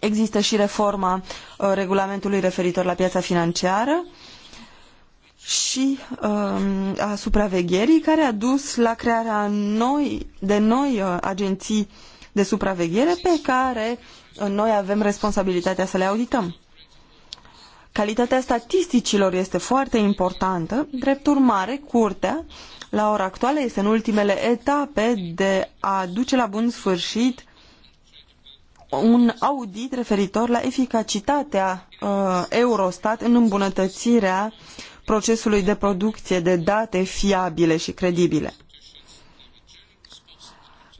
A: Există și reforma uh, regulamentului referitor la piața financiară și um, a supravegherii, care a dus la crearea noi, de noi agenții de supraveghere pe care uh, noi avem responsabilitatea să le audităm. Calitatea statisticilor este foarte importantă, drept urmare, curtea la ora actuală este în ultimele etape de a duce la bun sfârșit un audit referitor la eficacitatea uh, Eurostat în îmbunătățirea procesului de producție de date fiabile și credibile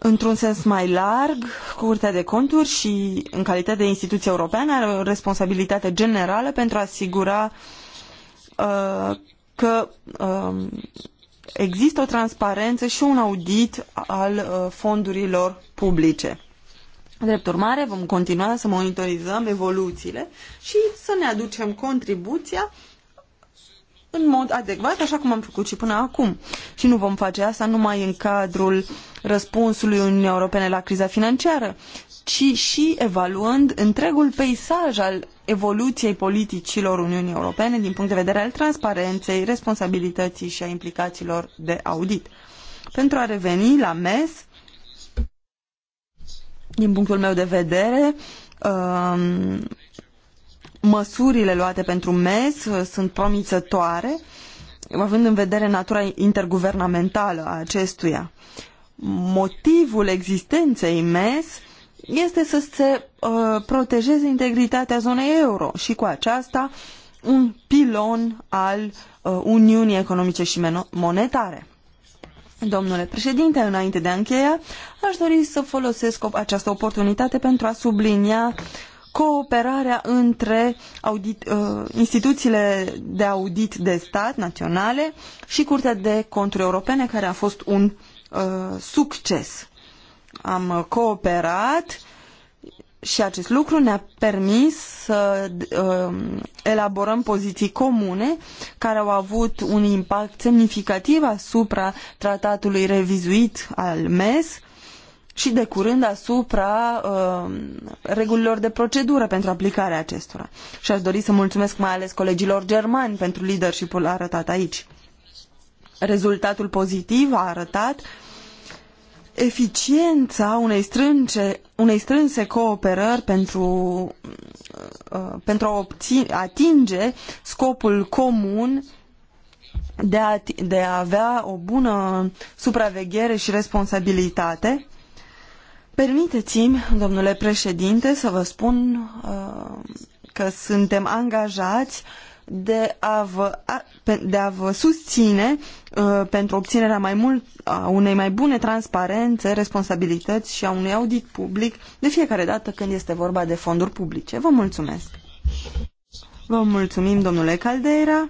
A: într-un sens mai larg, Curtea de Conturi și, în calitate de instituție europeană, are o responsabilitate generală pentru a asigura uh, că uh, există o transparență și un audit al uh, fondurilor publice. Drept urmare, vom continua să monitorizăm evoluțiile și să ne aducem contribuția uh, în mod adecvat, așa cum am făcut și până acum. Și nu vom face asta numai în cadrul răspunsului Uniunii Europene la criza financiară, ci și evaluând întregul peisaj al evoluției politicilor Uniunii Europene din punct de vedere al transparenței, responsabilității și a implicațiilor de audit. Pentru a reveni la MES, din punctul meu de vedere, um, măsurile luate pentru MES uh, sunt promițătoare, având în vedere natura interguvernamentală a acestuia. Motivul existenței MES este să se uh, protejeze integritatea zonei euro și cu aceasta un pilon al uh, Uniunii Economice și Monetare. Domnule președinte, înainte de a încheia, aș dori să folosesc această oportunitate pentru a sublinia cooperarea între audit, uh, instituțiile de audit de stat naționale și Curtea de Conturi Europene, care a fost un uh, succes. Am cooperat și acest lucru ne-a permis să uh, elaborăm poziții comune care au avut un impact semnificativ asupra tratatului revizuit al MES uh, și de curând asupra uh, regulilor de procedură pentru aplicarea acestora. Și aș dori să mulțumesc mai ales colegilor germani pentru leadership-ul arătat aici. Rezultatul pozitiv a arătat eficiența unei, strânce, unei strânse cooperări pentru, uh, pentru a obține, atinge scopul comun de a, de a avea o bună supraveghere și responsabilitate Permiteți-mi, domnule președinte, să vă spun uh, că suntem angajați de a vă, de a vă susține uh, pentru obținerea mai mult, a unei mai bune transparențe, responsabilități și a unui audit public de fiecare dată când este vorba de fonduri publice. Vă mulțumesc! Vă mulțumim, domnule Caldera,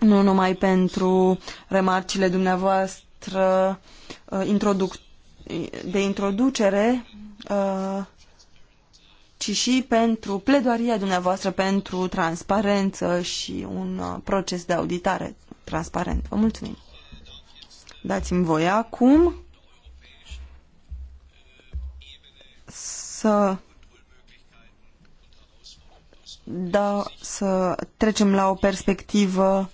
A: nu numai pentru remarcile dumneavoastră uh, introductive, de introducere, uh, ci și pentru pledoaria dumneavoastră pentru transparență și un uh, proces de auditare transparent. Vă mulțumim. Dați-mi voie acum să da, să trecem la o perspectivă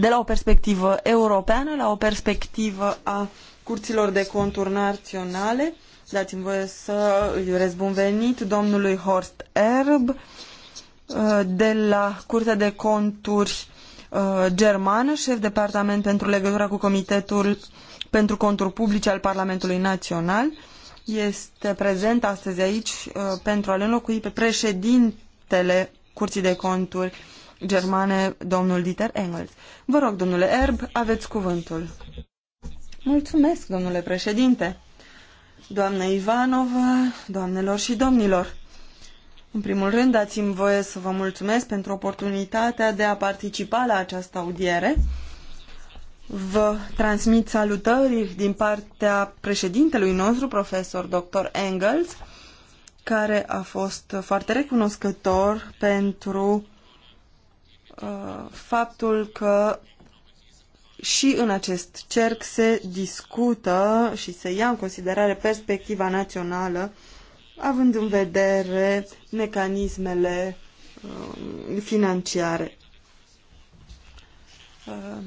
A: de la o perspectivă europeană la o perspectivă a curților de conturi naționale. Dați-mi voie să îi urez bun venit domnului Horst Erb uh, de la Curtea de Conturi uh, Germană, șef departament pentru legătura cu Comitetul pentru Conturi Publice al Parlamentului Național. Este prezent astăzi aici uh, pentru a-l înlocui pe președintele Curții de Conturi Germane, domnul Dieter Engels. Vă rog, domnule Erb, aveți cuvântul. Mulțumesc, domnule președinte. Doamna Ivanova, doamnelor și domnilor, în primul rând dați-mi voie să vă mulțumesc pentru oportunitatea de a participa la această audiere. Vă transmit salutări din partea președintelui nostru, profesor dr. Engels, care a fost foarte recunoscător pentru uh, faptul că și în acest cerc se discută și se ia în considerare perspectiva națională, având în vedere mecanismele uh, financiare. Uh,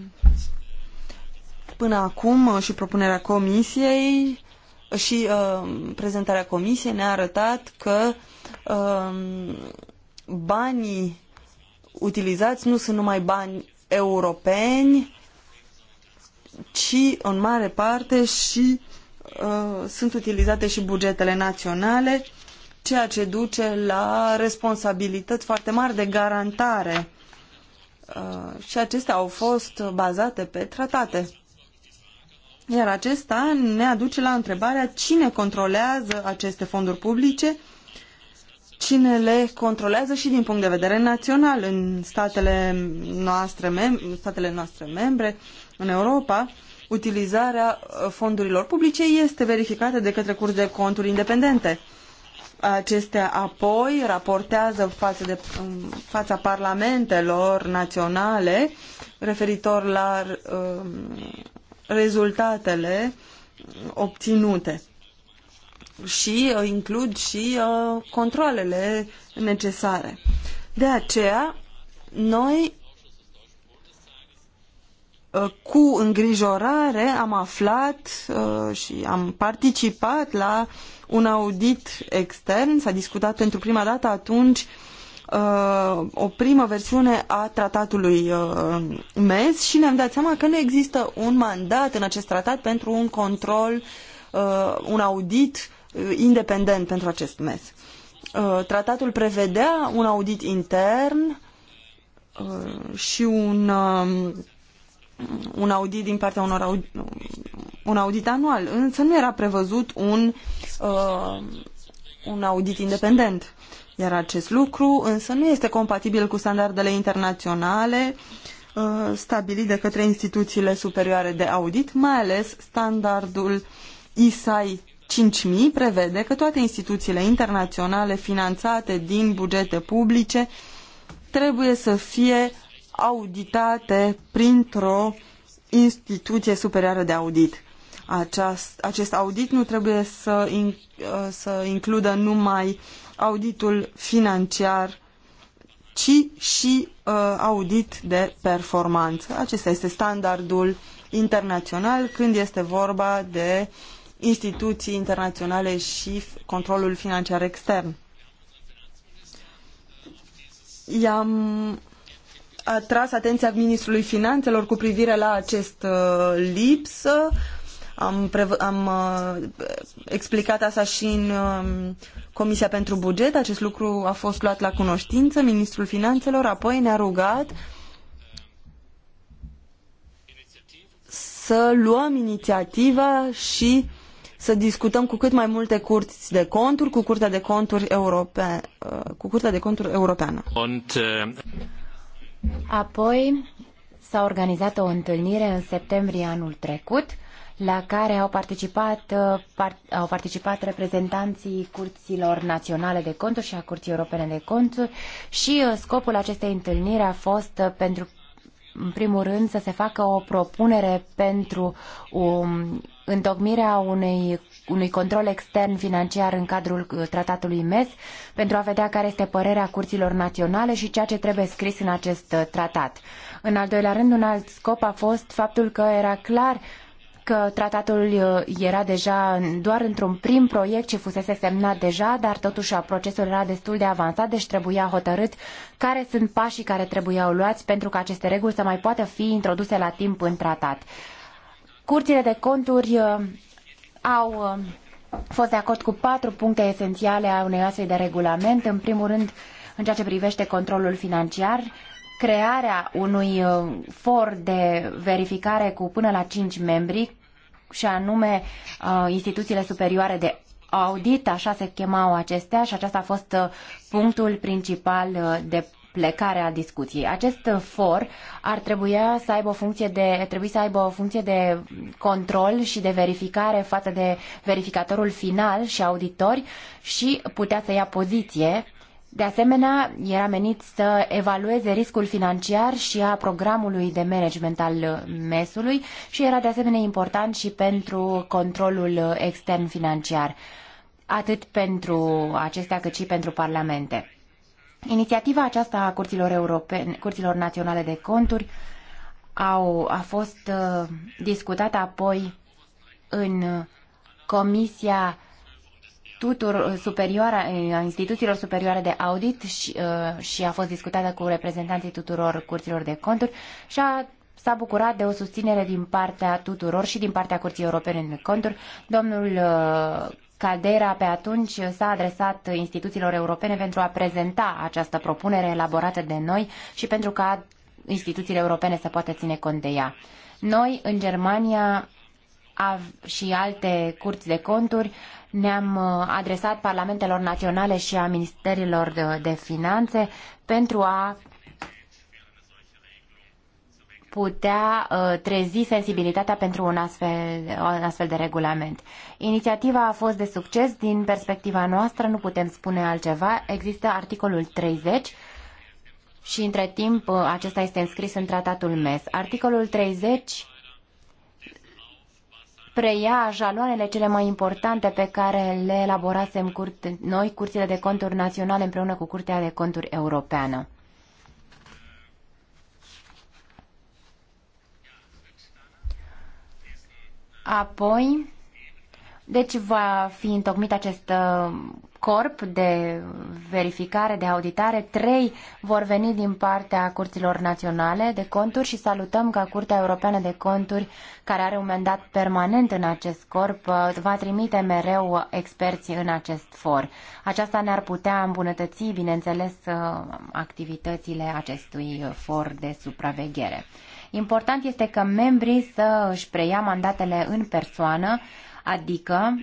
A: până acum uh, și propunerea comisiei uh, și uh, prezentarea comisiei ne-a arătat că uh, banii utilizați nu sunt numai bani europeni, ci în mare parte și uh, sunt utilizate și bugetele naționale, ceea ce duce la responsabilități foarte mari de garantare. Uh, și acestea au fost bazate pe tratate. Iar acesta ne aduce la întrebarea cine controlează aceste fonduri publice, cine le controlează și din punct de vedere național în statele noastre, mem- statele noastre membre, în Europa, utilizarea uh, fondurilor publice este verificată de către curs de conturi independente. Acestea apoi raportează față de, în fața parlamentelor naționale referitor la uh, rezultatele obținute și uh, includ și uh, controlele necesare. De aceea, noi Uh, cu îngrijorare am aflat uh, și am participat la un audit extern. S-a discutat pentru prima dată atunci uh, o primă versiune a tratatului MES și ne-am dat seama că nu există un mandat în acest tratat pentru un control, un audit independent pentru acest MES. Tratatul prevedea un audit intern și un um, un audit din partea unor audi, un audit anual, însă nu era prevăzut un, uh, un audit independent. Iar acest lucru însă nu este compatibil cu standardele internaționale uh, stabilit de către instituțiile superioare de audit, mai ales standardul ISAI 5000 prevede că toate instituțiile internaționale finanțate din bugete publice trebuie să fie auditate printr-o instituție superioară de audit. Aceast, acest audit nu trebuie să, in, uh, să includă numai auditul financiar, ci și uh, audit de performanță. Acesta este standardul internațional când este vorba de instituții internaționale și controlul financiar extern. I-am atras atenția ministrului finanțelor cu privire la acest uh, lipsă. Am, am uh, explicat asta și în um, Comisia pentru Buget. Acest lucru a fost luat la cunoștință. Ministrul finanțelor apoi ne-a rugat să luăm inițiativa și să discutăm cu cât mai multe curți de conturi, cu Curtea de Conturi,
C: Europe, uh, cu Curtea de Conturi Europeană.
D: Und, uh...
C: Apoi s-a organizat o întâlnire în septembrie anul trecut la care au participat, uh, part, au participat reprezentanții curților naționale de conturi și a Curții Europene de Conturi și uh, scopul acestei întâlniri a fost uh, pentru în primul rând să se facă o propunere pentru um, întocmirea unei unui control extern financiar în cadrul uh, tratatului MES pentru a vedea care este părerea curților naționale și ceea ce trebuie scris în acest uh, tratat. În al doilea rând, un alt scop a fost faptul că era clar că tratatul uh, era deja doar într-un prim proiect ce fusese semnat deja, dar totuși procesul era destul de avansat, deci trebuia hotărât care sunt pașii care trebuiau luați pentru ca aceste reguli să mai poată fi introduse la timp în tratat. Curțile de conturi au uh, fost de acord cu patru puncte esențiale a unei astfel de regulament. În primul rând, în ceea ce privește controlul financiar, crearea unui uh, for de verificare cu până la cinci membri, și anume uh, instituțiile superioare de audit, așa se chemau acestea și acesta a fost punctul principal de plecare a discuției. Acest for ar trebui să aibă o funcție de, trebui să aibă o funcție de control și de verificare față de verificatorul final și auditori și putea să ia poziție de asemenea, era menit să evalueze riscul financiar și a programului de management al mesului și era de asemenea important și pentru controlul extern financiar, atât pentru acestea cât și pentru parlamente. Inițiativa aceasta a curților, europene, curților naționale de conturi au, a fost uh, discutată apoi în uh, Comisia tutur, uh, superioară, a instituțiilor superioare de audit și, uh, și a fost discutată cu reprezentanții tuturor curților de conturi și a s-a bucurat de o susținere din partea tuturor și din partea Curții Europene de Conturi. Domnul uh, Caldera pe atunci s-a adresat instituțiilor europene pentru a prezenta această propunere elaborată de noi și pentru ca instituțiile europene să poată ține cont de ea. Noi, în Germania și alte curți de conturi, ne-am uh, adresat parlamentelor naționale și a ministerilor de, de finanțe pentru a putea uh, trezi sensibilitatea pentru un astfel, un astfel de regulament. Inițiativa a fost de succes din perspectiva noastră, nu putem spune altceva. Există articolul 30 și între timp uh, acesta este înscris în tratatul MES. Articolul 30 preia jaloanele cele mai importante pe care le elaborasem noi, curțile de conturi naționale împreună cu Curtea de Conturi Europeană. Apoi, deci va fi întocmit acest uh, corp de verificare, de auditare. Trei vor veni din partea curților naționale de conturi și salutăm că Curtea Europeană de Conturi, care are un mandat permanent în acest corp, uh, va trimite mereu experți în acest for. Aceasta ne-ar putea îmbunătăți, bineînțeles, uh, activitățile acestui for de supraveghere. Important este că membrii să își preia mandatele în persoană, adică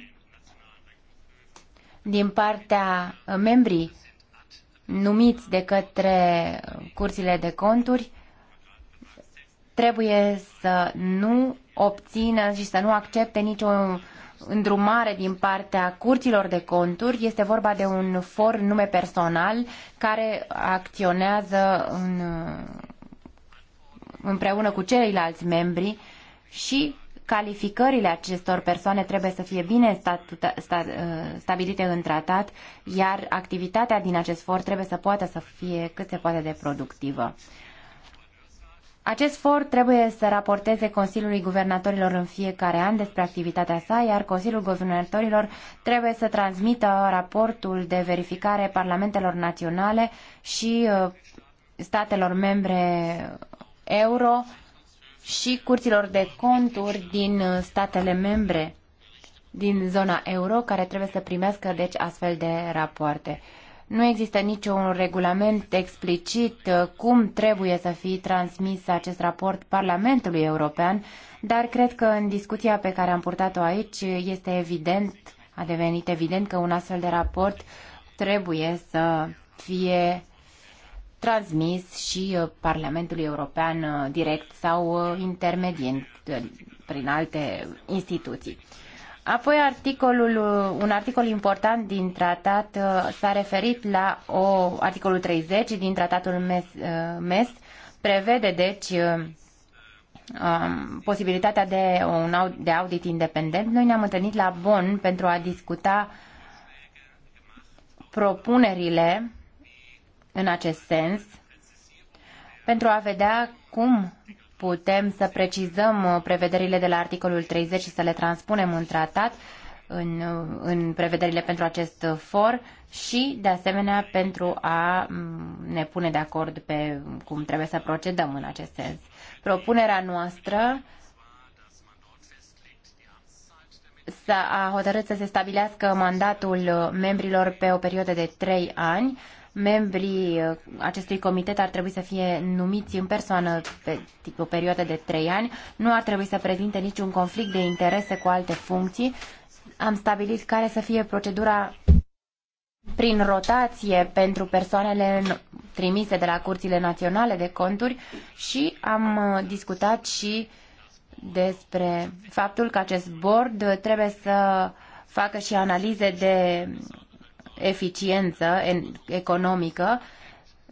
C: din partea membrii numiți de către cursile de conturi trebuie să nu obțină și să nu accepte nicio îndrumare din partea curților de conturi. Este vorba de un for nume personal care acționează în, împreună cu ceilalți membri și calificările acestor persoane trebuie să fie bine statuta, sta, uh, stabilite în tratat, iar activitatea din acest for trebuie să poată să fie cât se poate de productivă. Acest for trebuie să raporteze Consiliului Guvernatorilor în fiecare an despre activitatea sa, iar Consiliul Guvernatorilor trebuie să transmită raportul de verificare parlamentelor naționale și uh, statelor membre euro și curților de conturi din uh, statele membre din zona euro care trebuie să primească deci astfel de rapoarte. Nu există niciun regulament explicit uh, cum trebuie să fie transmis acest raport Parlamentului European, dar cred că în discuția pe care am purtat-o aici este evident, a devenit evident că un astfel de raport trebuie să fie transmis și uh, Parlamentului European uh, direct sau uh, intermediind prin alte instituții. Apoi articolul, un articol important din tratat s-a referit la o, articolul 30 din tratatul MES, MES prevede deci um, posibilitatea de, un audit, de audit independent. Noi ne-am întâlnit la Bonn pentru a discuta propunerile în acest sens pentru a vedea cum putem să precizăm uh, prevederile de la articolul 30 și să le transpunem în tratat, în, uh, în prevederile pentru acest uh, for și, de asemenea, pentru a mm, ne pune de acord pe cum trebuie să procedăm în acest sens. Propunerea noastră s-a hotărât să se stabilească mandatul membrilor pe o perioadă de trei ani, membrii uh, acestui comitet ar trebui să fie numiți în persoană pe o perioadă de trei ani, nu ar trebui să prezinte niciun conflict de interese cu alte funcții. Am stabilit care să fie procedura prin rotație pentru persoanele trimise de la curțile naționale de conturi și am uh, discutat și despre faptul că acest board trebuie să facă și analize de eficiență economică,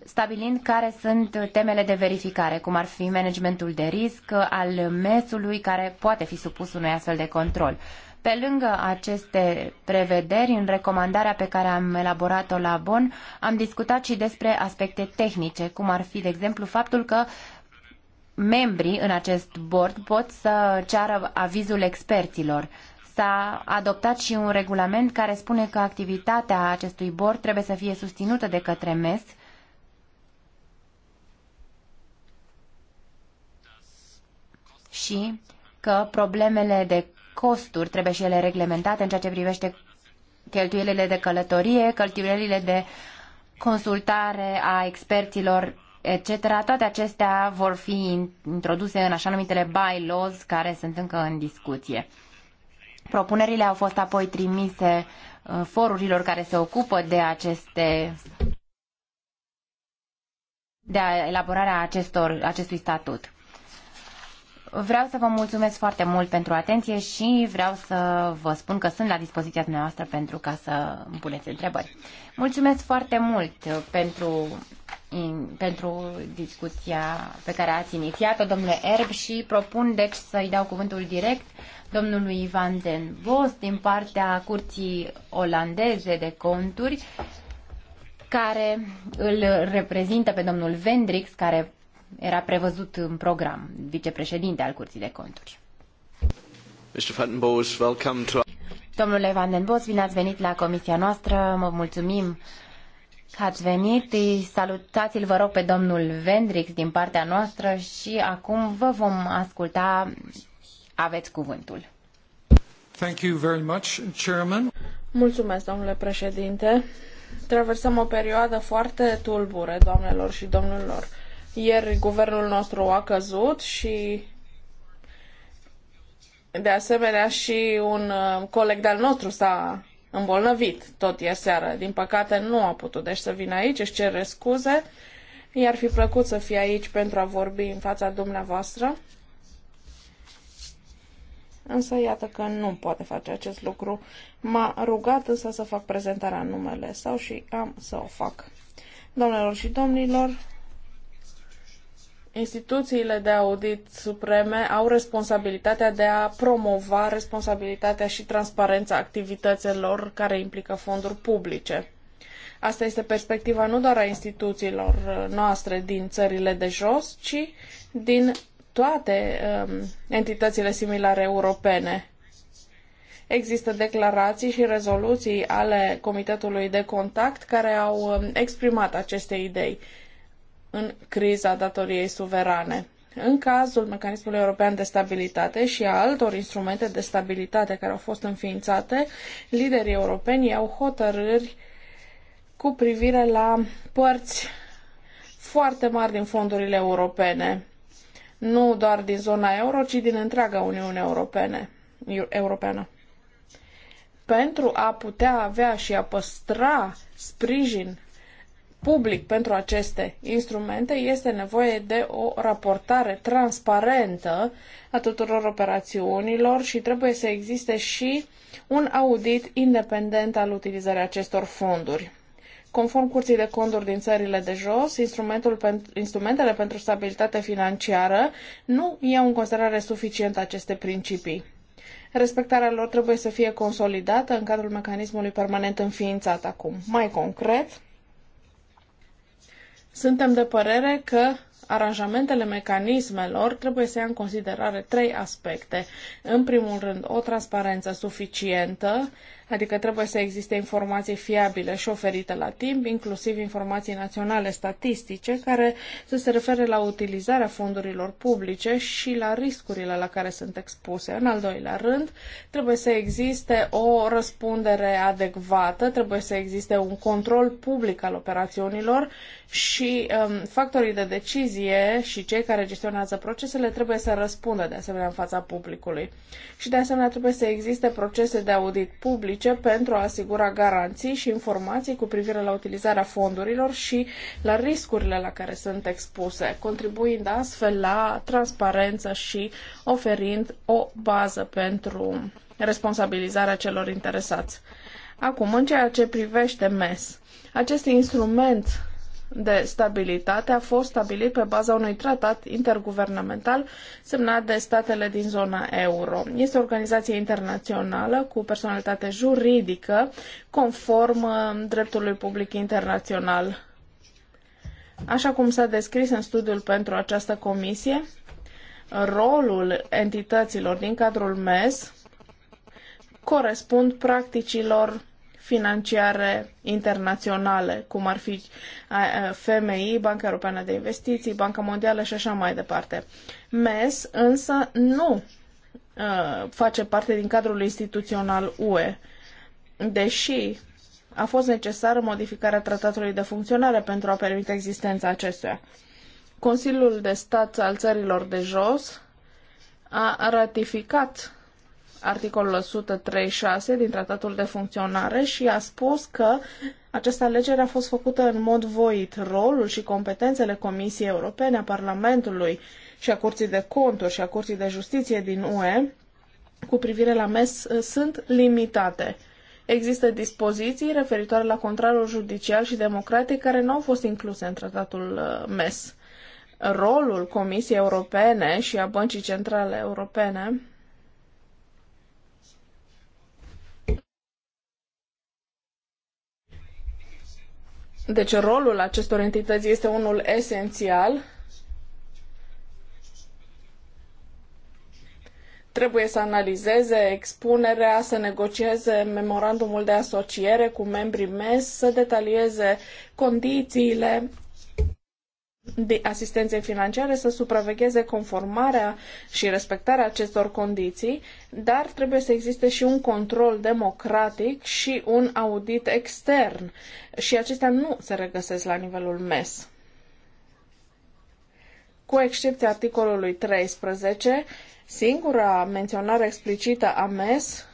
C: stabilind care sunt temele de verificare, cum ar fi managementul de risc al mesului care poate fi supus unui astfel de control. Pe lângă aceste prevederi, în recomandarea pe care am elaborat-o la Bonn, am discutat și despre aspecte tehnice, cum ar fi, de exemplu, faptul că membrii în acest board pot să ceară avizul experților s-a adoptat și un regulament care spune că activitatea acestui bord trebuie să fie susținută de către MES și că problemele de costuri trebuie și ele reglementate în ceea ce privește cheltuielile de călătorie, cheltuielile de consultare a experților, etc. Toate acestea vor fi introduse în așa numitele bylaws care sunt încă în discuție. Propunerile au fost apoi trimise uh, forurilor care se ocupă de aceste de elaborarea acestor, acestui statut. Vreau să vă mulțumesc foarte mult pentru atenție și vreau să vă spun că sunt la dispoziția dumneavoastră pentru ca să îmi puneți întrebări. Mulțumesc foarte mult pentru, pentru discuția pe care ați inițiat-o, domnule Erb, și propun deci să-i dau cuvântul direct domnului Ivan den Bos din partea curții olandeze de conturi, care îl reprezintă pe domnul Vendrix, care era prevăzut în program, vicepreședinte al curții de conturi.
D: den
C: Domnule Van den Bos, bine ați venit la comisia noastră, mă mulțumim că ați venit. Salutați-l, vă rog, pe domnul Vendrix din partea noastră și acum vă vom asculta aveți cuvântul.
D: Thank you very much, Chairman.
C: Mulțumesc, domnule președinte. Traversăm
B: o perioadă foarte tulbure, doamnelor și domnilor. Ieri guvernul nostru a căzut și de asemenea și un uh, coleg de-al nostru s-a îmbolnăvit tot ieri seară. Din păcate nu a putut deci să vină aici, își cere scuze. I-ar fi plăcut să fie aici pentru a vorbi în fața dumneavoastră însă iată că nu poate face acest lucru. M-a rugat însă să fac prezentarea numele sau și am să o fac. Domnilor și domnilor, instituțiile de audit supreme au responsabilitatea de a promova responsabilitatea și transparența activităților care implică fonduri publice. Asta este perspectiva nu doar a instituțiilor noastre din țările de jos, ci din toate um, entitățile similare europene. Există declarații și rezoluții ale Comitetului de Contact care au um, exprimat aceste idei în criza datoriei suverane. În cazul mecanismului european de stabilitate și a altor instrumente de stabilitate care au fost înființate, liderii europeni au hotărâri cu privire la părți foarte mari din fondurile europene nu doar din zona euro, ci din întreaga Uniune Europene, Europeană. Pentru a putea avea și a păstra sprijin public pentru aceste instrumente, este nevoie de o raportare transparentă a tuturor operațiunilor și trebuie să existe și un audit independent al utilizării acestor fonduri. Conform curții de conturi din țările de jos, instrumentul pentru, instrumentele pentru stabilitate financiară nu iau în considerare suficient aceste principii. Respectarea lor trebuie să fie consolidată în cadrul mecanismului permanent înființat acum. Mai concret, suntem de părere că aranjamentele mecanismelor trebuie să ia în considerare trei aspecte. În primul rând, o transparență suficientă, adică trebuie să existe informații fiabile și oferite la timp, inclusiv informații naționale statistice care să se refere la utilizarea fondurilor publice și la riscurile la care sunt expuse. În al doilea rând, trebuie să existe o răspundere adecvată, trebuie să existe un control public al operațiunilor și um, factorii de decizie și cei care gestionează procesele trebuie să răspundă de asemenea în fața publicului. Și de asemenea trebuie să existe procese de audit publice pentru a asigura garanții și informații cu privire la utilizarea fondurilor și la riscurile la care sunt expuse, contribuind astfel la transparență și oferind o bază pentru responsabilizarea celor interesați. Acum, în ceea ce privește MES, acest instrument de stabilitate a fost stabilit pe baza unui tratat interguvernamental semnat de statele din zona euro. Este o organizație internațională cu personalitate juridică conform uh, dreptului public internațional. Așa cum s-a descris în studiul pentru această comisie, rolul entităților din cadrul MES corespund practicilor financiare internaționale, cum ar fi FMI, Banca Europeană de Investiții, Banca Mondială și așa mai departe. MES însă nu face parte din cadrul instituțional UE, deși a fost necesară modificarea tratatului de funcționare pentru a permite existența acestuia. Consiliul de Stat al țărilor de jos a ratificat articolul 136 din Tratatul de Funcționare și a spus că această alegere a fost făcută în mod voit. Rolul și competențele Comisiei Europene, a Parlamentului și a Curții de Conturi și a Curții de Justiție din UE cu privire la MES uh, sunt limitate. Există dispoziții referitoare la controlul judiciar și democratic care nu au fost incluse în tratatul uh, MES. Rolul Comisiei Europene și a Băncii Centrale Europene Deci rolul acestor entități este unul esențial. Trebuie să analizeze expunerea, să negocieze memorandumul de asociere cu membrii MES, să detalieze condițiile de asistenței financiare să supravegheze conformarea și respectarea acestor condiții, dar trebuie să existe și un control democratic și un audit extern. Și acestea nu se regăsesc la nivelul MES cu excepția articolului 13, singura menționare explicită a MES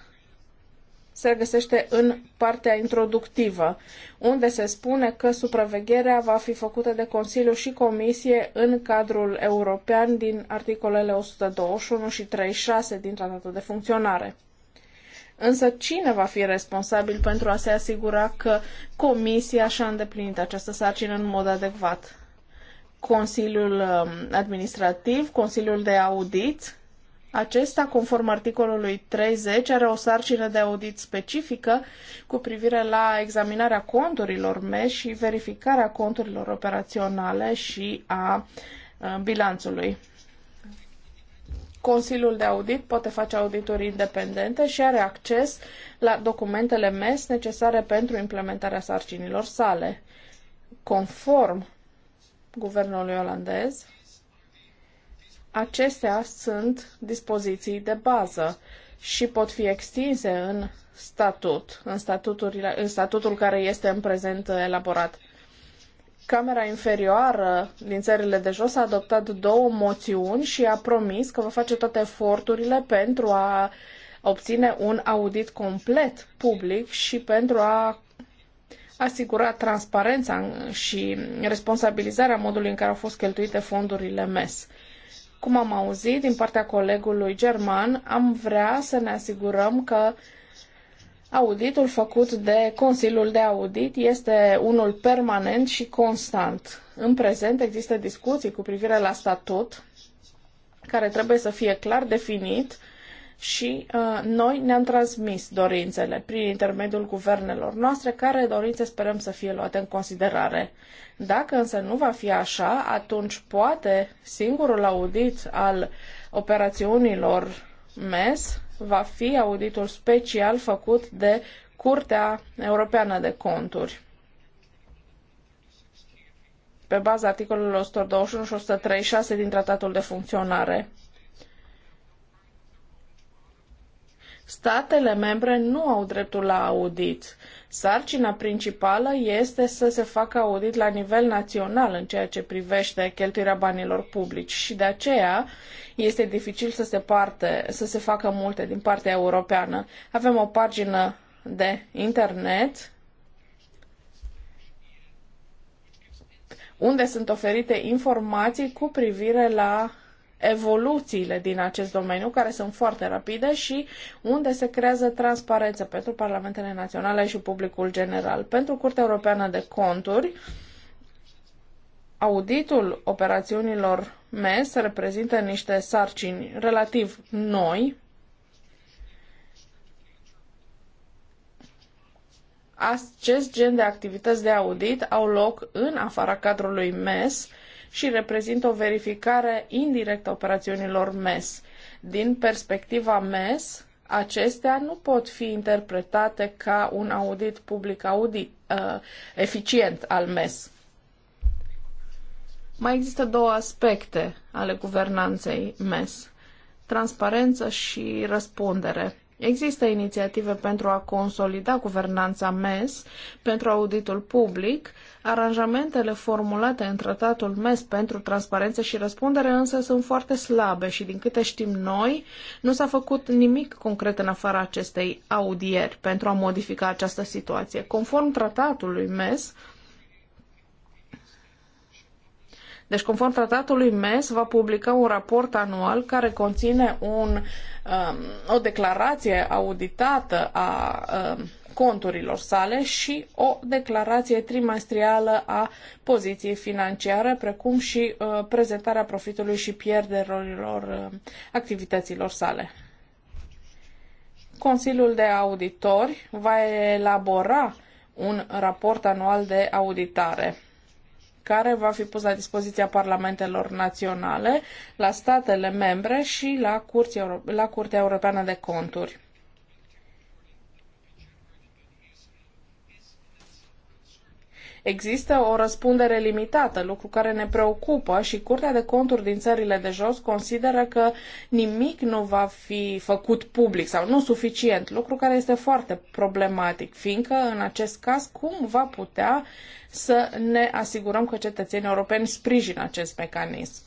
B: se găsește în partea introductivă, unde se spune că supravegherea va fi făcută de Consiliu și Comisie în cadrul european din articolele 121 și 36 din Tratatul de Funcționare. Însă cine va fi responsabil pentru a se asigura că Comisia și-a îndeplinit această sarcină în mod adecvat? Consiliul um, Administrativ, Consiliul de Audit, acesta, conform articolului 30, are o sarcină de audit specifică cu privire la examinarea conturilor MES și verificarea conturilor operaționale și a bilanțului. Consiliul de audit poate face audituri independente și are acces la documentele MES necesare pentru implementarea sarcinilor sale. Conform guvernului olandez, Acestea sunt dispoziții de bază și pot fi extinse în statut, în, statuturile, în statutul care este în prezent elaborat. Camera inferioară din țările de jos a adoptat două moțiuni și a promis că va face toate eforturile pentru a obține un audit complet public și pentru a asigura transparența și responsabilizarea modului în care au fost cheltuite fondurile MES. Cum am auzit din partea colegului german, am vrea să ne asigurăm că auditul făcut de Consiliul de Audit este unul permanent și constant. În prezent există discuții cu privire la statut, care trebuie să fie clar definit și uh, noi ne-am transmis dorințele prin intermediul guvernelor noastre, care dorințe sperăm să fie luate în considerare. Dacă însă nu va fi așa, atunci poate singurul audit al operațiunilor MES va fi auditul special făcut de Curtea Europeană de Conturi pe baza articolelor 121 și 136 din Tratatul de Funcționare. Statele membre nu au dreptul la audit. Sarcina principală este să se facă audit la nivel național în ceea ce privește cheltuirea banilor publici și de aceea este dificil să se, parte, să se facă multe din partea europeană. Avem o pagină de internet unde sunt oferite informații cu privire la evoluțiile din acest domeniu, care sunt foarte rapide și unde se creează transparență pentru parlamentele naționale și publicul general. Pentru Curtea Europeană de Conturi, auditul operațiunilor MES reprezintă niște sarcini relativ noi, Acest gen de activități de audit au loc în afara cadrului MES, și reprezintă o verificare indirectă a operațiunilor MES. Din perspectiva MES, acestea nu pot fi interpretate ca un audit public audit uh, eficient al MES. Mai există două aspecte ale guvernanței MES: transparență și răspundere. Există inițiative pentru a consolida guvernanța MES pentru auditul public, Aranjamentele formulate în tratatul MES pentru transparență și răspundere însă sunt foarte slabe și din câte știm noi, nu s-a făcut nimic concret în afara acestei audieri pentru a modifica această situație. Conform tratatului MES, deci, conform tratatului MES, va publica un raport anual care conține un, um, o declarație auditată a um, conturilor sale și o declarație trimestrială a poziției financiare, precum și uh, prezentarea profitului și pierderilor uh, activităților sale. Consiliul de Auditori va elabora un raport anual de auditare care va fi pus la dispoziția parlamentelor naționale, la statele membre și la, Curții, la Curtea Europeană de Conturi. Există o răspundere limitată, lucru care ne preocupă și Curtea de Conturi din țările de jos consideră că nimic nu va fi făcut public sau nu suficient, lucru care este foarte problematic, fiindcă în acest caz cum va putea să ne asigurăm că cetățenii europeni sprijină acest mecanism?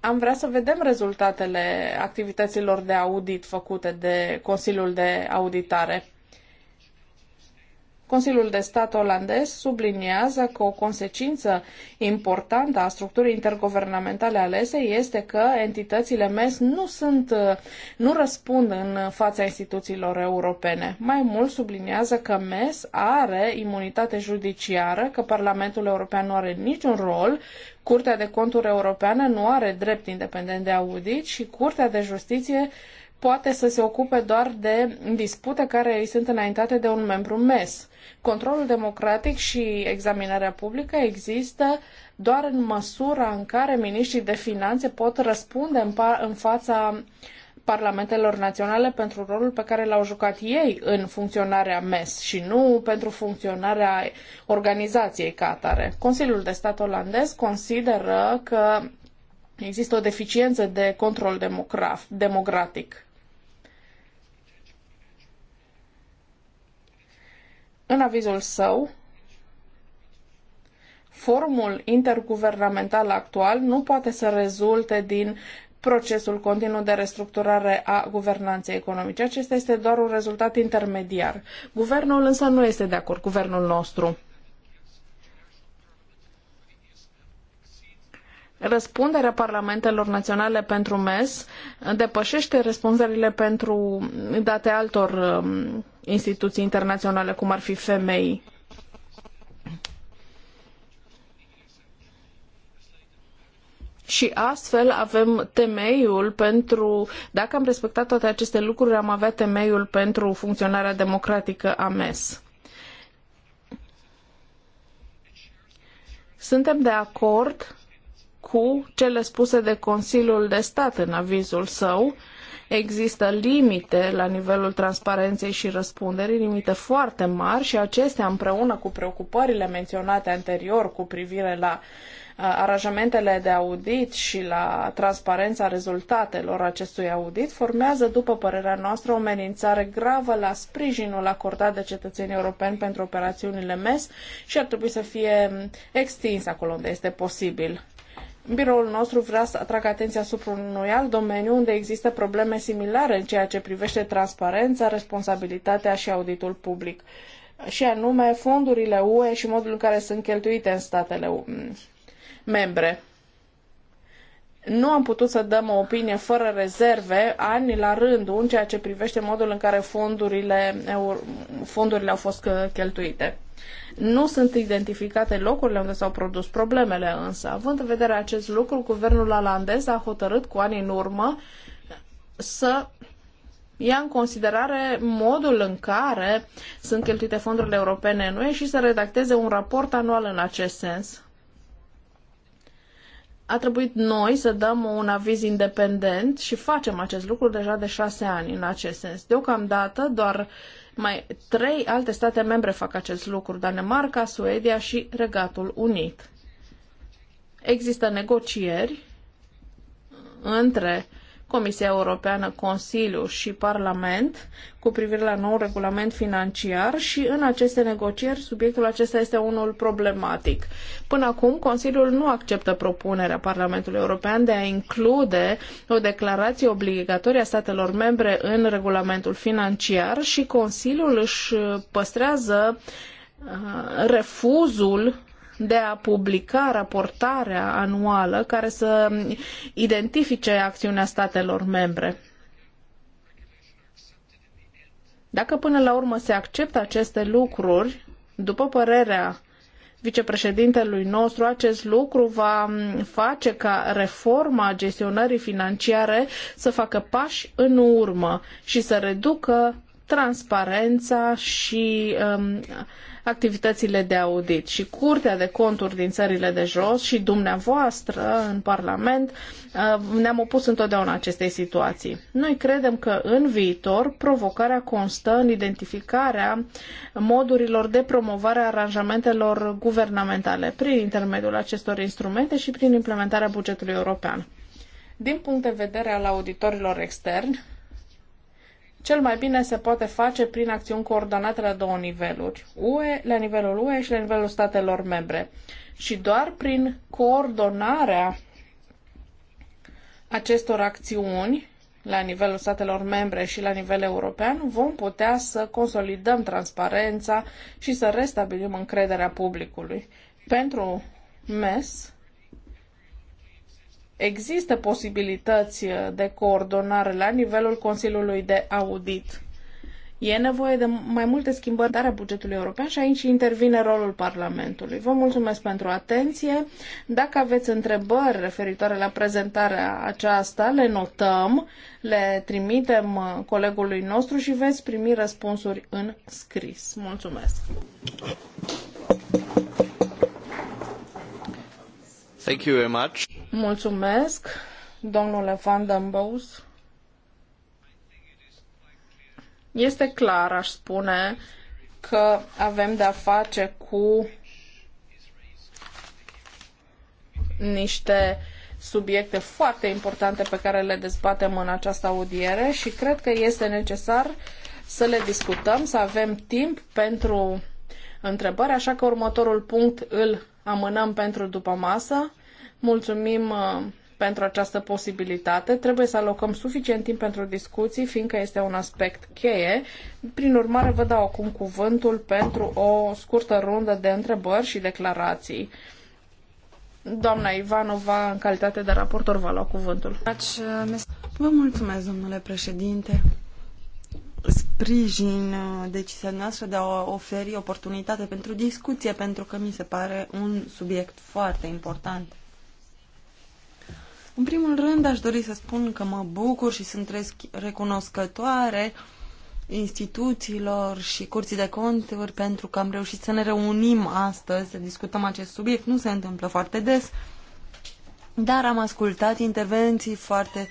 B: Am vrea să vedem rezultatele activităților de audit făcute de Consiliul de Auditare Consiliul de Stat olandez subliniază că o consecință importantă a structurii interguvernamentale alese este că entitățile MES nu sunt, nu răspund în fața instituțiilor europene. Mai mult subliniază că MES are imunitate judiciară, că Parlamentul European nu are niciun rol, Curtea de Conturi Europeană nu are drept independent de audit și Curtea de Justiție poate să se ocupe doar de dispute care îi sunt înaintate de un membru MES. Controlul democratic și examinarea publică există doar în măsura în care miniștrii de finanțe pot răspunde în, în fața parlamentelor naționale pentru rolul pe care l-au jucat ei în funcționarea MES și nu pentru funcționarea organizației ca atare. Consiliul de stat olandez consideră că există o deficiență de control democratic În avizul său, formul interguvernamental actual nu poate să rezulte din procesul continuu de restructurare a guvernanței economice. Acesta este doar un rezultat intermediar. Guvernul însă nu este de acord, guvernul nostru. Răspunderea parlamentelor naționale pentru MES depășește răspunderile pentru date altor um, instituții internaționale, cum ar fi femei. Și astfel avem temeiul pentru, dacă am respectat toate aceste lucruri, am avea temeiul pentru funcționarea democratică a MES. Suntem de acord cu cele spuse de Consiliul de Stat în avizul său. Există limite la nivelul transparenței și răspunderii, limite foarte mari și acestea împreună cu preocupările menționate anterior cu privire la uh, aranjamentele de audit și la transparența rezultatelor acestui audit formează, după părerea noastră, o amenințare gravă la sprijinul acordat de cetățenii europeni pentru operațiunile MES și ar trebui să fie extins acolo unde este posibil. Biroul nostru vrea să atragă atenția asupra unui alt domeniu unde există probleme similare în ceea ce privește transparența, responsabilitatea și auditul public, și anume fondurile UE și modul în care sunt cheltuite în statele membre. Nu am putut să dăm o opinie fără rezerve ani la rând, în ceea ce privește modul în care fondurile, fondurile au fost uh, cheltuite. Nu sunt identificate locurile unde s-au produs problemele, însă, având în vedere acest lucru, guvernul olandez a hotărât cu ani în urmă să ia în considerare modul în care sunt cheltuite fondurile europene în UE și să redacteze un raport anual în acest sens. A trebuit noi să dăm un aviz independent și facem acest lucru deja de șase ani în acest sens. Deocamdată doar uh, mai trei alte state membre fac acest lucru, Danemarca, Suedia și Regatul Unit. Există negocieri între uh, Comisia Europeană, Consiliu și Parlament cu privire la nou regulament financiar și în aceste negocieri subiectul acesta este unul problematic. Până acum, Consiliul nu acceptă propunerea Parlamentului European de a include o declarație obligatorie a statelor membre în regulamentul financiar și Consiliul își păstrează uh, refuzul de a publica raportarea anuală care să identifice acțiunea statelor membre. Dacă până la urmă se acceptă aceste lucruri, după părerea vicepreședintelui nostru, acest lucru va face ca reforma gestionării financiare să facă pași în urmă și să reducă transparența și um, activitățile de audit și Curtea de Conturi din țările de jos și dumneavoastră în Parlament uh, ne-am opus întotdeauna acestei situații. Noi credem că în viitor provocarea constă în identificarea modurilor de promovare a aranjamentelor guvernamentale prin intermediul acestor instrumente și prin implementarea bugetului european. Din punct de vedere al auditorilor externi, cel mai bine se poate face prin acțiuni coordonate la două niveluri, UE, la nivelul UE și la nivelul statelor membre. Și doar prin coordonarea acestor acțiuni la nivelul statelor membre și la nivel european, vom putea să consolidăm transparența și să restabilim încrederea publicului. Pentru MES, Există posibilități uh, de coordonare la nivelul Consiliului de Audit. E nevoie de mai multe schimbări a bugetului european și aici intervine rolul Parlamentului. Vă mulțumesc pentru atenție. Dacă aveți întrebări referitoare la prezentarea aceasta, le notăm, le trimitem uh, colegului nostru și veți primi răspunsuri în scris. Mulțumesc! Mulțumesc, domnule Van Este clar, aș spune, că avem de-a face cu niște subiecte foarte importante pe care le dezbatem în această audiere și cred că este necesar să le discutăm, să avem timp pentru întrebări, așa că următorul punct îl amânăm pentru după masă. Mulțumim uh, pentru această posibilitate. Trebuie să alocăm suficient timp pentru discuții, fiindcă este un aspect cheie. Prin urmare, vă dau acum cuvântul pentru o scurtă rundă de întrebări și declarații. Doamna Ivanova, în calitate de raportor, va lua cuvântul.
A: Vă mulțumesc, domnule președinte sprijin uh, decizia noastră de a oferi oportunitate pentru discuție, pentru că mi se pare un subiect foarte important. În primul rând, aș dori să spun că mă bucur și sunt recunoscătoare instituțiilor și curții de conturi pentru că am reușit să ne reunim astăzi, să discutăm acest subiect. Nu se întâmplă foarte des, dar am ascultat intervenții foarte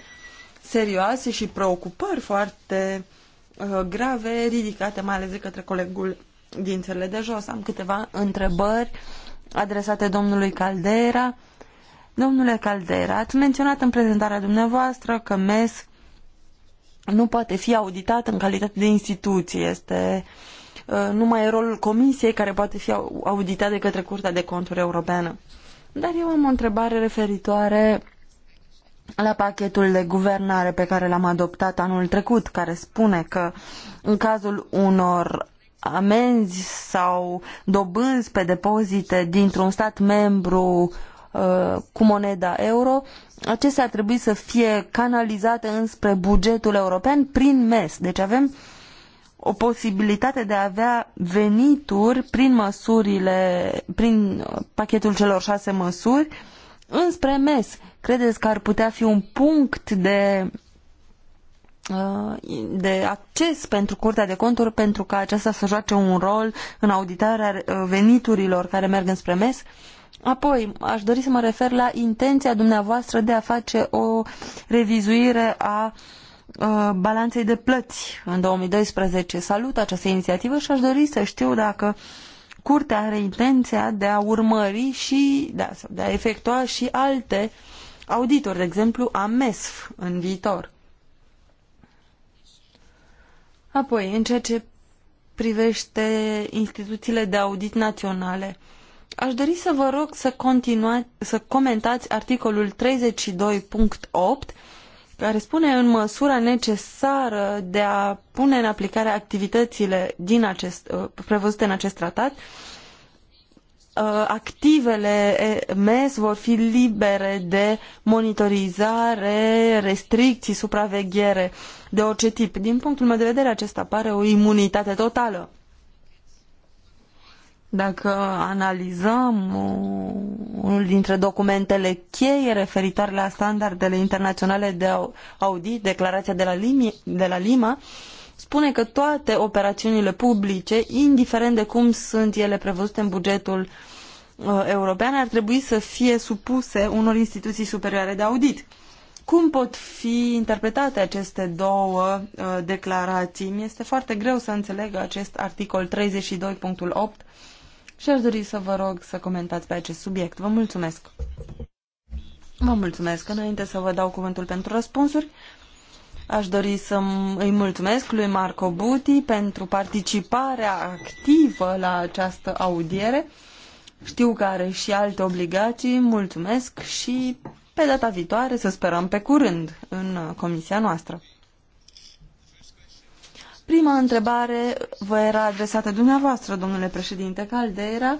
A: serioase și preocupări foarte uh, Uh, grave ridicate, mai ales de către colegul din țările de jos. Am câteva întrebări adresate domnului Caldera. Domnule Caldera, ați menționat în prezentarea dumneavoastră că MES nu poate fi auditat în calitate de instituție. Este uh, numai rolul comisiei care poate fi auditat de către Curtea de Conturi Europeană. Dar eu am o întrebare referitoare la pachetul de guvernare pe care l-am adoptat anul trecut, care spune că în cazul unor amenzi sau dobânzi pe depozite dintr-un stat membru uh, cu moneda euro, acestea ar trebui să fie canalizate înspre bugetul european prin MES. Deci avem o posibilitate de a avea venituri prin măsurile, prin pachetul celor șase măsuri, înspre MES credeți că ar putea fi un punct de uh, de acces pentru Curtea de Conturi pentru ca aceasta să joace un rol în auditarea uh, veniturilor care merg înspre MES? Apoi, aș dori să mă refer la intenția dumneavoastră de a face o revizuire a uh, balanței de plăți în 2012. Salut această inițiativă și aș dori să știu dacă Curtea are intenția de a urmări și de a, de a efectua și alte uh, Auditor de exemplu, a MESF în viitor. Apoi, în ceea ce privește instituțiile de audit naționale, aș dori să vă rog să, continua, să comentați articolul 32.8 care spune în măsura necesară de a pune în aplicare activitățile din acest, uh, prevăzute în acest tratat, uh, Uh, activele MES vor fi libere de monitorizare, restricții, supraveghere de orice tip. Din punctul meu de vedere, acesta pare o imunitate totală. Dacă analizăm unul dintre documentele cheie referitoare la standardele internaționale de audit, declarația de la, Limi, de la Lima, spune că toate operațiunile publice, indiferent de cum sunt ele prevăzute în bugetul Uh, europeană ar trebui să fie supuse unor instituții superioare de audit. Cum pot fi interpretate aceste două uh, declarații? Mi este foarte greu să înțeleg acest articol 32.8 și aș dori să vă rog să comentați pe acest subiect. Vă mulțumesc! Vă mulțumesc! Înainte să vă dau cuvântul pentru răspunsuri, aș dori să îi mulțumesc lui Marco Buti pentru participarea activă la această audiere știu că are și alte obligații, mulțumesc și pe data viitoare, să sperăm pe curând, în comisia noastră. Prima întrebare vă era adresată dumneavoastră, domnule președinte Caldera.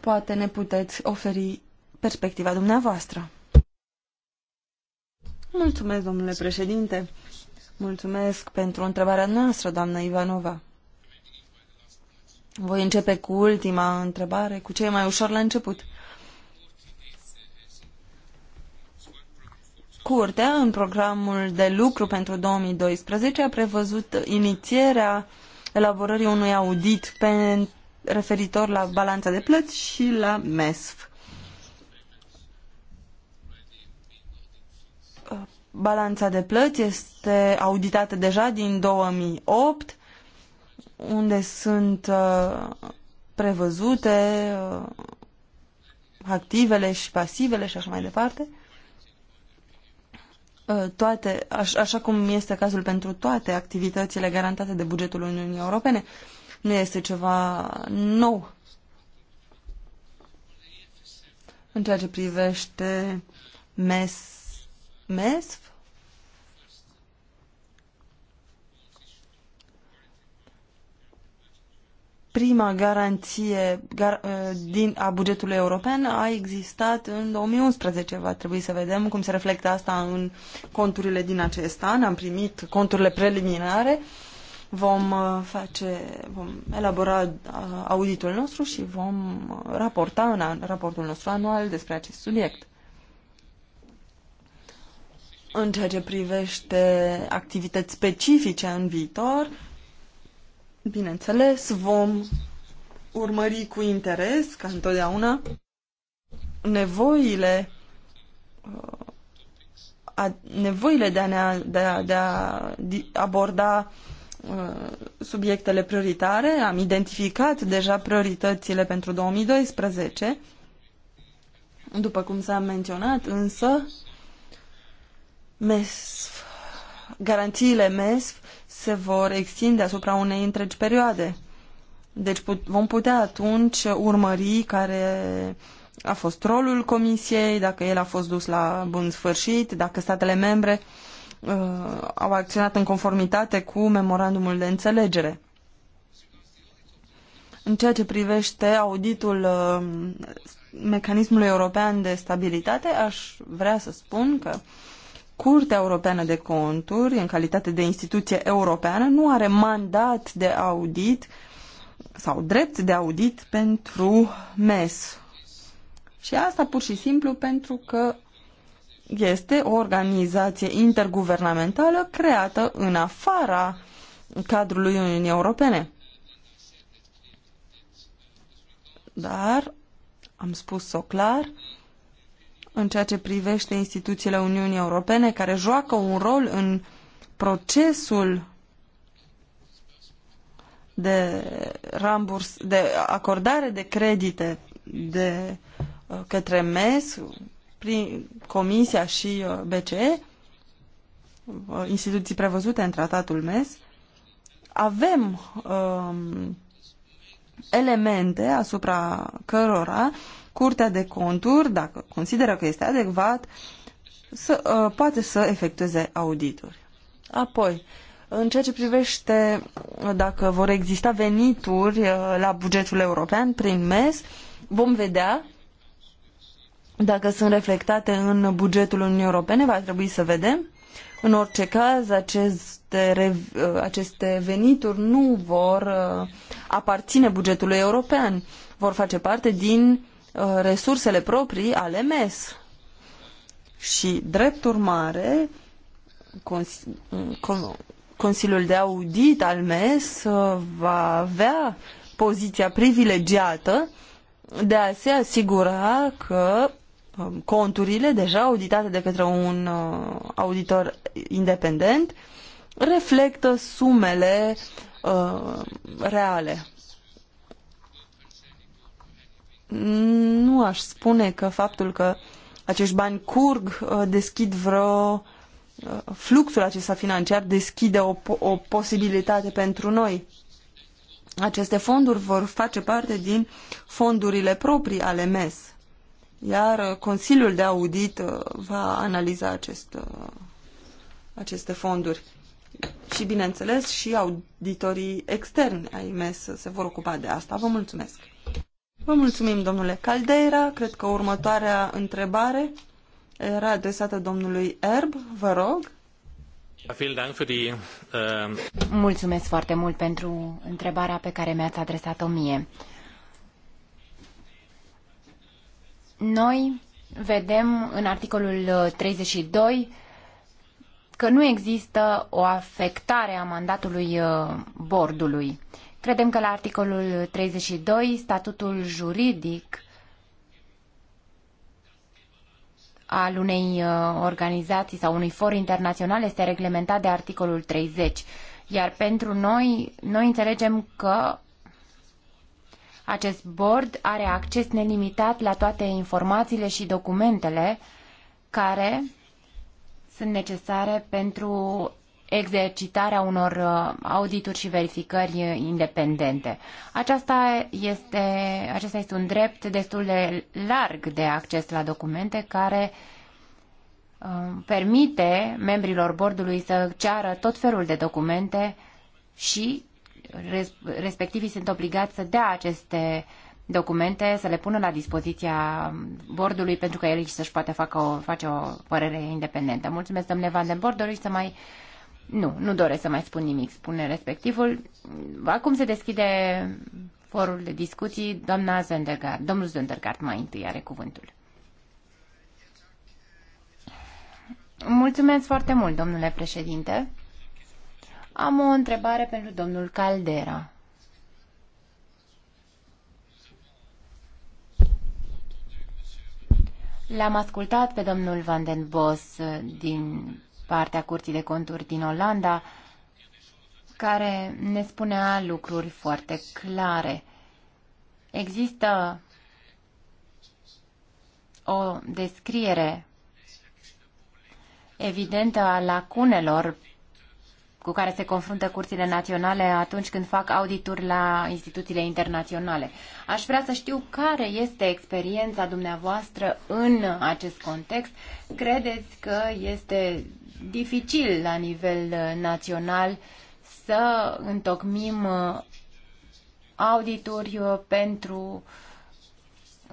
A: Poate ne puteți oferi perspectiva dumneavoastră. Mulțumesc, domnule președinte. Mulțumesc pentru întrebarea noastră, doamna Ivanova. Voi începe cu ultima întrebare, cu ce e mai ușor la început. Curtea, în programul de lucru pentru 2012, a prevăzut inițierea elaborării unui audit pe, referitor la balanța de plăți și la MESF. Balanța de plăți este auditată deja din 2008 unde sunt uh, prevăzute uh, activele și pasivele și așa mai departe. Uh, toate, așa cum este cazul pentru toate activitățile garantate de bugetul Uniunii Europene, nu este ceva nou. În ceea ce privește MES, MESF, prima garanție gar, uh, din, a bugetului european a existat în 2011. Va trebui să vedem cum se reflectă asta în conturile din acest an. Am primit conturile preliminare. Vom uh, face, vom elabora uh, auditul nostru și vom raporta în an, raportul nostru anual despre acest subiect. În ceea ce privește activități specifice în viitor, uh, Bineînțeles, vom urmări cu interes, ca întotdeauna, nevoile uh, a, nevoile de a, ne, de a, de a aborda uh, subiectele prioritare. Am identificat deja prioritățile pentru 2012. După cum s-a menționat, însă, mes, garanțiile MESF se vor extinde asupra unei întregi perioade. Deci put, vom putea atunci urmări care a fost rolul comisiei, dacă el a fost dus la bun sfârșit, dacă statele membre uh, au acționat în conformitate cu memorandumul de înțelegere. În ceea ce privește auditul uh, mecanismului european de stabilitate, aș vrea să spun că uh, Curtea Europeană de Conturi, în calitate de instituție europeană, nu are mandat de audit sau drept de audit pentru MES. Și asta pur și simplu pentru că este o organizație interguvernamentală creată în afara cadrului Uniunii Europene. Dar, am spus-o clar, în ceea ce privește instituțiile Uniunii Europene care joacă un rol în procesul de, ramburs, de acordare de credite de uh, către MES, prin Comisia și uh, BCE, uh, instituții prevăzute în tratatul MES, avem um, elemente asupra cărora Curtea de conturi, dacă consideră că este adecvat, să, uh, poate să efectueze audituri. Apoi, în ceea ce privește dacă vor exista venituri uh, la bugetul european prin MES, vom vedea dacă sunt reflectate în bugetul Uniunii Europene, va trebui să vedem. În orice caz, aceste, uh, aceste venituri nu vor uh, aparține bugetului european, vor face parte din Uh, resursele proprii ale MES. Și, drept urmare, cons Consiliul de Audit al MES uh, va avea poziția privilegiată de a se asigura că um, conturile deja auditate de către un uh, auditor independent reflectă sumele uh, reale nu aș spune că faptul că acești bani curg uh, deschid vreo uh, fluxul acesta financiar deschide o, o posibilitate pentru noi. Aceste fonduri vor face parte din fondurile proprii ale MES, iar uh, Consiliul de Audit va analiza acest, aceste fonduri. Și, bineînțeles, și auditorii externi ai MES se vor ocupa de asta. Vă mulțumesc! Vă mulțumim, domnule Caldeira. Cred că următoarea întrebare era adresată domnului Erb. Vă
C: rog.
D: Ähm,
C: Mulțumesc foarte mult pentru întrebarea pe care mi-ați adresat-o mie. Noi vedem în articolul 32 uh, că nu există o afectare a mandatului uh, bordului. Credem că la articolul 32, statutul juridic al unei uh, organizații sau unui for internațional este reglementat de articolul 30. Iar pentru noi, noi înțelegem că acest board are acces nelimitat la toate informațiile și documentele care sunt necesare pentru exercitarea unor uh, audituri și verificări uh, independente. Aceasta este, acesta este un drept destul de larg de acces la documente care uh, permite membrilor bordului să ceară tot felul de documente și respectivii sunt obligați să dea aceste documente, să le pună la dispoziția bordului pentru că el să-și poate facă o, face o părere independentă. Mulțumesc, domnule Van den Bordului, să mai uh, nu, nu doresc să mai spun nimic, spune respectivul. Acum se deschide forul de discuții. Doamna Zendergaard, domnul Zendergaard mai întâi are cuvântul. Mulțumesc foarte mult, domnule președinte. Am o întrebare pentru domnul Caldera. L-am ascultat pe domnul Van den Bos din partea Curții de Conturi din Olanda, care ne spunea lucruri foarte clare. Există o descriere evidentă a lacunelor cu care se confruntă curțile naționale atunci când fac audituri la instituțiile internaționale. Aș vrea să știu care este experiența dumneavoastră în acest context. Credeți că este dificil la nivel uh, național să întocmim uh, audituri uh, pentru,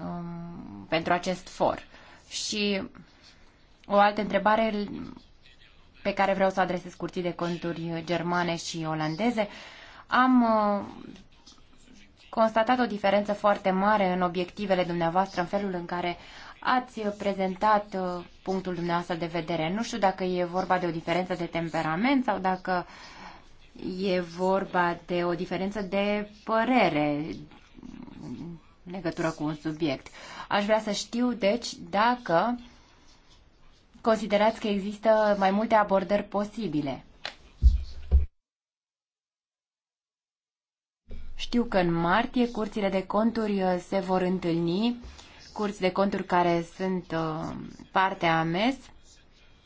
C: um, pentru acest for. Și o altă întrebare pe care vreau să o adresez curții de conturi germane și olandeze. Am uh, constatat o diferență foarte mare în obiectivele dumneavoastră, în felul în care ați prezentat uh, punctul dumneavoastră de vedere. Nu știu dacă e vorba de o diferență de temperament sau dacă e vorba de o diferență de părere în legătură cu un subiect. Aș vrea să știu, deci, dacă considerați că există mai multe abordări posibile. Știu că în martie curțile de conturi uh, se vor întâlni curți de conturi care sunt uh, parte a MES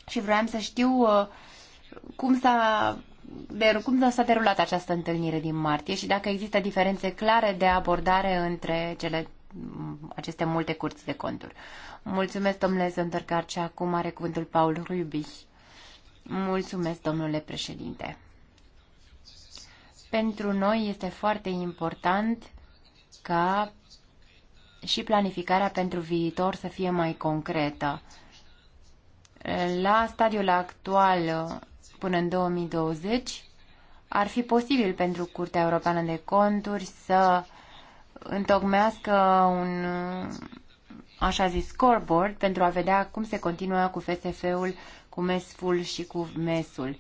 C: și vroiam să știu uh, cum s-a de, cum s-a derulat această întâlnire din martie și dacă există diferențe clare de abordare între cele, mm, aceste multe curți de conturi. Mulțumesc, domnule Zândărcar, și acum are cuvântul Paul Rubi. Mulțumesc, domnule președinte. Pentru noi este foarte important ca și planificarea pentru viitor să fie mai concretă. La stadiul actual, până în 2020, ar fi posibil pentru Curtea Europeană de Conturi să întocmească un așa zis scoreboard pentru a vedea cum se continuă cu FSF-ul, cu MESF-ul și cu MES-ul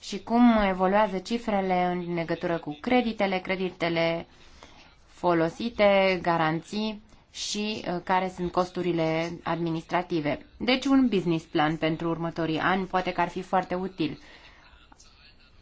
C: și cum evoluează cifrele în legătură cu creditele, creditele folosite, garanții și uh, care sunt costurile administrative. Deci un business plan pentru următorii ani poate că ar fi foarte util.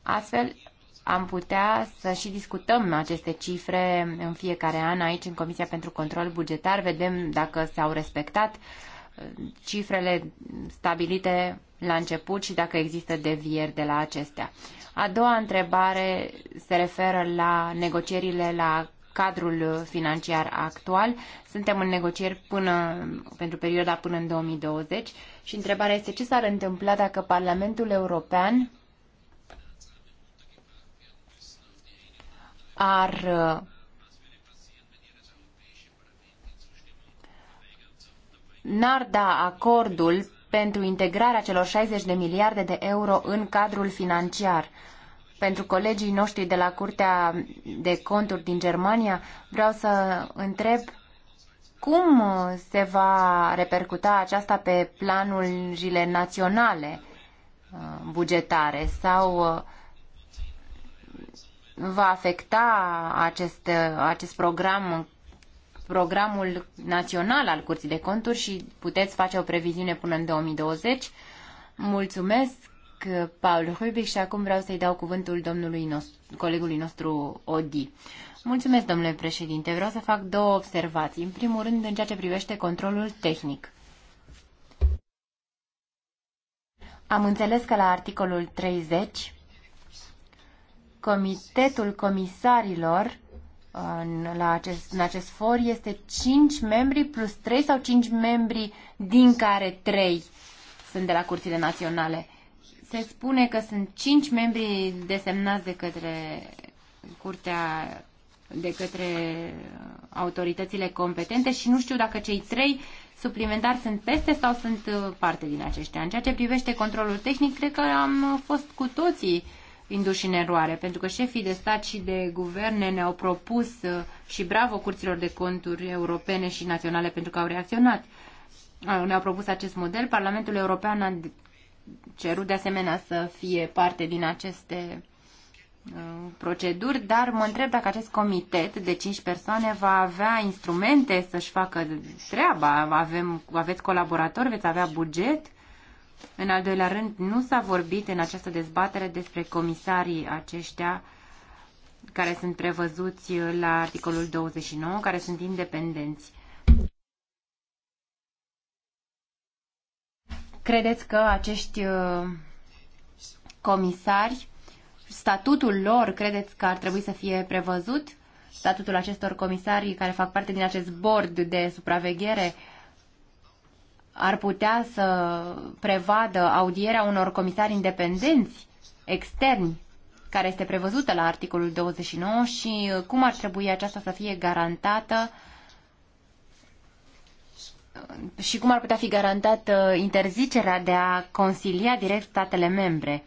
C: Astfel am putea să și discutăm aceste cifre în fiecare an aici în Comisia pentru Control Bugetar, vedem dacă s-au respectat uh, cifrele stabilite la început și dacă există devieri de la acestea. A doua întrebare se referă la negocierile la cadrul financiar actual. Suntem în negocieri până, pentru perioada până în 2020 și întrebarea este ce s-ar întâmpla dacă Parlamentul European ar n-ar da acordul pentru integrarea celor 60 de miliarde de euro în cadrul financiar pentru colegii noștri de la Curtea de Conturi din Germania, vreau să întreb cum se va repercuta aceasta pe planurile naționale uh, bugetare sau uh, va afecta acest, uh, acest program programul național al Curții de Conturi și puteți face o previziune până în 2020. Mulțumesc Uh, Paul Rubic și acum vreau să-i dau cuvântul domnului nostru, colegului nostru Odi. Mulțumesc, domnule președinte. Vreau să fac două observații. În primul rând, în ceea ce privește controlul tehnic. Am înțeles că la articolul 30, Comitetul Comisarilor în, la acest, în acest for este 5 membri plus 3 sau 5 membri din care 3 sunt de la curțile naționale se spune că sunt cinci membri desemnați de către curtea de către autoritățile competente și nu știu dacă cei trei suplimentari sunt peste sau sunt uh, parte din aceștia. În ceea ce privește controlul tehnic, cred că am uh, fost cu toții induși în eroare, pentru că șefii de stat și de guverne ne-au propus uh, și bravo curților de conturi europene și naționale pentru că au reacționat. Ne-au propus acest model, Parlamentul European a cerut de asemenea să fie parte din aceste uh, proceduri, dar mă întreb dacă acest comitet de 5 persoane va avea instrumente să-și facă treaba, Avem, aveți colaboratori, veți avea buget. În al doilea rând, nu s-a vorbit în această dezbatere despre comisarii aceștia care sunt prevăzuți la articolul 29, care sunt independenți. Credeți că acești uh, comisari, statutul lor, credeți că ar trebui să fie prevăzut? Statutul acestor comisari care fac parte din acest bord de supraveghere ar putea să prevadă audierea unor comisari independenți, externi, care este prevăzută la articolul 29 și uh, cum ar trebui aceasta să fie garantată uh, și cum ar putea fi garantată uh, interzicerea de a consilia direct statele membre.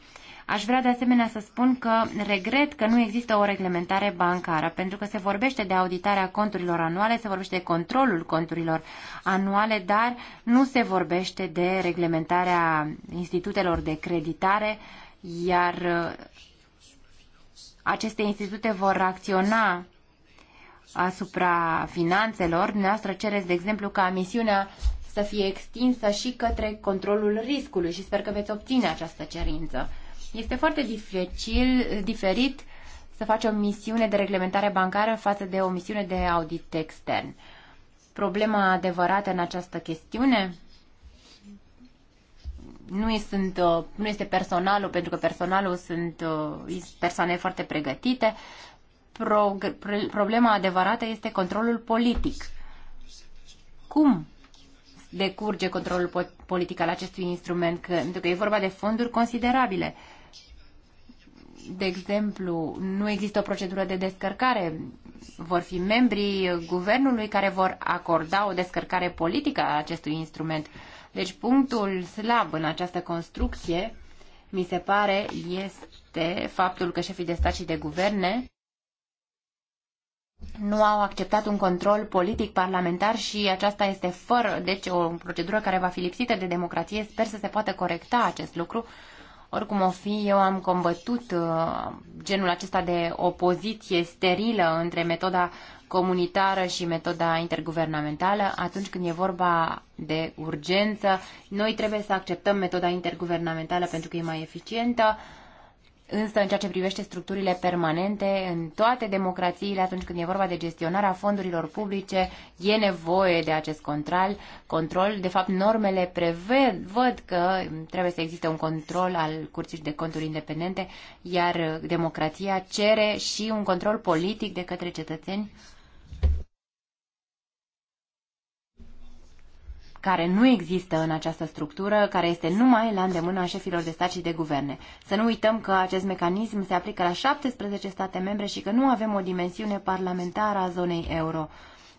C: Aș vrea de asemenea să spun că regret că nu există o reglementare bancară, pentru că se vorbește de auditarea conturilor anuale, se vorbește de controlul conturilor anuale, dar nu se vorbește de reglementarea institutelor de creditare, iar uh, aceste institute vor acționa asupra finanțelor, dumneavoastră cereți, de exemplu, ca misiunea să fie extinsă și către controlul riscului și sper că veți obține această cerință. Este foarte dificil, diferit să faci o misiune de reglementare bancară față de o misiune de audit extern. Problema adevărată în această chestiune nu, sunt, uh, nu este personalul, pentru că personalul sunt uh, persoane foarte pregătite, pro, problema adevărată este controlul politic. Cum decurge controlul politic al acestui instrument? Că, pentru că e vorba de fonduri considerabile. De exemplu, nu există o procedură de descărcare. Vor fi membrii guvernului care vor acorda o descărcare politică a acestui instrument. Deci punctul slab în această construcție, mi se pare, este faptul că șefii de stat și de guverne nu au acceptat un control politic parlamentar și aceasta este fără, deci o procedură care va fi lipsită de democrație. Sper să se poată corecta acest lucru. Oricum o fi, eu am combătut uh, genul acesta de opoziție sterilă între metoda comunitară și metoda interguvernamentală. Atunci când e vorba de urgență, noi trebuie să acceptăm metoda interguvernamentală pentru că e mai eficientă. Însă, în ceea ce privește structurile permanente, în toate democrațiile, atunci când e vorba de gestionarea fondurilor publice, e nevoie de acest control. control. De fapt, normele preved, văd că trebuie să existe un control al curții de conturi independente, iar democrația cere și un control politic de către cetățeni care nu există în această structură, care este numai la îndemâna șefilor de stat și de guverne. Să nu uităm că acest mecanism se aplică la 17 state membre și că nu avem o dimensiune parlamentară a zonei euro.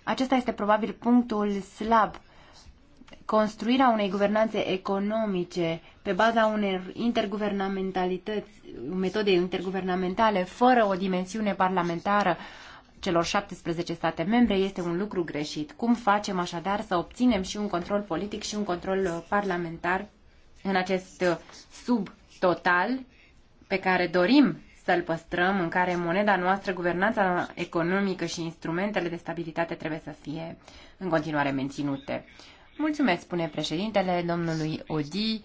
C: Acesta este probabil punctul slab construirea unei guvernanțe economice pe baza unei interguvernamentalități, metode interguvernamentale, fără o dimensiune parlamentară, celor 17 state membre este un lucru greșit. Cum facem așadar să obținem și un control politic și un control uh, parlamentar în acest uh, subtotal pe care dorim să-l păstrăm, în care moneda noastră, guvernanța economică și instrumentele de stabilitate trebuie să fie în continuare menținute. Mulțumesc, spune președintele domnului Odi.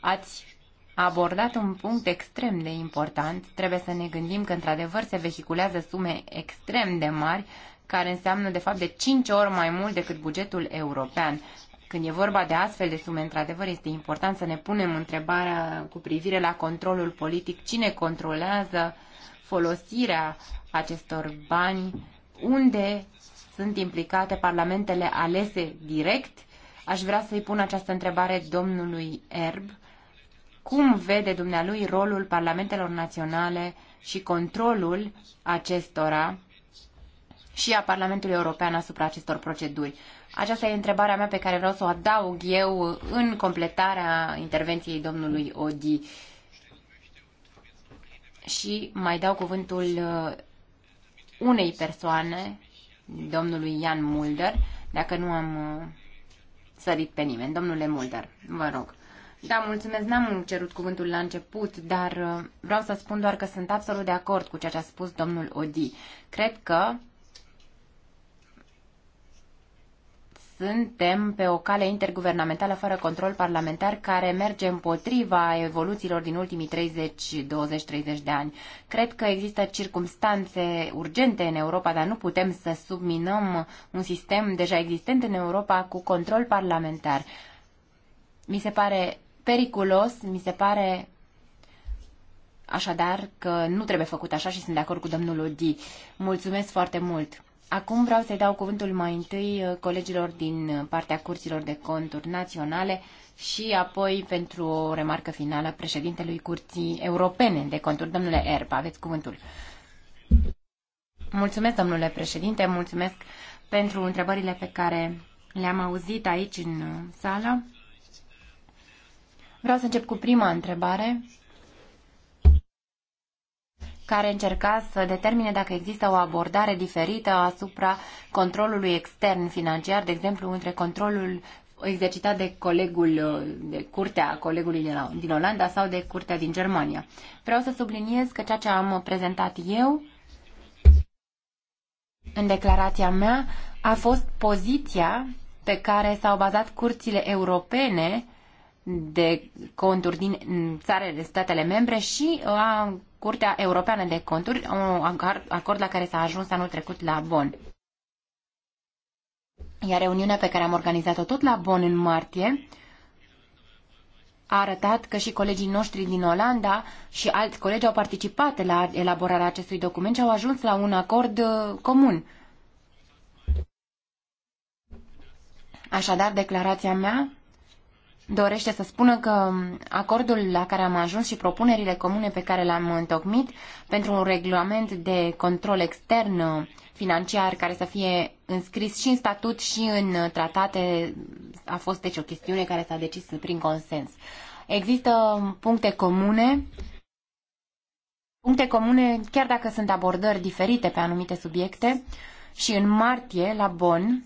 C: Ați a abordat un punct extrem de important. Trebuie să ne gândim că, într-adevăr, se vehiculează sume extrem de mari, care înseamnă, de fapt, de 5 ori mai mult decât bugetul european. Când e vorba de astfel de sume, într-adevăr, este important să ne punem întrebarea cu privire la controlul politic. Cine controlează folosirea acestor bani? Unde sunt implicate parlamentele alese direct? Aș vrea să-i pun această întrebare domnului Erb cum vede dumnealui rolul parlamentelor naționale și controlul acestora și a Parlamentului European asupra acestor proceduri? Aceasta e întrebarea mea pe care vreau să o adaug eu în completarea intervenției domnului Odi. Și mai dau cuvântul uh, unei persoane, domnului Ian Mulder, dacă nu am uh, sărit pe nimeni. Domnule Mulder, vă rog. Da, mulțumesc, n-am cerut cuvântul la început, dar uh, vreau să spun doar că sunt absolut de acord cu ceea ce a spus domnul Odi. Cred că suntem pe o cale interguvernamentală fără control parlamentar care merge împotriva evoluțiilor din ultimii 30, 20, 30 de ani. Cred că există circumstanțe urgente în Europa, dar nu putem să subminăm un sistem deja existent în Europa cu control parlamentar. Mi se pare periculos, mi se pare așadar că nu trebuie făcut așa și sunt de acord cu domnul Odi. Mulțumesc foarte mult! Acum vreau să-i dau cuvântul mai întâi uh, colegilor din uh, partea curților de conturi naționale și apoi pentru o remarcă finală președintelui Curții Europene de Conturi. Domnule Erba, aveți cuvântul. Mulțumesc, domnule președinte, mulțumesc pentru întrebările pe care le-am auzit aici în uh, sală. Vreau să încep cu prima întrebare care încerca să determine dacă există o abordare diferită asupra controlului extern financiar, de exemplu, între controlul exercitat de colegul, de curtea colegului din Olanda sau de curtea din Germania. Vreau să subliniez că ceea ce am prezentat eu în declarația mea a fost poziția pe care s-au bazat curțile europene de conturi din țarele, statele membre și uh, a Curtea Europeană de Conturi, un acord la care s-a ajuns anul trecut la Bonn. Iar reuniunea pe care am organizat-o tot la Bonn în martie a arătat că și colegii noștri din Olanda și alți colegi au participat la elaborarea acestui document și au ajuns la un acord uh, comun. Așadar, declarația mea dorește să spună că acordul la care am ajuns și propunerile comune pe care le-am întocmit pentru un regulament de control extern financiar care să fie înscris și în statut și în tratate a fost deci o chestiune care s-a decis prin consens. Există puncte comune puncte comune, chiar dacă sunt abordări diferite pe anumite subiecte, și în martie, la Bonn,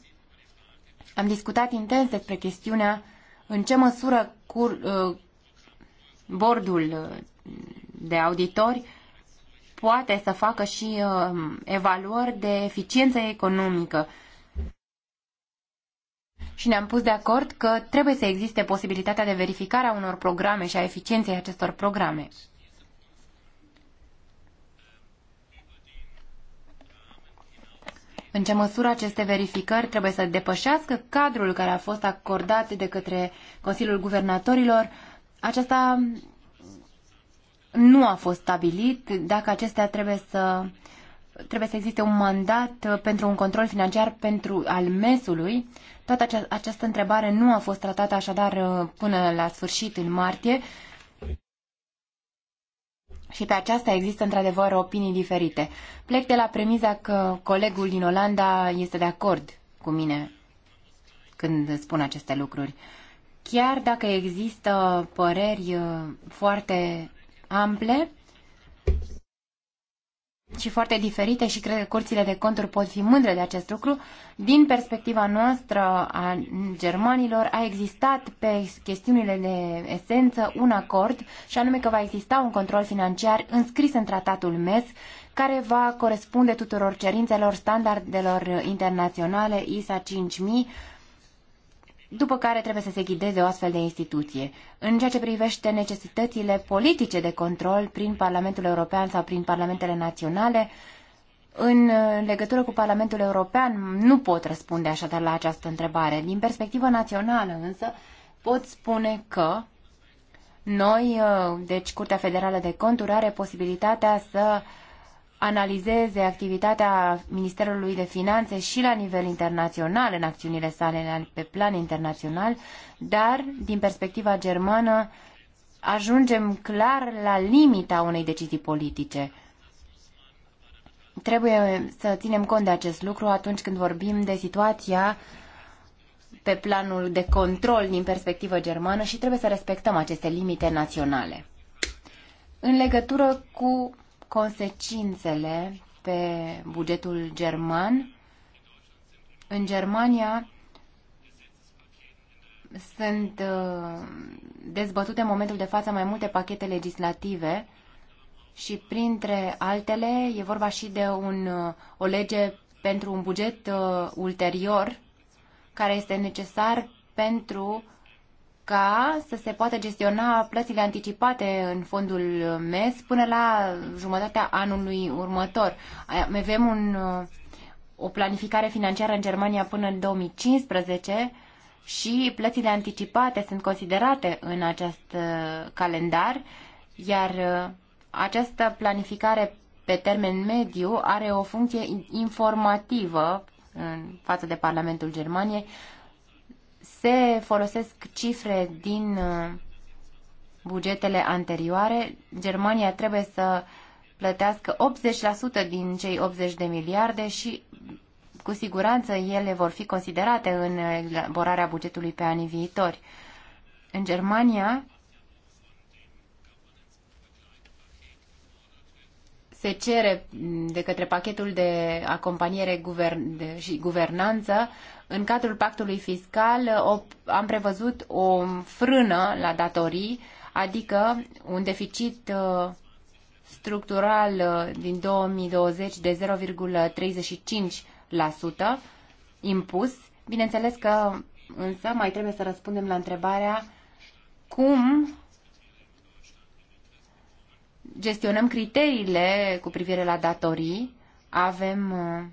C: am discutat intens despre chestiunea în ce măsură cur, uh, bordul uh, de auditori poate să facă și uh, evaluări de eficiență economică. Și ne-am pus de acord că trebuie să existe posibilitatea de verificare a unor programe și a eficienței acestor programe. în ce măsură aceste verificări trebuie să depășească cadrul care a fost acordat de către Consiliul Guvernatorilor. Aceasta nu a fost stabilit dacă acestea trebuie să trebuie să existe un mandat pentru un control financiar pentru al mesului. Toată această întrebare nu a fost tratată așadar uh, până la sfârșit în martie și pe aceasta există într-adevăr opinii diferite. Plec de la premiza că colegul din Olanda este de acord cu mine când spun aceste lucruri. Chiar dacă există păreri uh, foarte ample, și foarte diferite și cred că curțile de conturi pot fi mândre de acest lucru. Din perspectiva noastră a germanilor a existat pe chestiunile de esență un acord și anume că va exista un control financiar înscris în tratatul MES care va corespunde tuturor cerințelor standardelor internaționale ISA 5000 după care trebuie să se ghideze o astfel de instituție. În ceea ce privește necesitățile politice de control prin Parlamentul European sau prin Parlamentele Naționale, în uh, legătură cu Parlamentul European nu pot răspunde așadar la această întrebare. Din perspectivă națională însă pot spune că noi, uh, deci Curtea Federală de Conturi, are posibilitatea să uh, analizeze activitatea Ministerului de Finanțe și la nivel internațional, în acțiunile sale pe plan internațional, dar, din perspectiva germană, ajungem clar la limita unei decizii politice. Trebuie să ținem cont de acest lucru atunci când vorbim de situația pe planul de control din perspectivă germană și trebuie să respectăm aceste limite naționale. În legătură cu consecințele pe bugetul german. În Germania sunt uh, dezbătute în momentul de față mai multe pachete legislative și printre altele e vorba și de un, uh, o lege pentru un buget uh, ulterior care este necesar pentru ca să se poată gestiona plățile anticipate în fondul MES până la jumătatea anului următor. Avem un, uh, o planificare financiară în Germania până în 2015 și plățile anticipate sunt considerate în acest uh, calendar, iar uh, această planificare pe termen mediu are o funcție informativă în față de Parlamentul Germaniei se folosesc cifre din uh, bugetele anterioare. Germania trebuie să plătească 80% din cei 80 de miliarde și cu siguranță ele vor fi considerate în elaborarea bugetului pe anii viitori. În Germania se cere mm, de către pachetul de acompaniere guvern, de, și guvernanță în cadrul pactului fiscal o, am prevăzut o frână la datorii, adică un deficit uh, structural uh, din 2020 de 0,35% impus. Bineînțeles că însă mai trebuie să răspundem la întrebarea cum gestionăm criteriile cu privire la datorii. Avem uh,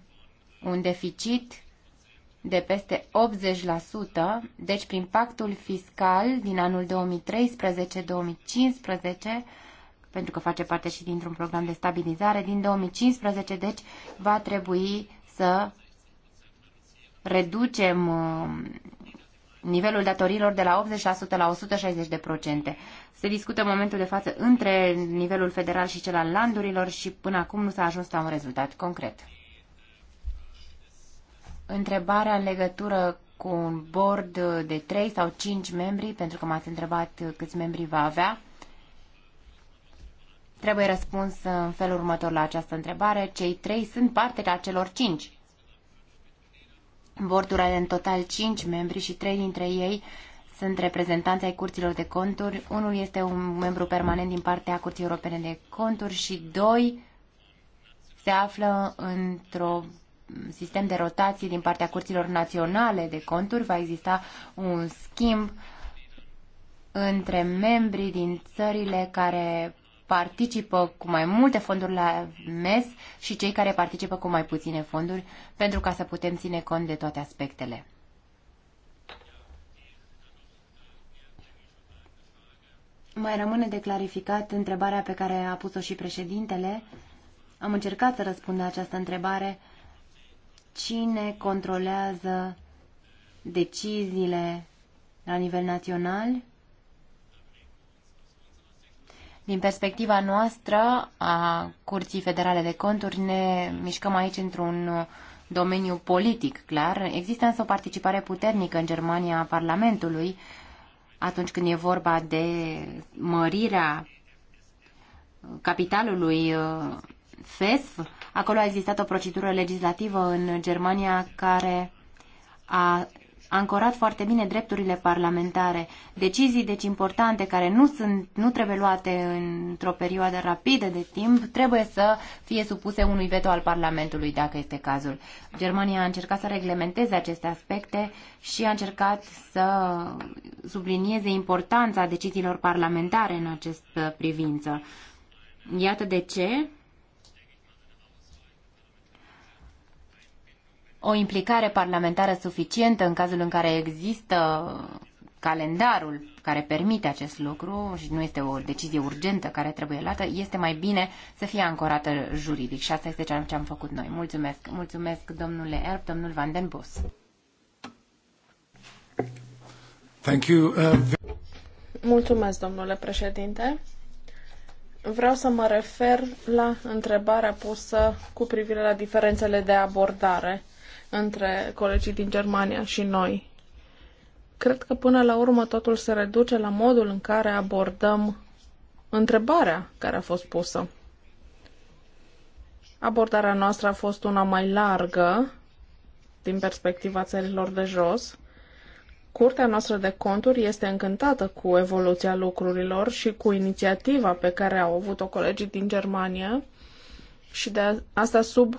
C: un deficit de peste 80%, deci prin pactul fiscal din anul 2013-2015, pentru că face parte și dintr-un program de stabilizare, din 2015, deci va trebui să reducem uh, nivelul datorilor de la 80% la 160%. Se discută în momentul de față între nivelul federal și cel al landurilor și până acum nu s-a ajuns la un rezultat concret întrebarea în legătură cu un board de 3 sau 5 membri, pentru că m-ați întrebat câți membri va avea. Trebuie răspuns în felul următor la această întrebare. Cei 3 sunt parte a celor 5. Bordul are în total 5 membri și 3 dintre ei sunt reprezentanți ai curților de conturi. Unul este un membru permanent din partea Curții Europene de Conturi și doi se află într-o sistem de rotație din partea curților naționale de conturi, va exista un schimb între membrii din țările care participă cu mai multe fonduri la MES și cei care participă cu mai puține fonduri, pentru ca să putem ține cont de toate aspectele. Mai rămâne de clarificat întrebarea pe care a pus-o și președintele. Am încercat să răspund la această întrebare Cine controlează deciziile la nivel național? Din perspectiva noastră a Curții Federale de Conturi, ne mișcăm aici într-un domeniu politic, clar. Există însă o participare puternică în Germania a Parlamentului atunci când e vorba de mărirea capitalului FESV. Acolo a existat o procedură legislativă în Germania care a ancorat foarte bine drepturile parlamentare. Decizii, deci, importante care nu, sunt, nu trebuie luate într-o perioadă rapidă de timp, trebuie să fie supuse unui veto al Parlamentului, dacă este cazul. Germania a încercat să reglementeze aceste aspecte și a încercat să sublinieze importanța deciziilor parlamentare în această privință. Iată de ce o implicare parlamentară suficientă în cazul în care există calendarul care permite acest lucru și nu este o decizie urgentă care trebuie luată, este mai bine să fie ancorată juridic și asta este ceea ce am făcut noi. Mulțumesc. Mulțumesc, domnule Erb, domnul Van den Bos.
D: Thank you. Uh...
C: Mulțumesc, domnule președinte.
B: Vreau să mă refer la întrebarea pusă cu privire la diferențele de abordare între colegii din Germania și noi. Cred că până la urmă totul se reduce la modul în care abordăm întrebarea care a fost pusă. Abordarea noastră a fost una mai largă din perspectiva țărilor de jos. Curtea noastră de conturi este încântată cu evoluția lucrurilor și cu inițiativa pe care au avut-o colegii din Germania și de asta sub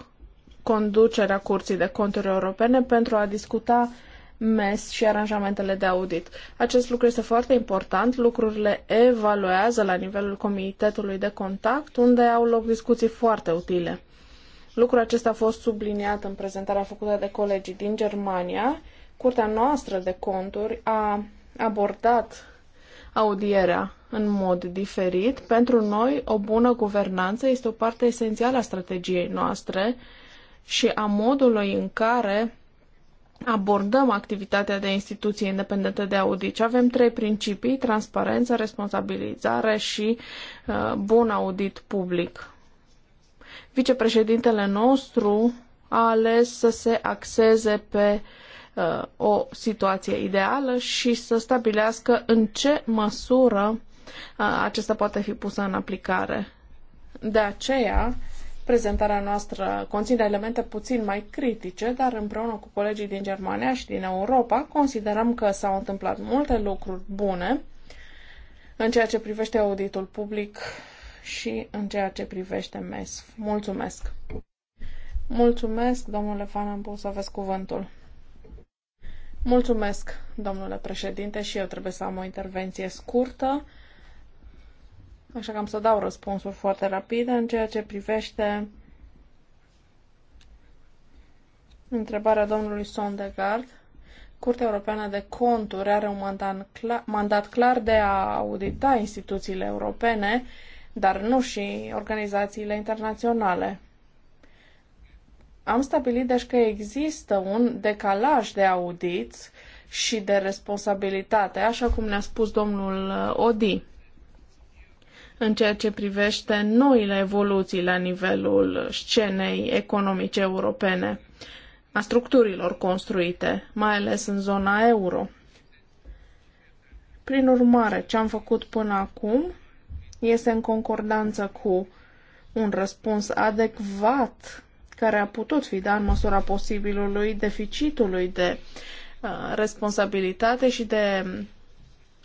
B: conducerea Curții de Conturi Europene pentru a discuta MES și aranjamentele de audit. Acest lucru este foarte important. Lucrurile evaluează la nivelul Comitetului de Contact, unde au loc discuții foarte utile. Lucrul acesta a fost subliniat în prezentarea făcută de colegii din Germania. Curtea noastră de conturi a abordat audierea în mod diferit. Pentru noi, o bună guvernanță este o parte esențială a strategiei noastre și a modului în care abordăm activitatea de instituție independentă de audit. Și avem trei principii, transparență, responsabilizare și uh, bun audit public. Vicepreședintele nostru a ales să se axeze pe uh, o situație ideală și să stabilească în ce măsură uh, acesta poate fi pusă în aplicare. De aceea, Prezentarea noastră conține elemente puțin mai critice, dar împreună cu colegii din Germania și din Europa considerăm că s-au întâmplat multe lucruri bune în ceea ce privește auditul public și în ceea ce privește MESF. Mulțumesc! Mulțumesc, domnule Fanambu, să aveți cuvântul. Mulțumesc, domnule președinte, și eu trebuie să am o intervenție scurtă. Așa că am să dau răspunsuri foarte rapide în ceea ce privește întrebarea domnului Sondegard. Curtea Europeană de Conturi are un mandat clar, mandat clar de a audita instituțiile europene, dar nu și organizațiile internaționale. Am stabilit deci că există un decalaj de audiți și de responsabilitate, așa cum ne-a spus domnul Odi în ceea ce privește noile evoluții la nivelul scenei economice europene, a structurilor construite, mai ales în zona euro. Prin urmare, ce am făcut până acum este în concordanță cu un răspuns adecvat care a putut fi dat în măsura posibilului deficitului de uh, responsabilitate și de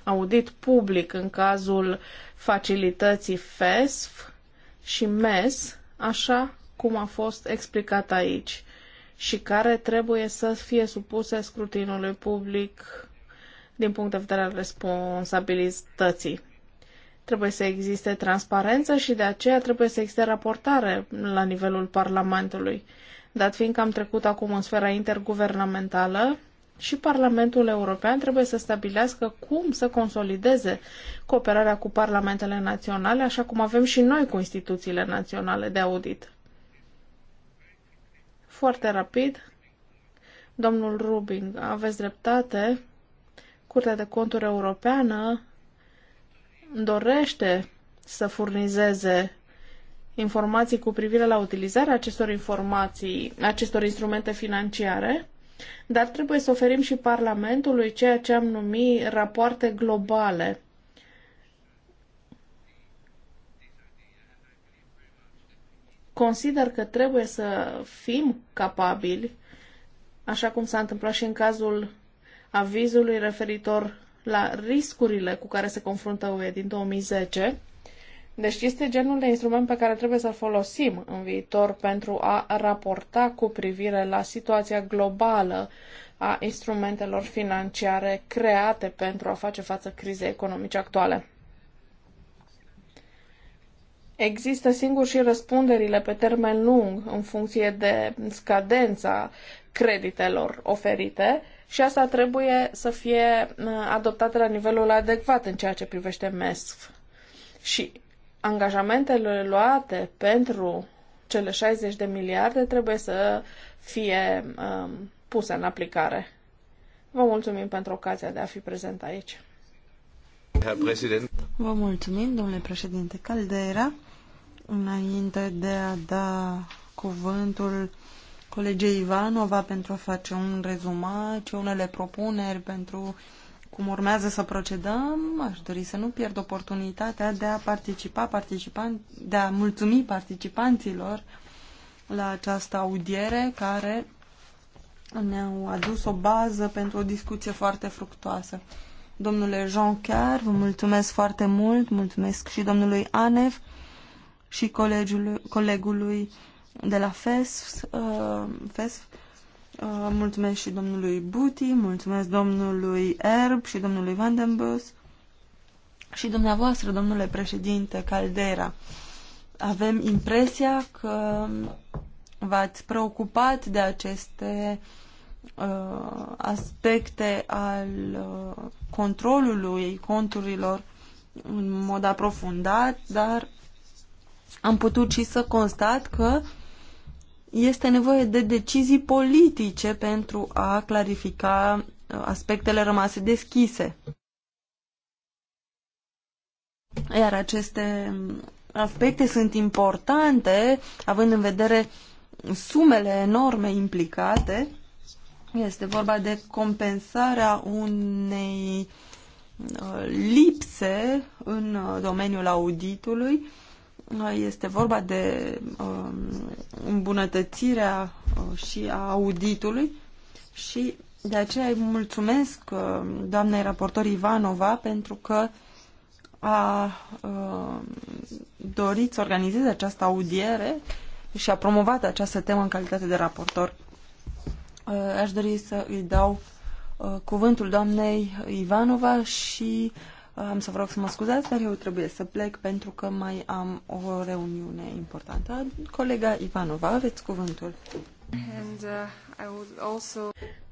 B: audit public în cazul uh, facilității FESF și MES, așa cum a fost explicat aici, și care trebuie să fie supuse scrutinului public din punct de vedere al responsabilității. Trebuie să existe transparență și de aceea trebuie să existe raportare la nivelul Parlamentului. Dat fiindcă am trecut acum în sfera interguvernamentală, și Parlamentul European trebuie să stabilească cum să consolideze cooperarea cu parlamentele naționale, așa cum avem și noi cu instituțiile naționale de audit. Foarte rapid, domnul Rubing, aveți dreptate, Curtea de Conturi Europeană dorește să furnizeze informații cu privire la utilizarea acestor informații, acestor instrumente financiare, dar trebuie să oferim și Parlamentului ceea ce am numit rapoarte globale. Consider că trebuie să fim capabili, așa cum s-a întâmplat și în cazul avizului referitor la riscurile cu care se confruntă UE din 2010, deci este genul de instrument pe care trebuie să-l folosim în viitor pentru a raporta cu privire la situația globală a instrumentelor financiare create pentru a face față crizei economice actuale. Există singur și răspunderile pe termen lung în funcție de scadența creditelor oferite și asta trebuie să fie uh, adoptată la nivelul adecvat în ceea ce privește MESF. Și angajamentele luate pentru cele 60 de miliarde trebuie să fie um, puse în aplicare. Vă mulțumim pentru ocazia de a fi prezent
A: aici. Vă mulțumim, domnule președinte Caldera. Înainte de a da cuvântul colegei Ivanova pentru a face un rezumat și unele propuneri pentru cum urmează să procedăm, aș dori să nu pierd oportunitatea de a participa, participan, de a mulțumi participanților la această audiere care ne-au adus o bază pentru o discuție foarte fructoasă. Domnule Jean Chiar, vă mulțumesc foarte mult, mulțumesc și domnului Anef și colegului, colegului de la FESF, uh, FES Uh, mulțumesc și domnului Buti, mulțumesc domnului Erb și domnului Vandenbus și dumneavoastră, domnule președinte Caldera. Avem impresia că v-ați preocupat de aceste uh, aspecte al uh, controlului conturilor în mod aprofundat, dar am putut și să constat că uh, este nevoie de decizii politice pentru a clarifica uh, aspectele rămase deschise. Iar aceste um, aspecte sunt importante, având în vedere sumele enorme implicate. Este vorba de compensarea unei uh, lipse în uh, domeniul auditului este vorba de um, îmbunătățirea uh, și a auditului și de aceea îi mulțumesc uh, doamnei raportor Ivanova pentru că a uh, dorit să organizeze această audiere și a promovat această temă în calitate de raportor. Aș dori să îi dau cuvântul doamnei Ivanova și uh, am să vă rog să mă scuzați, dar eu trebuie să plec pentru că mai am o reuniune importantă. Colega Ivanova, aveți cuvântul.
C: And, uh,
B: I would also...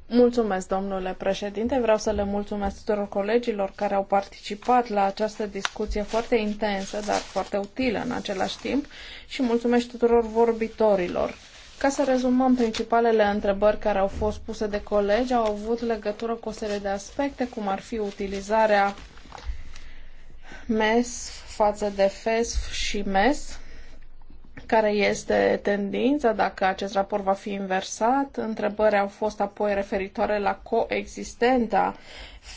B: Mulțumesc, domnule președinte. Vreau să le mulțumesc tuturor colegilor care au participat la această discuție foarte intensă, dar foarte utilă în același timp și mulțumesc tuturor vorbitorilor. Ca să rezumăm principalele întrebări care au fost puse de colegi, au avut legătură cu o serie de aspecte, cum ar fi utilizarea MES față de FESF și MES, care este tendința, dacă acest raport va fi inversat. Întrebări au fost apoi referitoare la coexistența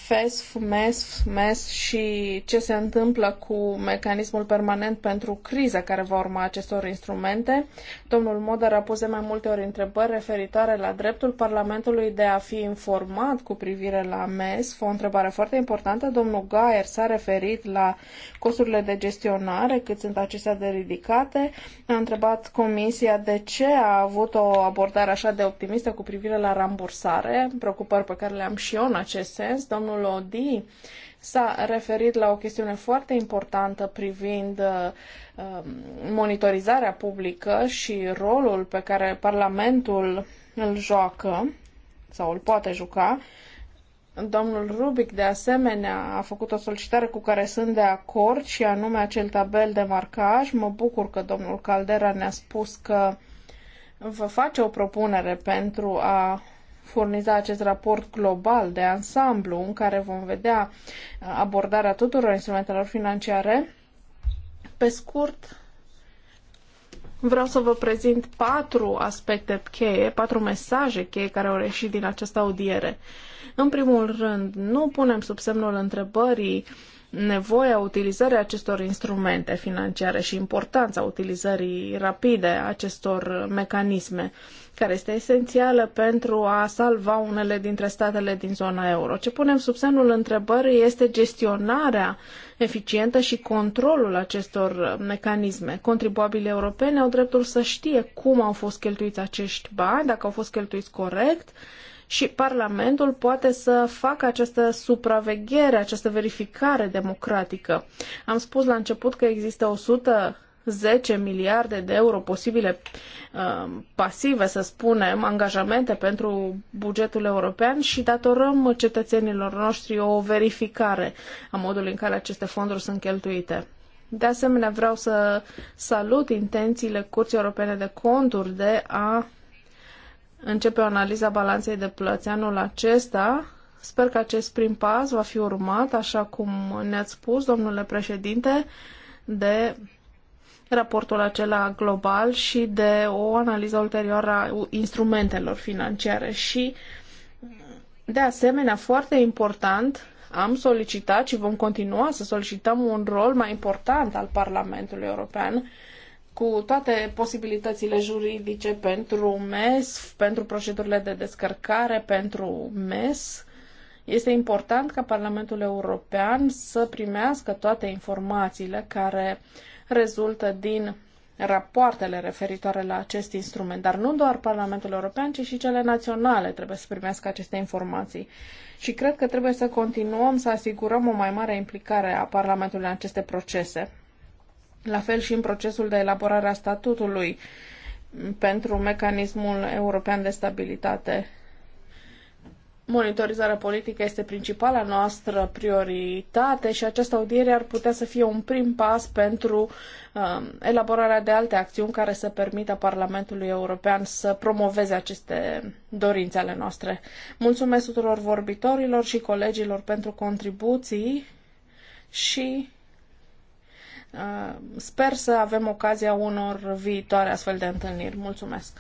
B: FESF, MESF, MES și ce se întâmplă cu mecanismul permanent pentru criza care va urma acestor instrumente. Domnul Modar a pus de mai multe ori întrebări referitoare la dreptul Parlamentului de a fi informat cu privire la MESF, o întrebare foarte importantă. Domnul Gaier s-a referit la costurile de gestionare, cât sunt acestea de ridicate. A întrebat Comisia de ce a avut o abordare așa de optimistă cu privire la rambursare, preocupări pe care le am și eu în acest sens. Domnul domnul Odi s-a referit la o chestiune foarte importantă privind uh, um, monitorizarea publică și rolul pe care Parlamentul îl joacă sau îl poate juca. Domnul Rubic, de asemenea, a făcut o solicitare cu care sunt de acord și anume acel tabel de marcaj. Mă bucur că domnul Caldera ne-a spus că vă face o propunere pentru a furniza acest raport global de ansamblu în care vom vedea abordarea tuturor instrumentelor financiare. Pe scurt, vreau să vă prezint patru aspecte cheie, patru mesaje cheie care au reșit din această audiere. În primul rând, nu punem sub semnul întrebării uh, nevoia utilizării acestor instrumente financiare și importanța utilizării rapide a acestor mecanisme, care este esențială pentru a salva unele dintre statele din zona euro. Ce punem sub semnul întrebării este gestionarea eficientă și controlul acestor mecanisme. Contribuabilii europeni au dreptul să știe cum au fost cheltuiți acești bani, dacă au fost cheltuiți corect, și Parlamentul poate să facă această supraveghere, această verificare democratică. Am spus la început că există 100 10 miliarde de euro posibile uh, pasive, să spunem, angajamente pentru bugetul european și datorăm cetățenilor noștri o verificare a modului în care aceste fonduri sunt cheltuite. De asemenea, vreau să salut intențiile Curții Europene de Conturi de a începe o analiză a balanței de plăți anul acesta. Sper că acest prim pas va fi urmat, așa cum ne-ați spus, domnule președinte, de raportul acela global și de o analiză ulterioară a instrumentelor financiare și de asemenea, foarte important, am solicitat și vom continua să solicităm un rol mai important al Parlamentului European cu toate posibilitățile juridice pentru MES, pentru procedurile de descărcare, pentru MES. Este important ca Parlamentul European să primească toate informațiile care rezultă din rapoartele referitoare la acest instrument, dar nu doar Parlamentul European, ci și cele naționale trebuie să primească aceste informații. Și cred că trebuie să continuăm să asigurăm o mai mare implicare a Parlamentului în aceste procese. La fel și în procesul de elaborare a statutului pentru mecanismul european de stabilitate. Monitorizarea politică este principala noastră prioritate și această audiere ar putea să fie un prim pas pentru uh, elaborarea de alte acțiuni care să permită Parlamentului European să promoveze aceste dorințe ale noastre. Mulțumesc tuturor vorbitorilor și colegilor pentru contribuții și Uh, sper să avem ocazia unor viitoare astfel de întâlniri. Mulțumesc!